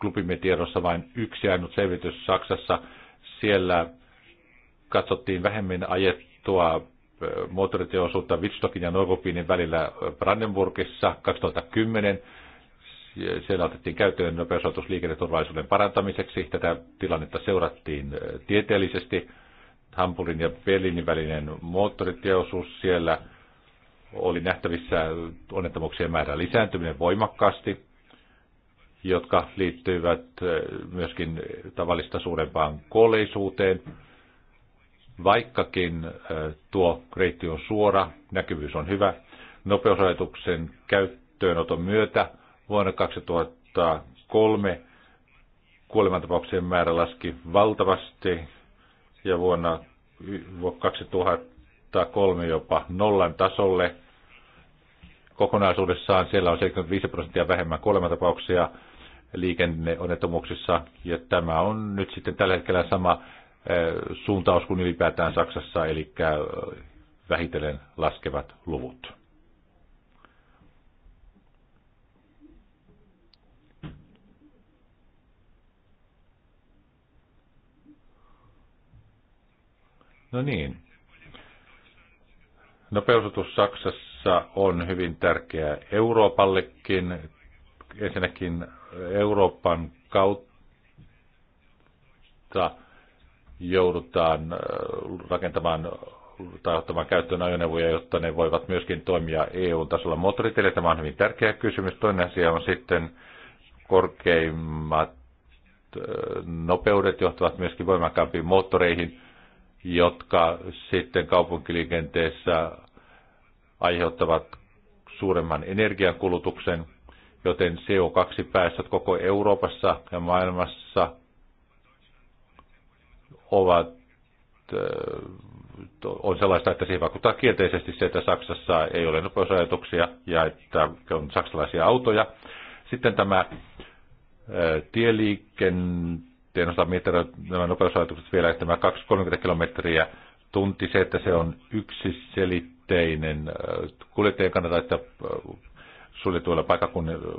klubimme tiedossa vain yksi ainut selvitys Saksassa. Siellä katsottiin vähemmän ajettua moottoriteosuutta Wittstockin ja Norwopinin välillä Brandenburgissa 2010. Siellä otettiin käyttöön nopeusotus liikenneturvallisuuden parantamiseksi. Tätä tilannetta seurattiin tieteellisesti. Hampurin ja Berliinin välinen moottoriteosuus siellä oli nähtävissä onnettomuuksien määrän lisääntyminen voimakkaasti, jotka liittyivät myöskin tavallista suurempaan kuolleisuuteen Vaikkakin tuo reitti on suora, näkyvyys on hyvä, nopeusrajoituksen käyttöönoton myötä vuonna 2003 kuolemantapauksien määrä laski valtavasti ja vuonna 2003 jopa nollan tasolle. Kokonaisuudessaan siellä on 75 prosenttia vähemmän kuolemantapauksia liikenneonnettomuuksissa ja tämä on nyt sitten tällä hetkellä sama suuntaus kuin ylipäätään Saksassa, eli vähitellen laskevat luvut. No niin. Nopeusotus Saksassa on hyvin tärkeä Euroopallekin. Ensinnäkin Euroopan kautta joudutaan äh, rakentamaan tai ottamaan käyttöön ajoneuvoja, jotta ne voivat myöskin toimia EU-tasolla moottoriteille. Tämä on hyvin tärkeä kysymys. Toinen asia on sitten korkeimmat äh, nopeudet johtavat myöskin voimakkaampiin moottoreihin, jotka sitten kaupunkiliikenteessä aiheuttavat suuremman energiankulutuksen, joten CO2-päästöt koko Euroopassa ja maailmassa ovat, äh, on sellaista, että siihen vaikuttaa kielteisesti se, että Saksassa ei ole nopeusajatuksia ja että on saksalaisia autoja. Sitten tämä äh, tieliikenteen osalta miettää nämä nopeusajatukset vielä, että tämä 230 kilometriä tunti, se, että se on yksiselitteinen äh, kuljettajien kannalta, että suljetuilla paikakunnilla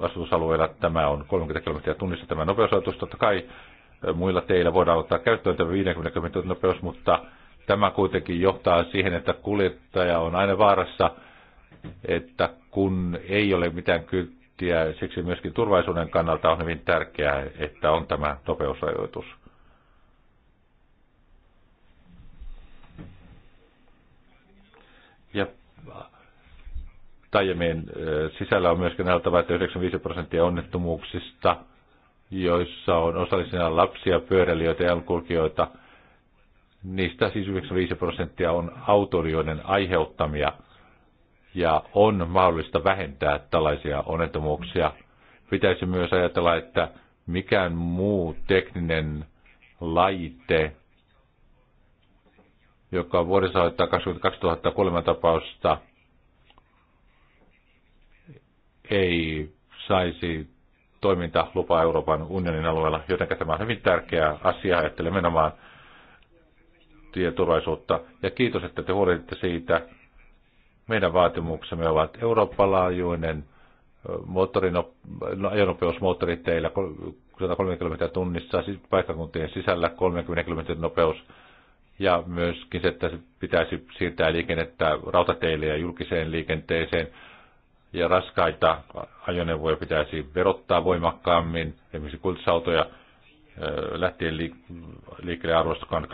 asutusalueilla tämä on 30 kilometriä tunnissa tämä nopeusajatus. Totta kai muilla teillä voidaan ottaa käyttöön tämä 50 km nopeus, mutta tämä kuitenkin johtaa siihen, että kuljettaja on aina vaarassa, että kun ei ole mitään kylttiä, siksi myöskin turvallisuuden kannalta on hyvin tärkeää, että on tämä nopeusrajoitus. Ja taajamien sisällä on myöskin näyttävä, että 95 prosenttia onnettomuuksista – joissa on osallisena lapsia, pyöräilijöitä ja kulkijoita. Niistä siis 95 prosenttia on autorioiden aiheuttamia ja on mahdollista vähentää tällaisia onnettomuuksia. Pitäisi myös ajatella, että mikään muu tekninen laite, joka vuodessa aiheuttaa 22 000 kuolemantapausta, ei saisi toimintalupa Euroopan unionin alueella, joten tämä on hyvin tärkeä asia, ajattelen menomaan tieturvallisuutta. Ja kiitos, että te huolehditte siitä. Meidän vaatimuksemme ovat Euroopan laajuinen ajonopeus moottoriteillä 130 km tunnissa, siis paikkakuntien sisällä 30 km nopeus, ja myöskin se, että pitäisi siirtää liikennettä rautateille ja julkiseen liikenteeseen – ja raskaita ajoneuvoja pitäisi verottaa voimakkaammin, esimerkiksi kultsautoja lähtien liikkeelle arvostokan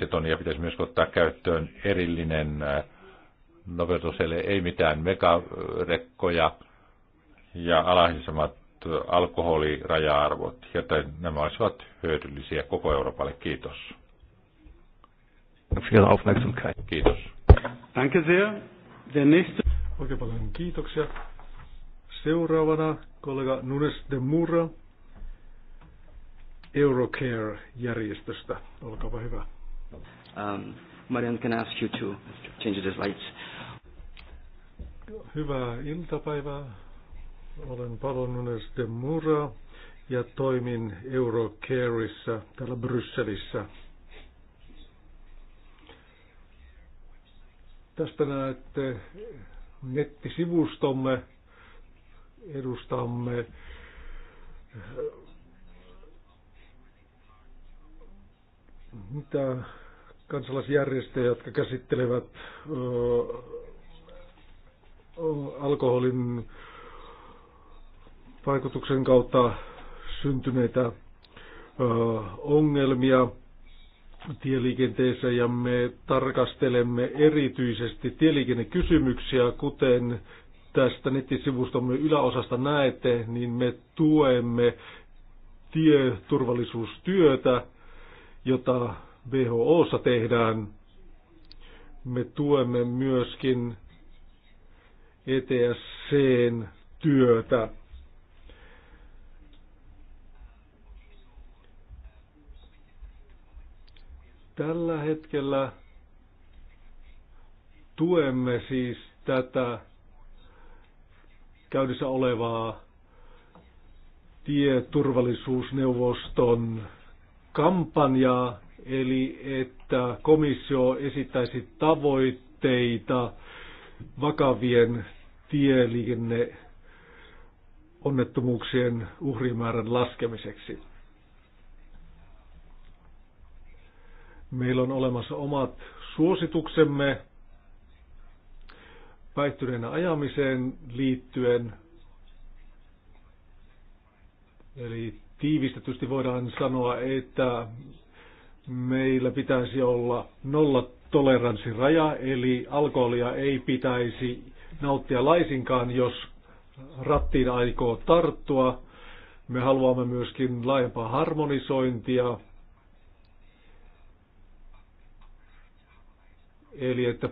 2,5 tonnia pitäisi myös ottaa käyttöön erillinen nopeutus, ei mitään megarekkoja ja alhaisemmat alkoholiraja-arvot, jotta nämä olisivat hyödyllisiä koko Euroopalle. Kiitos. Kiitos. Danke sehr. Der nächste Oikein paljon kiitoksia. Seuraavana kollega Nunes de Mura Eurocare-järjestöstä. Olkaapa hyvä. Um, Marian, can I ask you to change the slides? Hyvää iltapäivää. Olen Paolo Nunes de Mura ja toimin Eurocareissa täällä Brysselissä. Tästä näette nettisivustomme edustamme mitä kansalaisjärjestöjä, jotka käsittelevät alkoholin vaikutuksen kautta syntyneitä ongelmia tieliikenteessä ja me tarkastelemme erityisesti tieliikennekysymyksiä, kuten tästä nettisivustomme yläosasta näette, niin me tuemme tieturvallisuustyötä, jota WHOssa tehdään. Me tuemme myöskin ETSCn työtä. Tällä hetkellä tuemme siis tätä käynnissä olevaa tieturvallisuusneuvoston kampanjaa, eli että komissio esittäisi tavoitteita vakavien tieliikenne onnettomuuksien uhrimäärän laskemiseksi. Meillä on olemassa omat suosituksemme päihtyneenä ajamiseen liittyen. Eli tiivistetysti voidaan sanoa, että meillä pitäisi olla nolla toleranssiraja, eli alkoholia ei pitäisi nauttia laisinkaan, jos rattiin aikoo tarttua. Me haluamme myöskin laajempaa harmonisointia eli että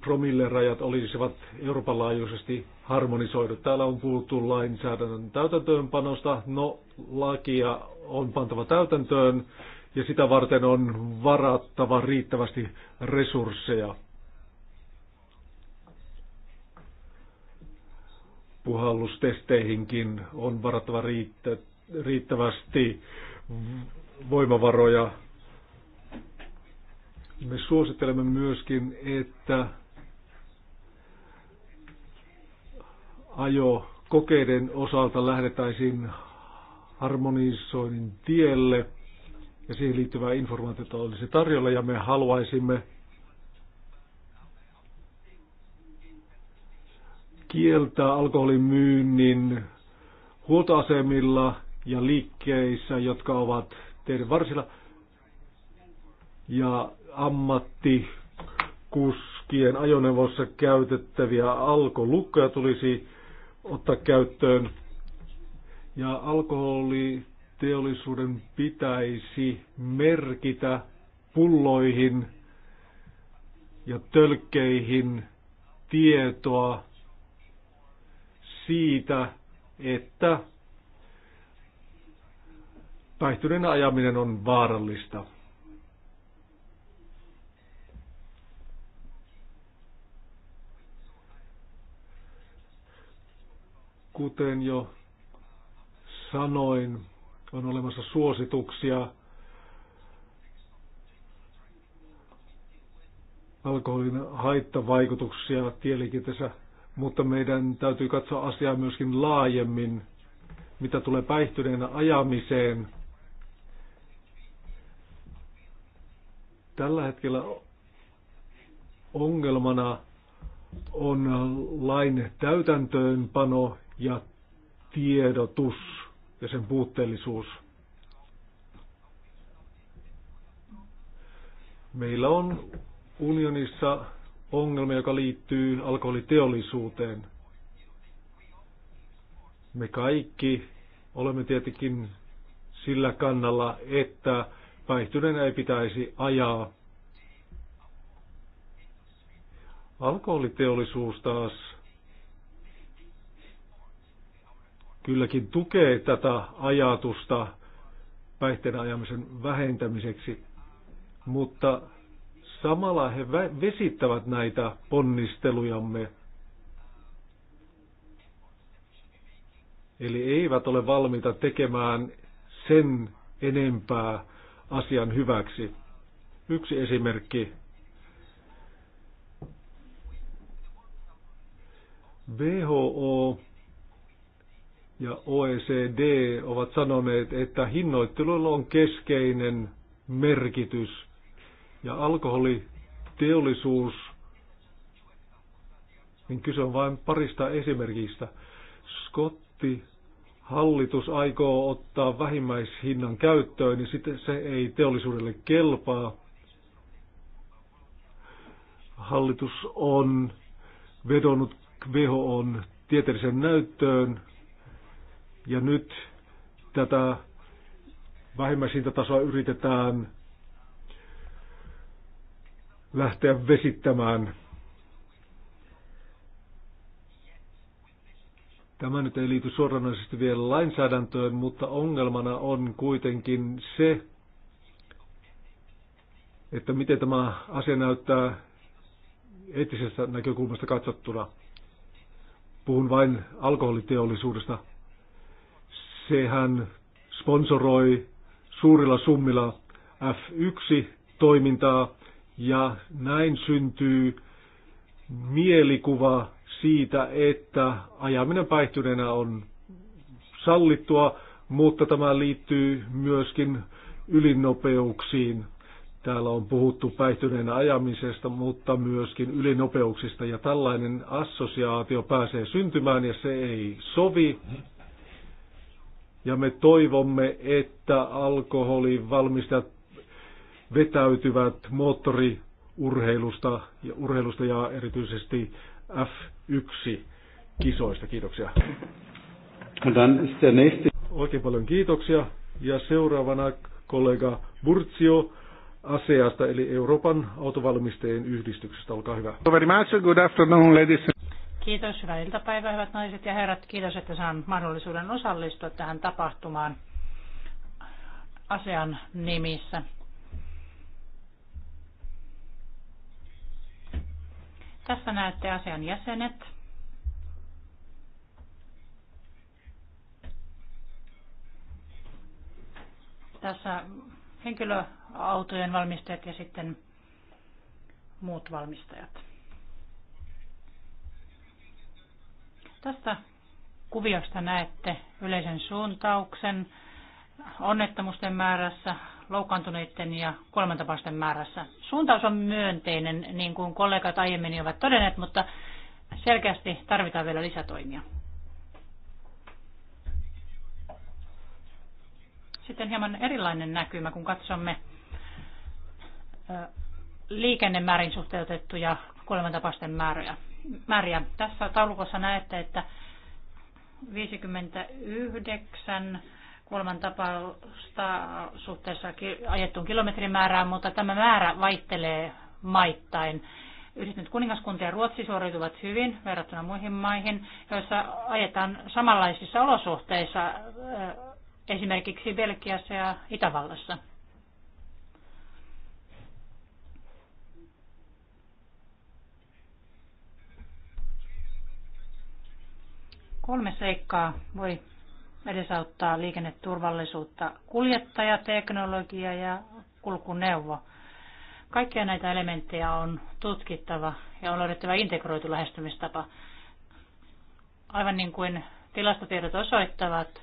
promillerajat olisivat Euroopan laajuisesti harmonisoidut. Täällä on puhuttu lainsäädännön täytäntöönpanosta. No, lakia on pantava täytäntöön ja sitä varten on varattava riittävästi resursseja. Puhallustesteihinkin on varattava riittä, riittävästi voimavaroja me suosittelemme myöskin, että ajo kokeiden osalta lähdetäisiin harmonisoinnin tielle ja siihen liittyvää informaatiota olisi tarjolla ja me haluaisimme kieltää alkoholin myynnin huoltoasemilla ja liikkeissä, jotka ovat teidän varsilla. Ja ammattikuskien ajoneuvossa käytettäviä alkolukkoja tulisi ottaa käyttöön. Ja alkoholiteollisuuden pitäisi merkitä pulloihin ja tölkkeihin tietoa siitä, että päihtyneen ajaminen on vaarallista. Kuten jo sanoin, on olemassa suosituksia alkoholin haittavaikutuksia tieliikenteessä, mutta meidän täytyy katsoa asiaa myöskin laajemmin, mitä tulee päihtyneenä ajamiseen. Tällä hetkellä ongelmana on lain täytäntöönpano ja tiedotus ja sen puutteellisuus. Meillä on unionissa ongelma, joka liittyy alkoholiteollisuuteen. Me kaikki olemme tietenkin sillä kannalla, että päihtyneenä ei pitäisi ajaa. Alkoholiteollisuus taas kylläkin tukee tätä ajatusta päihteiden ajamisen vähentämiseksi, mutta samalla he vesittävät näitä ponnistelujamme. Eli eivät ole valmiita tekemään sen enempää asian hyväksi. Yksi esimerkki. WHO ja OECD ovat sanoneet, että hinnoittelulla on keskeinen merkitys ja alkoholiteollisuus, niin kyse on vain parista esimerkistä. Skotti hallitus aikoo ottaa vähimmäishinnan käyttöön, niin sitten se ei teollisuudelle kelpaa. Hallitus on vedonnut WHOn tieteelliseen näyttöön ja nyt tätä tasoa yritetään lähteä vesittämään. Tämä nyt ei liity suoranaisesti vielä lainsäädäntöön, mutta ongelmana on kuitenkin se, että miten tämä asia näyttää eettisestä näkökulmasta katsottuna. Puhun vain alkoholiteollisuudesta. Sehän sponsoroi suurilla summilla F1-toimintaa ja näin syntyy mielikuva siitä, että ajaminen päihtyneenä on sallittua, mutta tämä liittyy myöskin ylinopeuksiin. Täällä on puhuttu päihtyneenä ajamisesta, mutta myöskin ylinopeuksista. Ja tällainen assosiaatio pääsee syntymään ja se ei sovi ja me toivomme, että alkoholin valmistajat vetäytyvät moottoriurheilusta ja urheilusta ja erityisesti F1 kisoista. Kiitoksia. Oikein paljon kiitoksia. Ja seuraavana kollega Burzio ASEAsta eli Euroopan autovalmistajien yhdistyksestä. Olkaa hyvä. Good afternoon, ladies. Kiitos, hyvää iltapäivää, hyvät naiset ja herrat. Kiitos, että saan mahdollisuuden osallistua tähän tapahtumaan asian nimissä. Tässä näette asian jäsenet. Tässä henkilöautojen valmistajat ja sitten muut valmistajat. Tästä kuviosta näette yleisen suuntauksen onnettomuusten määrässä, loukkaantuneiden ja kuolemantapausten määrässä. Suuntaus on myönteinen, niin kuin kollegat aiemmin ovat todenneet, mutta selkeästi tarvitaan vielä lisätoimia. Sitten hieman erilainen näkymä, kun katsomme liikennemäärin suhteutettuja kuolemantapausten määrää määriä. Tässä taulukossa näette, että 59 kuoleman tapausta suhteessa ajettuun kilometrimäärään, mutta tämä määrä vaihtelee maittain. Yhdistynyt kuningaskunta ja Ruotsi suoriutuvat hyvin verrattuna muihin maihin, joissa ajetaan samanlaisissa olosuhteissa esimerkiksi Belgiassa ja Itävallassa. Kolme seikkaa voi edesauttaa liikenneturvallisuutta. Kuljettaja, teknologia ja kulkuneuvo. Kaikkia näitä elementtejä on tutkittava ja on löydettävä integroitu lähestymistapa. Aivan niin kuin tilastotiedot osoittavat,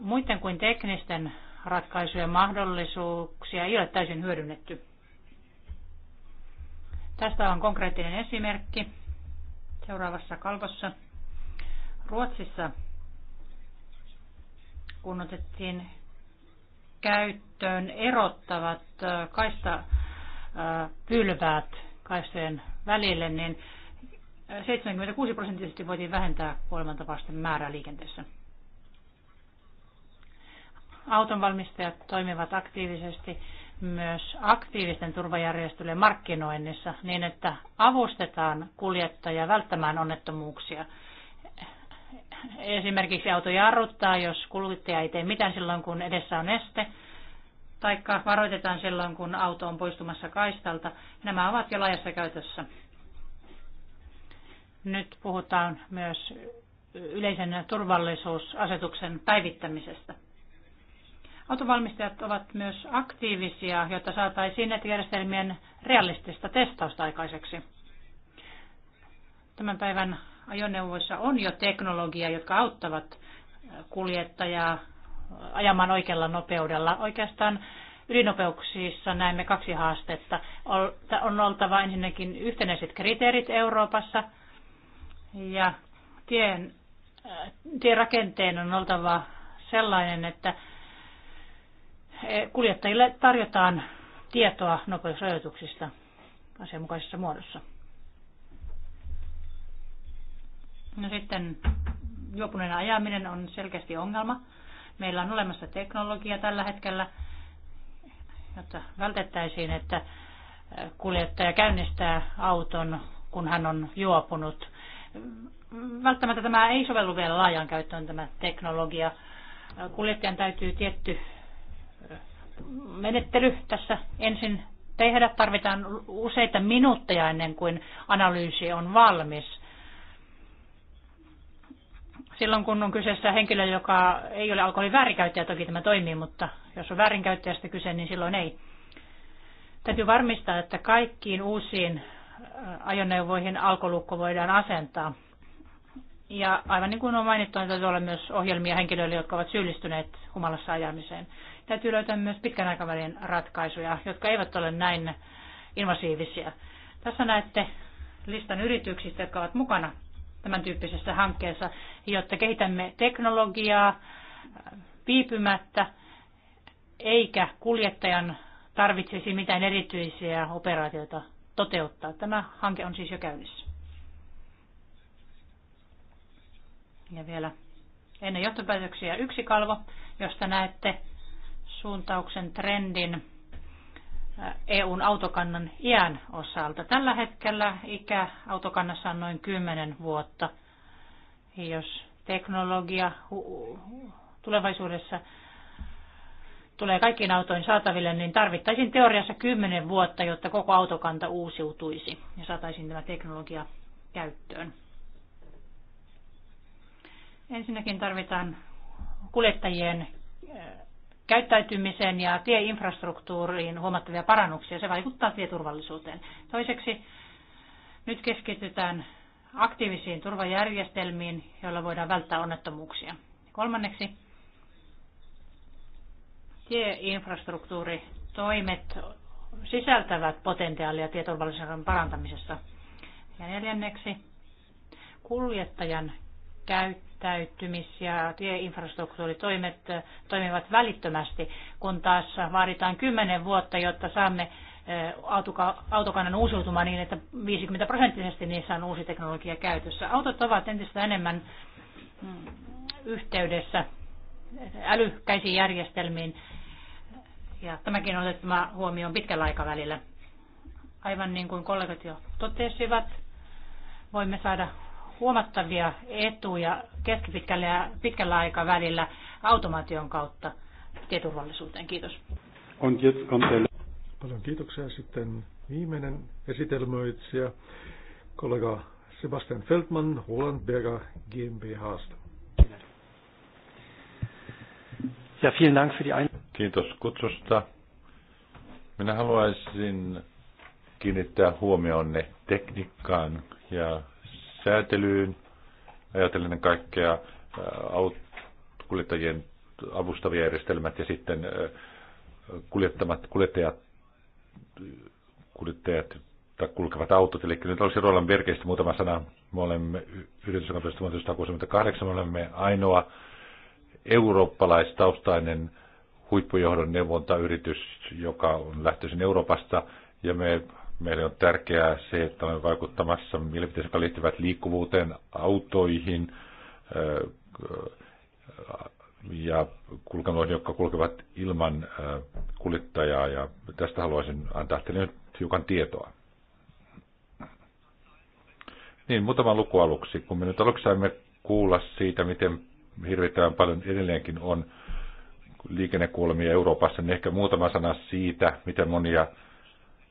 muiden kuin teknisten ratkaisujen mahdollisuuksia ei ole täysin hyödynnetty. Tästä on konkreettinen esimerkki seuraavassa kalvossa. Ruotsissa, kun otettiin käyttöön erottavat kaista kaistojen välille, niin 76 prosenttisesti voitiin vähentää kuolemantapausten määrää liikenteessä. Autonvalmistajat toimivat aktiivisesti myös aktiivisten turvajärjestelyjen markkinoinnissa niin, että avustetaan kuljettajia välttämään onnettomuuksia – esimerkiksi auto jarruttaa, jos kuluttaja ei tee mitään silloin, kun edessä on este, taikka varoitetaan silloin, kun auto on poistumassa kaistalta. Nämä ovat jo laajassa käytössä. Nyt puhutaan myös yleisen turvallisuusasetuksen päivittämisestä. Autovalmistajat ovat myös aktiivisia, jotta saataisiin netijärjestelmien realistista testausta aikaiseksi. Tämän päivän ajoneuvoissa on jo teknologia, jotka auttavat kuljettajaa ajamaan oikealla nopeudella. Oikeastaan ylinopeuksissa näemme kaksi haastetta. On oltava ensinnäkin yhtenäiset kriteerit Euroopassa ja tien, äh, tien rakenteen on oltava sellainen, että e, kuljettajille tarjotaan tietoa nopeusrajoituksista asianmukaisessa muodossa. No sitten juopuneena ajaminen on selkeästi ongelma. Meillä on olemassa teknologia tällä hetkellä, jotta vältettäisiin, että kuljettaja käynnistää auton, kun hän on juopunut. Välttämättä tämä ei sovellu vielä laajan käyttöön tämä teknologia. Kuljettajan täytyy tietty menettely tässä ensin tehdä. Tarvitaan useita minuutteja ennen kuin analyysi on valmis silloin kun on kyseessä henkilö, joka ei ole alkoholin väärinkäyttäjä, toki tämä toimii, mutta jos on väärinkäyttäjästä kyse, niin silloin ei. Täytyy varmistaa, että kaikkiin uusiin äh, ajoneuvoihin alkolukko voidaan asentaa. Ja aivan niin kuin on mainittu, niin täytyy olla myös ohjelmia henkilöille, jotka ovat syyllistyneet humalassa ajamiseen. Täytyy löytää myös pitkän aikavälin ratkaisuja, jotka eivät ole näin invasiivisia. Tässä näette listan yrityksistä, jotka ovat mukana tämän tyyppisessä hankkeessa, jotta kehitämme teknologiaa viipymättä, eikä kuljettajan tarvitsisi mitään erityisiä operaatioita toteuttaa. Tämä hanke on siis jo käynnissä. Ja vielä ennen johtopäätöksiä yksi kalvo, josta näette suuntauksen trendin EUn autokannan iän osalta. Tällä hetkellä ikä autokannassa on noin 10 vuotta. Jos teknologia tulevaisuudessa tulee kaikkiin autoihin saataville, niin tarvittaisiin teoriassa 10 vuotta, jotta koko autokanta uusiutuisi ja saataisiin tämä teknologia käyttöön. Ensinnäkin tarvitaan kuljettajien käyttäytymiseen ja tieinfrastruktuuriin huomattavia parannuksia. Se vaikuttaa tieturvallisuuteen. Toiseksi nyt keskitytään aktiivisiin turvajärjestelmiin, joilla voidaan välttää onnettomuuksia. Kolmanneksi tieinfrastruktuuritoimet sisältävät potentiaalia tieturvallisuuden parantamisessa. Ja neljänneksi kuljettajan käyttö täyttymis- ja tieinfrastruktuuritoimet toimivat välittömästi, kun taas vaaditaan 10 vuotta, jotta saamme eh, autokannan uusiutumaan niin, että 50 prosenttisesti niissä on uusi teknologia käytössä. Autot ovat entistä enemmän mm, yhteydessä älykkäisiin järjestelmiin ja tämäkin on otettava huomioon pitkällä aikavälillä. Aivan niin kuin kollegat jo totesivat, voimme saada huomattavia etuja keskipitkällä ja pitkällä aikavälillä automaation kautta tieturvallisuuteen. Kiitos. On Paljon kiitoksia. Sitten viimeinen esitelmöitsijä, kollega Sebastian Feldman, Hollandberger GmbH. Ja vielen Dank für die ein- Kiitos kutsusta. Minä haluaisin kiinnittää huomionne tekniikkaan ja säätelyyn, ajatellen kaikkea kuljettajien avustavia järjestelmät ja sitten kuljettamat, kuljettajat, kuljettajat tai kulkevat autot. Eli nyt olisi Roland Bergeistä muutama sana. Me olemme yritysrakenteesta me olemme ainoa eurooppalaistaustainen huippujohdon neuvontayritys, joka on lähtöisin Euroopasta, ja me Meille on tärkeää se, että olemme vaikuttamassa mielipiteisiin, jotka liittyvät liikkuvuuteen, autoihin ja kulkemoihin, jotka kulkevat ilman kuljettajaa. Ja tästä haluaisin antaa teille nyt hiukan tietoa. Niin, muutama luku aluksi. Kun me nyt aluksi saimme kuulla siitä, miten hirvittävän paljon edelleenkin on liikennekuolemia Euroopassa, niin ehkä muutama sana siitä, miten monia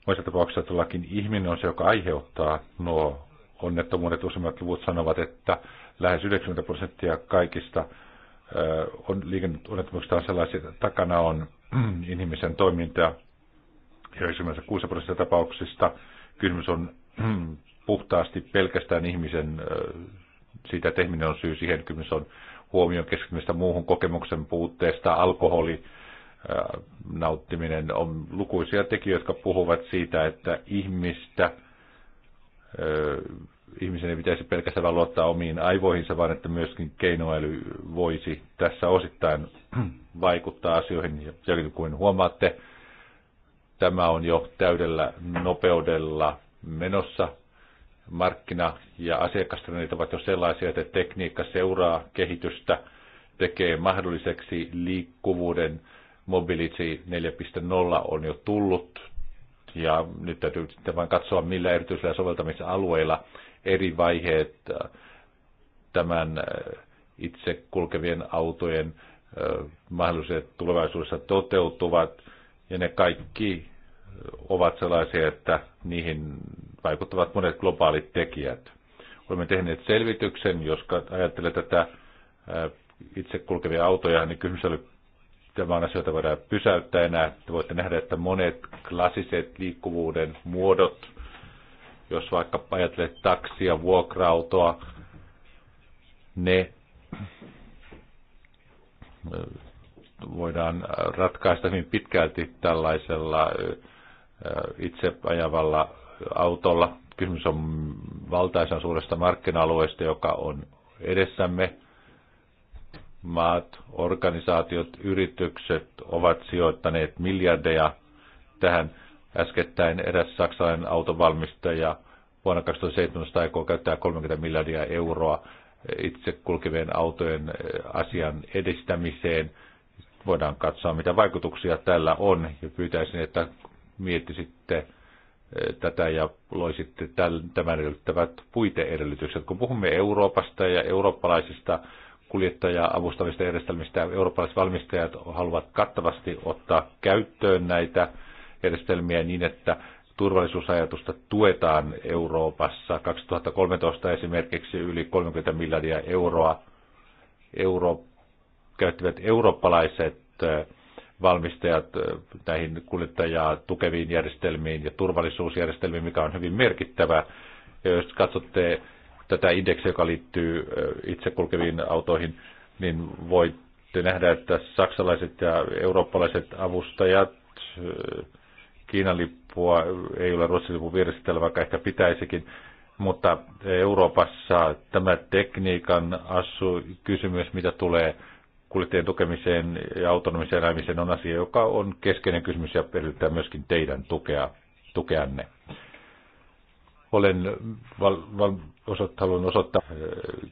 Muissa tapauksissa todellakin ihminen on se, joka aiheuttaa nuo onnettomuudet. Useimmat luvut sanovat, että lähes 90 prosenttia kaikista on liikenneonnettomuuksista on sellaisia, että takana on inhimillisen toimintaa. 96 prosenttia tapauksista kysymys on puhtaasti pelkästään ihmisen siitä, että ihminen on syy siihen, kysymys on huomion keskittymistä muuhun kokemuksen puutteesta, alkoholi, nauttiminen. On lukuisia tekijöitä, jotka puhuvat siitä, että ihmistä, ihmisen ei pitäisi pelkästään luottaa omiin aivoihinsa, vaan että myöskin keinoäly voisi tässä osittain vaikuttaa asioihin. Ja kuin huomaatte, tämä on jo täydellä nopeudella menossa. Markkina- ja asiakastrendit ovat jo sellaisia, että tekniikka seuraa kehitystä, tekee mahdolliseksi liikkuvuuden Mobility 4.0 on jo tullut, ja nyt täytyy sitten vain katsoa, millä erityisillä soveltamisalueilla eri vaiheet äh, tämän äh, itse kulkevien autojen äh, mahdolliset tulevaisuudessa toteutuvat, ja ne kaikki ovat sellaisia, että niihin vaikuttavat monet globaalit tekijät. Olemme tehneet selvityksen, jos ajattelee tätä itse kulkevia autoja, niin kysymys oli Tämän on asioita voidaan pysäyttää enää. Te voitte nähdä, että monet klassiset liikkuvuuden muodot, jos vaikka ajattelet taksia, vuokrautoa, ne äh, voidaan ratkaista hyvin pitkälti tällaisella äh, itse ajavalla autolla. Kysymys on valtaisan suuresta markkina-alueesta, joka on edessämme – maat, organisaatiot, yritykset ovat sijoittaneet miljardeja tähän. Äskettäin eräs saksalainen autovalmistaja vuonna 2017 aikoo käyttää 30 miljardia euroa itse kulkevien autojen eh, asian edistämiseen. Voidaan katsoa, mitä vaikutuksia tällä on, ja pyytäisin, että miettisitte eh, tätä ja loisitte tämän edellyttävät puiteedellytykset. Kun puhumme Euroopasta ja eurooppalaisista kuljettajaa avustavista järjestelmistä. Eurooppalaiset valmistajat haluavat kattavasti ottaa käyttöön näitä järjestelmiä niin, että turvallisuusajatusta tuetaan Euroopassa. 2013 esimerkiksi yli 30 miljardia euroa euro, käyttivät eurooppalaiset valmistajat näihin kuljettajaa tukeviin järjestelmiin ja turvallisuusjärjestelmiin, mikä on hyvin merkittävä. Ja jos katsotte tätä indeksiä, joka liittyy itse kulkeviin autoihin, niin voitte nähdä, että saksalaiset ja eurooppalaiset avustajat Kiinan lippua ei ole Ruotsin lippu vieressä, vaikka ehkä pitäisikin, mutta Euroopassa tämä tekniikan asu, kysymys, mitä tulee kuljettajien tukemiseen ja autonomiseen elämiseen, on asia, joka on keskeinen kysymys ja edellyttää myöskin teidän tukea, tukeanne olen val, val, osoitt, haluan osoittaa, äh,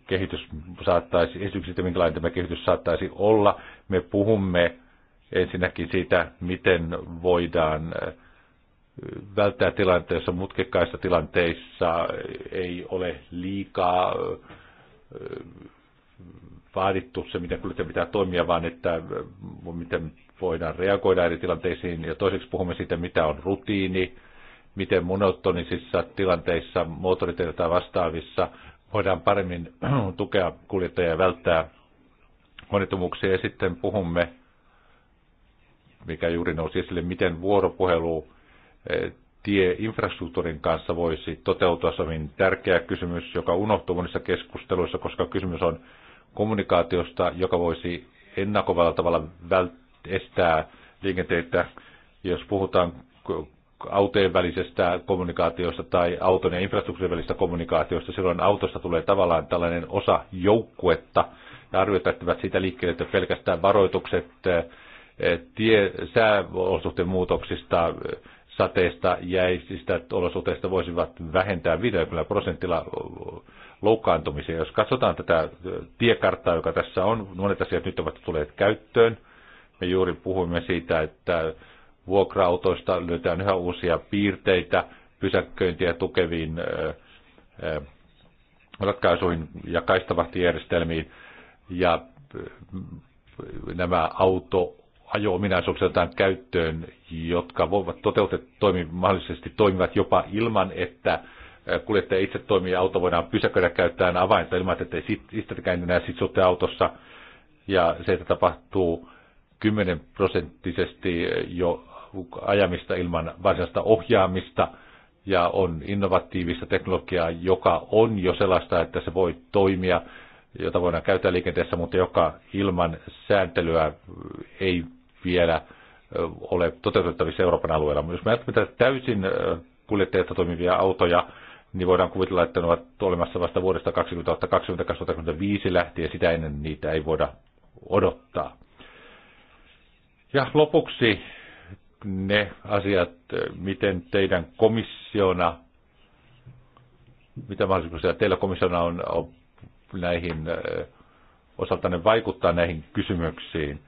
kehitys saattaisi, esityksistä, minkälainen tämä kehitys saattaisi olla. Me puhumme ensinnäkin siitä, miten voidaan äh, välttää tilanteessa, mutkekkaissa tilanteissa äh, ei ole liikaa vaadittu se, miten kuljettaja pitää toimia, vaan että miten voidaan reagoida eri tilanteisiin. Ja toiseksi puhumme siitä, mitä on rutiini, miten monotonisissa tilanteissa, moottoriteillä tai vastaavissa, voidaan paremmin tukea kuljettajia ja välttää monitumuuksia. Ja sitten puhumme, mikä juuri nousi esille, miten vuoropuhelu eh, tieinfrastruktuurin kanssa voisi toteutua. Se on tärkeä kysymys, joka unohtuu monissa keskusteluissa, koska kysymys on kommunikaatiosta, joka voisi ennakovalla tavalla vält- estää liikenteitä. Jos puhutaan autojen välisestä kommunikaatiosta tai auton ja infrastruktuurin välisestä kommunikaatiosta. Silloin autosta tulee tavallaan tällainen osa joukkuetta ja arvioitettavat siitä liikkeelle, että pelkästään varoitukset eh, tie, sääolosuhteen muutoksista, eh, sateista, jäisistä olosuhteista voisivat vähentää 50 prosentilla loukkaantumisia. Jos katsotaan tätä eh, tiekarttaa, joka tässä on, monet asiat nyt ovat tulleet käyttöön. Me juuri puhuimme siitä, että vuokra-autoista löytään yhä uusia piirteitä pysäköintiä tukeviin ratkaisuihin ja kaistavahtijärjestelmiin. Ja nämä auto ajo otetaan käyttöön, jotka voivat toteutet, toimi, mahdollisesti toimivat jopa ilman, että kuljettaja itse toimii auto voidaan pysäköidä käyttäen avainta ilman, että ei istetäkään enää sitten autossa. Ja se, että tapahtuu 10 prosenttisesti jo ajamista ilman varsinaista ohjaamista ja on innovatiivista teknologiaa, joka on jo sellaista, että se voi toimia, jota voidaan käyttää liikenteessä, mutta joka ilman sääntelyä ei vielä ole toteutettavissa Euroopan alueella. Jos me ajattelemme täysin kuljettajista toimivia autoja, niin voidaan kuvitella, että ne ovat olemassa vasta vuodesta 2020-2025 lähtien, sitä ennen niitä ei voida odottaa. Ja lopuksi ne asiat, miten teidän komissiona, mitä mahdollisuuksia teillä komissiona on, on näihin osaltanne vaikuttaa näihin kysymyksiin.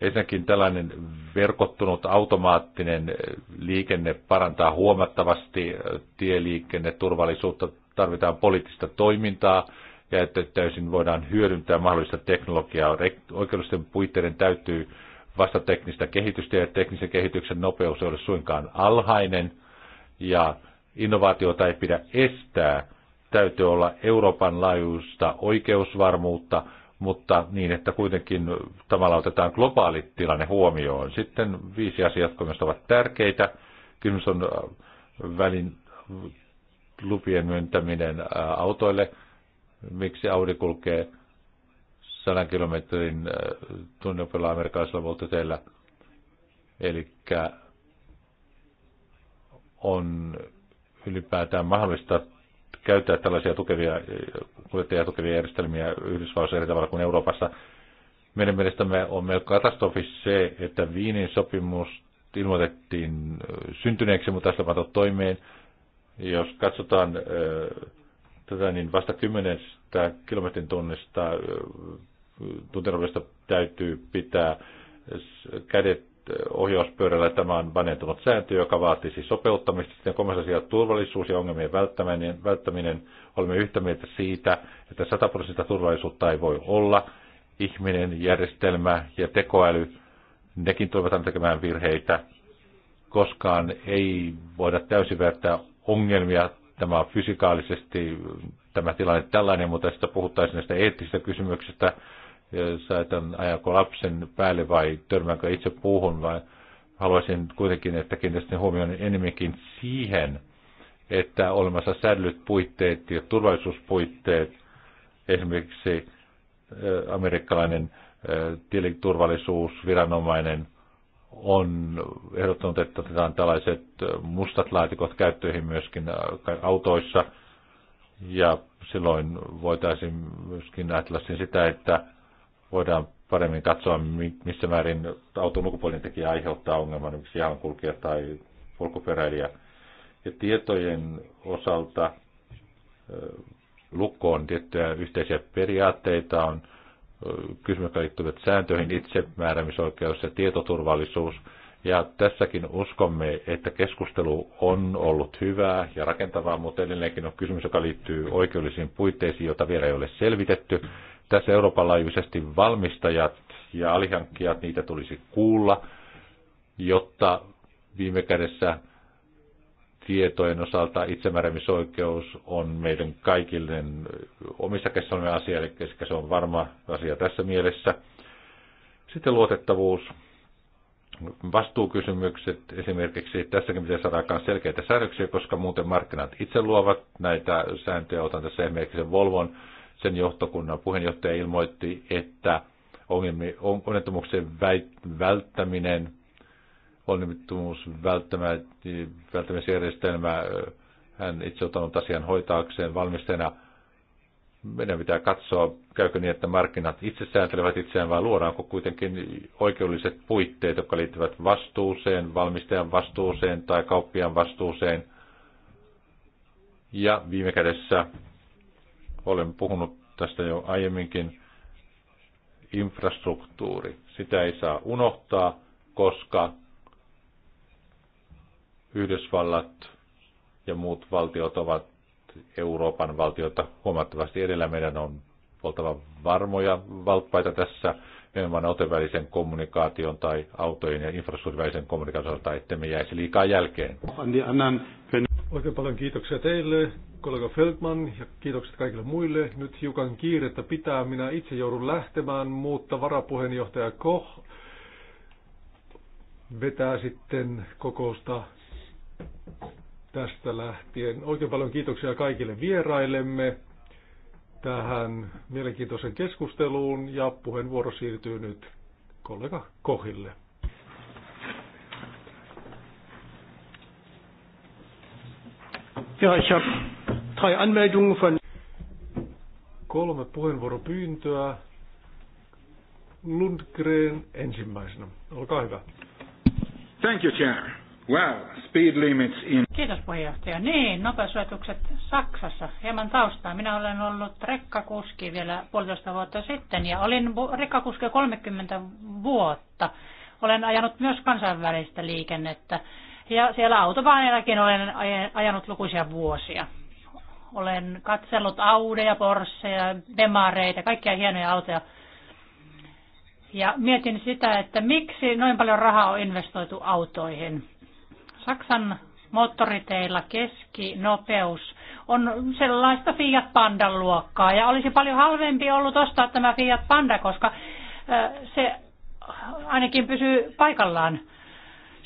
Ensinnäkin tällainen verkottunut automaattinen liikenne parantaa huomattavasti tieliikenneturvallisuutta. Tarvitaan poliittista toimintaa ja että täysin voidaan hyödyntää mahdollista teknologiaa. Oikeudellisten puitteiden täytyy vasta teknistä kehitystä ja teknisen kehityksen nopeus ei ole suinkaan alhainen ja innovaatiota ei pidä estää. Täytyy olla Euroopan laajuista oikeusvarmuutta, mutta niin, että kuitenkin tavalla otetaan globaali tilanne huomioon. Sitten viisi asiaa, jotka ovat tärkeitä. Kysymys on äh, välin lupien myöntäminen äh, autoille, miksi Audi kulkee 100 kilometrin äh, tunnopilla amerikkalaisella voltteteillä. Eli on ylipäätään mahdollista käyttää tällaisia tukevia, kuljettajia tukevia järjestelmiä Yhdysvalloissa eri tavalla kuin Euroopassa. Meidän mielestämme on melko katastrofi se, että Viinin sopimus ilmoitettiin äh, syntyneeksi, mutta tästä pantu toimeen. Jos katsotaan äh, tätä, niin vasta 10 kilometrin tunnista tuntemuksesta täytyy pitää kädet ohjauspyörällä. Tämä on vanhentunut sääntö, joka siis sopeuttamista. Sitten kolmas asia turvallisuus ja ongelmien välttäminen. välttäminen. Olemme yhtä mieltä siitä, että 100 prosenttia turvallisuutta ei voi olla. Ihminen, järjestelmä ja tekoäly, nekin tulevat tekemään virheitä. Koskaan ei voida täysin välttää ongelmia. Tämä on fysikaalisesti tämä tilanne tällainen, mutta sitten puhuttaisiin näistä eettisistä kysymyksistä, säätän, ajako lapsen päälle vai törmäänkö itse puuhun, vai haluaisin kuitenkin, että kiinnittäisin huomioon enemmänkin siihen, että olemassa säädellyt puitteet ja turvallisuuspuitteet, esimerkiksi äh, amerikkalainen äh, tiliturvallisuusviranomainen on ehdottanut, että otetaan tällaiset äh, mustat laatikot käyttöihin myöskin autoissa, ja silloin voitaisiin myöskin ajatella sitä, että voidaan paremmin katsoa, missä määrin auton ulkopuolinen tekijä aiheuttaa ongelman, yksi jalankulkija tai polkuperäilijä. Ja tietojen osalta lukkoon tiettyjä yhteisiä periaatteita on kysymys, jotka liittyvät sääntöihin, itsemääräämisoikeus ja tietoturvallisuus. Ja tässäkin uskomme, että keskustelu on ollut hyvää ja rakentavaa, mutta edelleenkin on kysymys, joka liittyy oikeudellisiin puitteisiin, joita vielä ei ole selvitetty. Tässä Euroopan laajuisesti valmistajat ja alihankkijat, niitä tulisi kuulla, jotta viime kädessä tietojen osalta itsemääräämisoikeus on meidän kaikille omissa käsissämme asia, eli se on varma asia tässä mielessä. Sitten luotettavuus, vastuukysymykset esimerkiksi. Tässäkin pitäisi saada aikaan selkeitä säädöksiä, koska muuten markkinat itse luovat näitä sääntöjä. Otan tässä esimerkiksi Volvon sen johtokunnan puheenjohtaja ilmoitti, että onnettomuuksien välttäminen, välttämisjärjestelmä, hän itse ottanut asian hoitaakseen valmistajana. Meidän pitää katsoa, käykö niin, että markkinat itse sääntelevät itseään vai luodaanko kuitenkin oikeudelliset puitteet, jotka liittyvät vastuuseen, valmistajan vastuuseen tai kauppiaan vastuuseen. Ja viime kädessä olen puhunut tästä jo aiemminkin. Infrastruktuuri. Sitä ei saa unohtaa, koska Yhdysvallat ja muut valtiot ovat Euroopan valtiota huomattavasti edellä. Meidän on oltava varmoja valppaita tässä enemmän otevälisen kommunikaation tai autojen ja infrastruktuurivälisen kommunikaation tai ettei me jäisi liikaa jälkeen. Oikein paljon kiitoksia teille kollega Feldman ja kiitokset kaikille muille. Nyt hiukan kiirettä pitää. Minä itse joudun lähtemään, mutta varapuheenjohtaja Koch vetää sitten kokousta tästä lähtien. Oikein paljon kiitoksia kaikille vieraillemme tähän mielenkiintoisen keskusteluun ja puheenvuoro siirtyy nyt kollega Kohille. Ja, drei Anmeldungen von kolme puheenvuoropyyntöä. Lundgren ensimmäisenä. Olkaa hyvä. Thank you, Chair. Well, speed limits in... Kiitos puheenjohtaja. Niin, nopeusrajoitukset Saksassa. Hieman taustaa. Minä olen ollut rekkakuski vielä puolitoista vuotta sitten ja olin rekkakuski 30 vuotta. Olen ajanut myös kansainvälistä liikennettä ja siellä autobaanillakin olen ajanut lukuisia vuosia. Olen katsellut Audeja, Porscheja, Demareita, kaikkia hienoja autoja. Ja mietin sitä, että miksi noin paljon rahaa on investoitu autoihin. Saksan moottoriteillä keskinopeus on sellaista Fiat Pandan luokkaa. Ja olisi paljon halvempi ollut ostaa tämä Fiat Panda, koska se ainakin pysyy paikallaan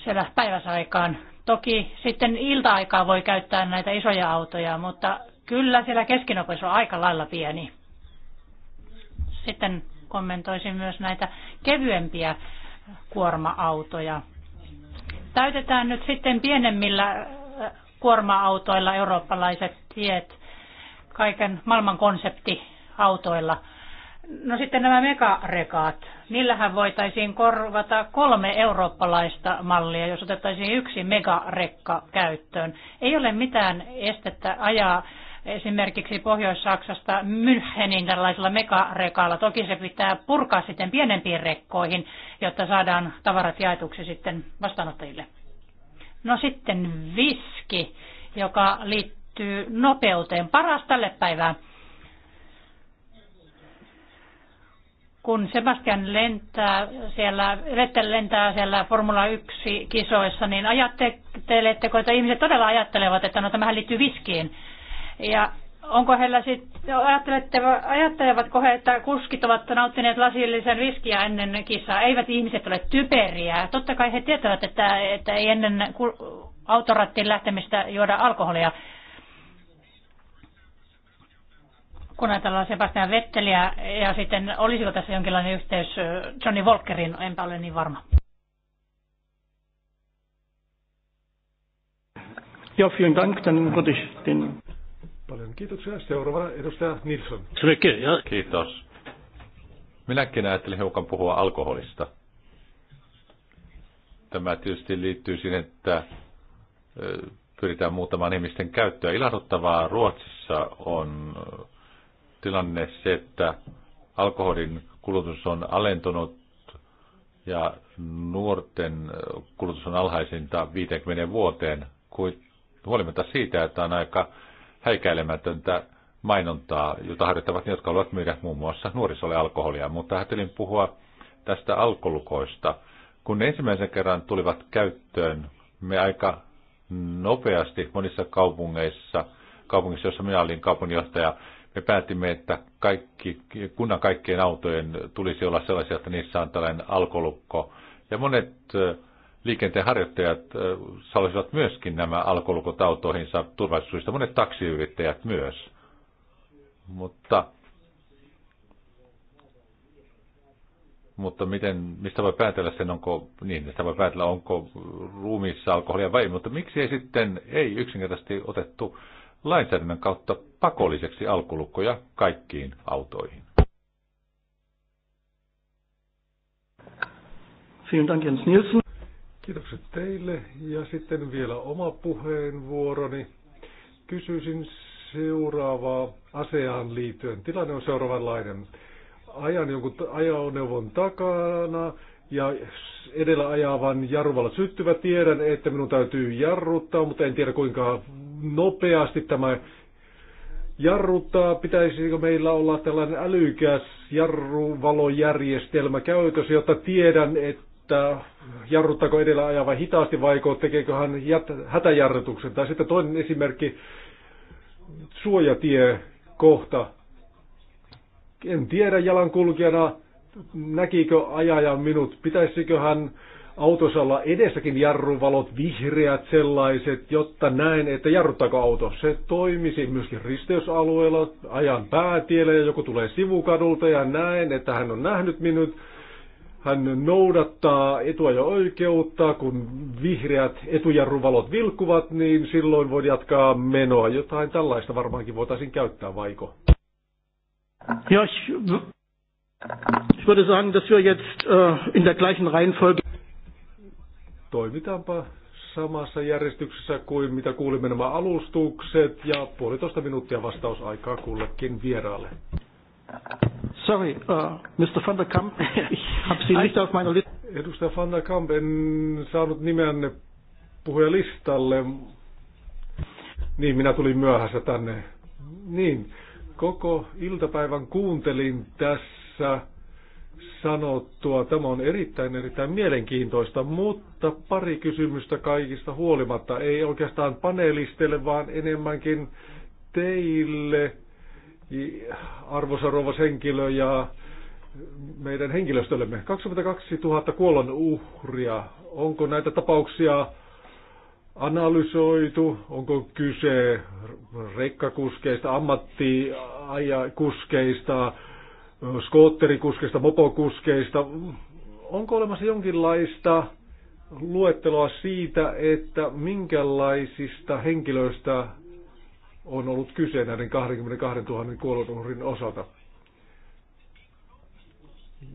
siellä päiväsaikaan. Toki sitten ilta-aikaa voi käyttää näitä isoja autoja, mutta Kyllä, siellä keskinopeus on aika lailla pieni. Sitten kommentoisin myös näitä kevyempiä kuorma-autoja. Täytetään nyt sitten pienemmillä äh, kuorma-autoilla eurooppalaiset tiet, kaiken maailman autoilla No sitten nämä megarekaat. Niillähän voitaisiin korvata kolme eurooppalaista mallia, jos otettaisiin yksi megarekka käyttöön. Ei ole mitään estettä ajaa esimerkiksi Pohjois-Saksasta Münchenin tällaisella megarekalla. Toki se pitää purkaa sitten pienempiin rekkoihin, jotta saadaan tavarat jaetuksi sitten vastaanottajille. No sitten viski, joka liittyy nopeuteen. Paras tälle päivään. kun Sebastian lentää siellä, Vettel lentää siellä Formula 1 kisoissa, niin ajatteletteko, että ihmiset todella ajattelevat, että no tämähän liittyy viskiin? Ja onko heillä sitten, ajattelevatko he, että kuskit ovat nauttineet lasillisen viskiä ennen kisaa? Eivät ihmiset ole typeriä. Totta kai he tietävät, että, että ei ennen autorattiin lähtemistä juoda alkoholia. Kun ajatellaan Sebastian Vetteliä ja sitten olisiko tässä jonkinlainen yhteys Johnny Walkerin, enpä ole niin varma. Ja, vielen Dank, dann würde ich den Paljon kiitoksia. Seuraava edustaja Nilsson. Kiitos. Minäkin ajattelin hiukan puhua alkoholista. Tämä tietysti liittyy siihen, että pyritään muuttamaan ihmisten käyttöä. Ilahduttavaa Ruotsissa on tilanne se, että alkoholin kulutus on alentunut ja nuorten kulutus on alhaisinta 50 vuoteen, huolimatta siitä, että on aika häikäilemätöntä mainontaa, jota harjoittavat ne, jotka haluavat myydä muun muassa nuorisolle alkoholia. Mutta ajattelin puhua tästä alkolukoista. Kun ne ensimmäisen kerran tulivat käyttöön, me aika nopeasti monissa kaupungeissa, kaupungissa, jossa minä olin kaupunginjohtaja, me päätimme, että kaikki, kunnan kaikkien autojen tulisi olla sellaisia, että niissä on tällainen alkolukko. Ja monet liikenteen harjoittajat salasivat myöskin nämä alkolukot autoihinsa turvallisuudesta, monet taksiyrittäjät myös. Mutta, mutta miten, mistä voi päätellä sen, onko, niin, mistä voi päätellä, onko ruumiissa alkoholia vai ei, mutta miksi ei sitten, ei yksinkertaisesti otettu lainsäädännön kautta pakolliseksi alkulukkoja kaikkiin autoihin. Vielen Dank, Jens Nielsen. Kiitokset teille. Ja sitten vielä oma puheenvuoroni. Kysyisin seuraavaa aseaan liittyen. Tilanne on seuraavanlainen. Ajan jonkun ajoneuvon takana ja edellä ajavan jarruvalla syttyvä. Tiedän, että minun täytyy jarruttaa, mutta en tiedä kuinka nopeasti tämä jarruttaa. Pitäisikö meillä olla tällainen älykäs jarruvalojärjestelmä käytössä, jotta tiedän, että että jarruttaako edellä ajava hitaasti vaiko tekeekö hän jät- hätäjarrutuksen. Tai sitten toinen esimerkki, suojatie kohta. En tiedä jalankulkijana, näkikö ajaja minut, pitäisikö hän autossa olla edessäkin jarruvalot, vihreät sellaiset, jotta näen, että jarruttaako auto. Se toimisi myöskin risteysalueella, ajan päätiellä ja joku tulee sivukadulta ja näen, että hän on nähnyt minut hän noudattaa etua ja oikeutta, kun vihreät etujarruvalot vilkkuvat, niin silloin voi jatkaa menoa. Jotain tällaista varmaankin voitaisiin käyttää, vaiko? ich würde sagen, dass wir jetzt äh, in der gleichen Reihenfolge... Toimitaanpa samassa järjestyksessä kuin mitä kuulimme nämä alustukset ja puolitoista minuuttia vastausaikaa kullekin vieraalle. Sorry, uh, Mr. van der Kamp, ich habe Sie nicht auf meiner Liste. Edustaja van der Kamp, en saanut nimenne puhujalistalle. Niin, minä tulin myöhässä tänne. Niin, koko iltapäivän kuuntelin tässä sanottua. Tämä on erittäin, erittäin mielenkiintoista, mutta pari kysymystä kaikista huolimatta. Ei oikeastaan panelisteille, vaan enemmänkin teille arvoisa rouvas henkilö ja meidän henkilöstöllemme. 22 000 kuollon uhria. Onko näitä tapauksia analysoitu? Onko kyse rekkakuskeista, ammattiajakuskeista, skootterikuskeista, mopokuskeista? Onko olemassa jonkinlaista luetteloa siitä, että minkälaisista henkilöistä on ollut kyse näiden 22 000 kuolonuhrin osalta.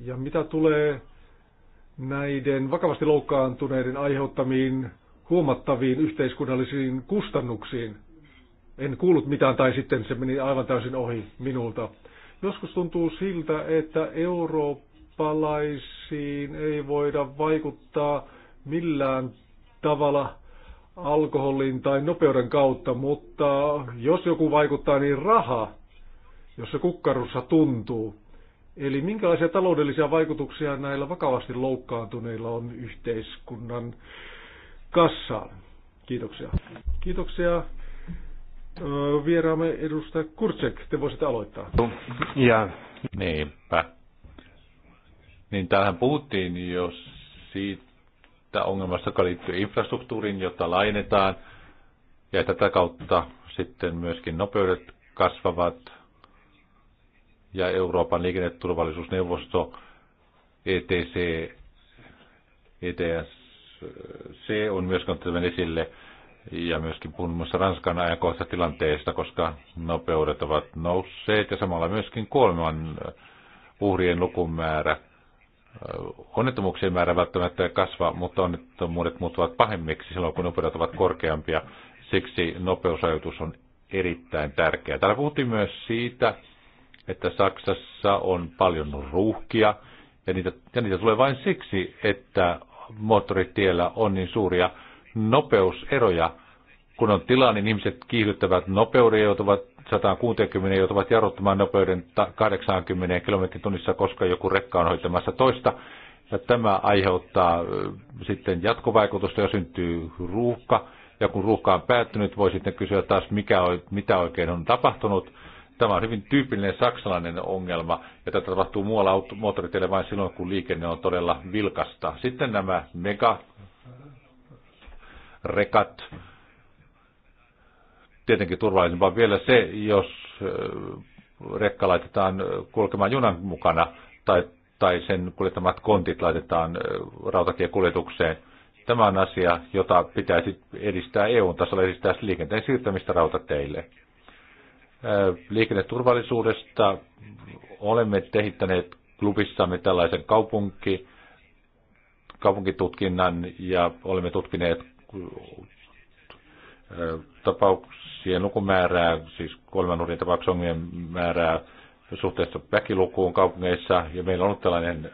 Ja mitä tulee näiden vakavasti loukkaantuneiden aiheuttamiin huomattaviin yhteiskunnallisiin kustannuksiin, en kuullut mitään tai sitten se meni aivan täysin ohi minulta. Joskus tuntuu siltä, että eurooppalaisiin ei voida vaikuttaa millään tavalla alkoholin tai nopeuden kautta, mutta jos joku vaikuttaa, niin raha, jos se kukkarussa tuntuu. Eli minkälaisia taloudellisia vaikutuksia näillä vakavasti loukkaantuneilla on yhteiskunnan kassaan? Kiitoksia. Kiitoksia. Vieraamme edustaja Kurczek, te voisitte aloittaa. Ja, niinpä. Niin tähän puhuttiin jo siitä, tästä ongelmasta, joka liittyy infrastruktuuriin, jota lainetaan, ja tätä kautta sitten myöskin nopeudet kasvavat, ja Euroopan liikenneturvallisuusneuvosto ETC, ETSC on myös ottanut esille, ja myöskin puhun muun muassa Ranskan ajankohtaisesta tilanteesta, koska nopeudet ovat nousseet, ja samalla myöskin kolman uhrien lukumäärä Onnettomuuksien määrä välttämättä kasva, mutta onnettomuudet muuttuvat pahemmiksi silloin, kun nopeudet ovat korkeampia. Siksi nopeusajoitus on erittäin tärkeä. Täällä puhuttiin myös siitä, että Saksassa on paljon ruuhkia, ja niitä, ja niitä tulee vain siksi, että moottoritiellä on niin suuria nopeuseroja, kun on tilaa, niin ihmiset kiihdyttävät nopeuden, joutuvat 160 joutuvat jarruttamaan nopeuden 80 km tunnissa, koska joku rekka on hoitamassa toista. Ja tämä aiheuttaa sitten jatkovaikutusta ja syntyy ruuhka. Ja kun ruuhka on päättynyt, voi sitten kysyä taas, mikä, mitä oikein on tapahtunut. Tämä on hyvin tyypillinen saksalainen ongelma, ja tätä tapahtuu muualla moottoriteille vain silloin, kun liikenne on todella vilkasta. Sitten nämä mega rekat, tietenkin turvallisempaa vielä se, jos rekka laitetaan kulkemaan junan mukana tai, tai sen kuljettamat kontit laitetaan rautatiekuljetukseen. Tämä on asia, jota pitäisi edistää EU-tasolla, edistää liikenteen siirtämistä rautateille. Liikenneturvallisuudesta olemme kehittäneet klubissamme tällaisen kaupunki, kaupunkitutkinnan ja olemme tutkineet tapauksien lukumäärää, siis kolmen uhrien tapauksen määrää suhteessa väkilukuun kaupungeissa, ja meillä on ollut tällainen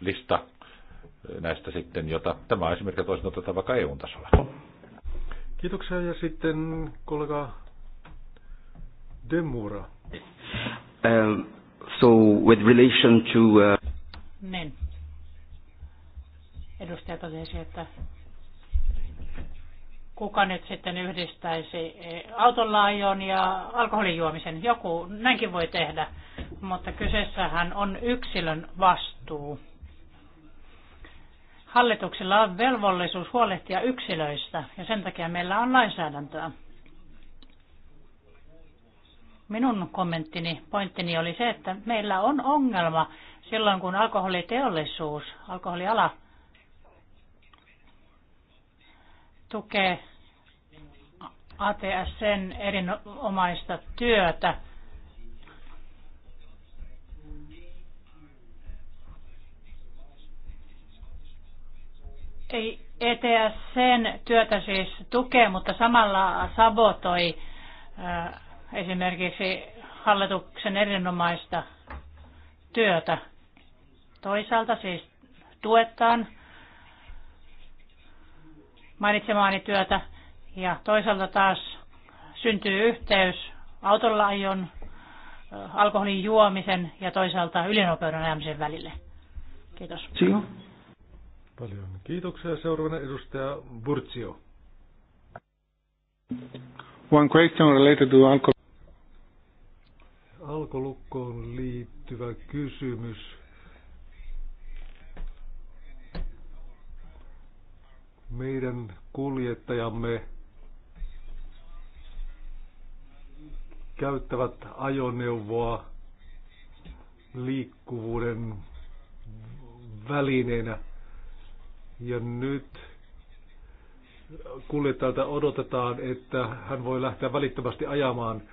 lista näistä sitten, jota tämä esimerkki esimerkiksi toisin otetaan vaikka EU-tasolla. Kiitoksia ja sitten kollega Demura. Um, so with relation to... Uh... Niin. Edustaja totesi, että kuka nyt sitten yhdistäisi e, autolla ajon ja alkoholin juomisen. Joku näinkin voi tehdä, mutta kyseessähän on yksilön vastuu. Hallituksilla on velvollisuus huolehtia yksilöistä ja sen takia meillä on lainsäädäntöä. Minun kommenttini, pointtini oli se, että meillä on ongelma silloin, kun alkoholiteollisuus, alkoholiala tukee ATSn erinomaista työtä. Ei ETSn työtä siis tukee, mutta samalla sabotoi äh, esimerkiksi hallituksen erinomaista työtä. Toisaalta siis tuetaan mainitsemaani työtä ja toisaalta taas syntyy yhteys autolla ajon, alkoholin juomisen ja toisaalta ylinopeuden ajamisen välille. Kiitos. Sio. Paljon kiitoksia. Seuraavana edustaja Burtsio. One question related to alcohol. Alkolukkoon liittyvä kysymys meidän kuljettajamme käyttävät ajoneuvoa liikkuvuuden välineenä. Ja nyt kuljettajalta odotetaan, että hän voi lähteä välittömästi ajamaan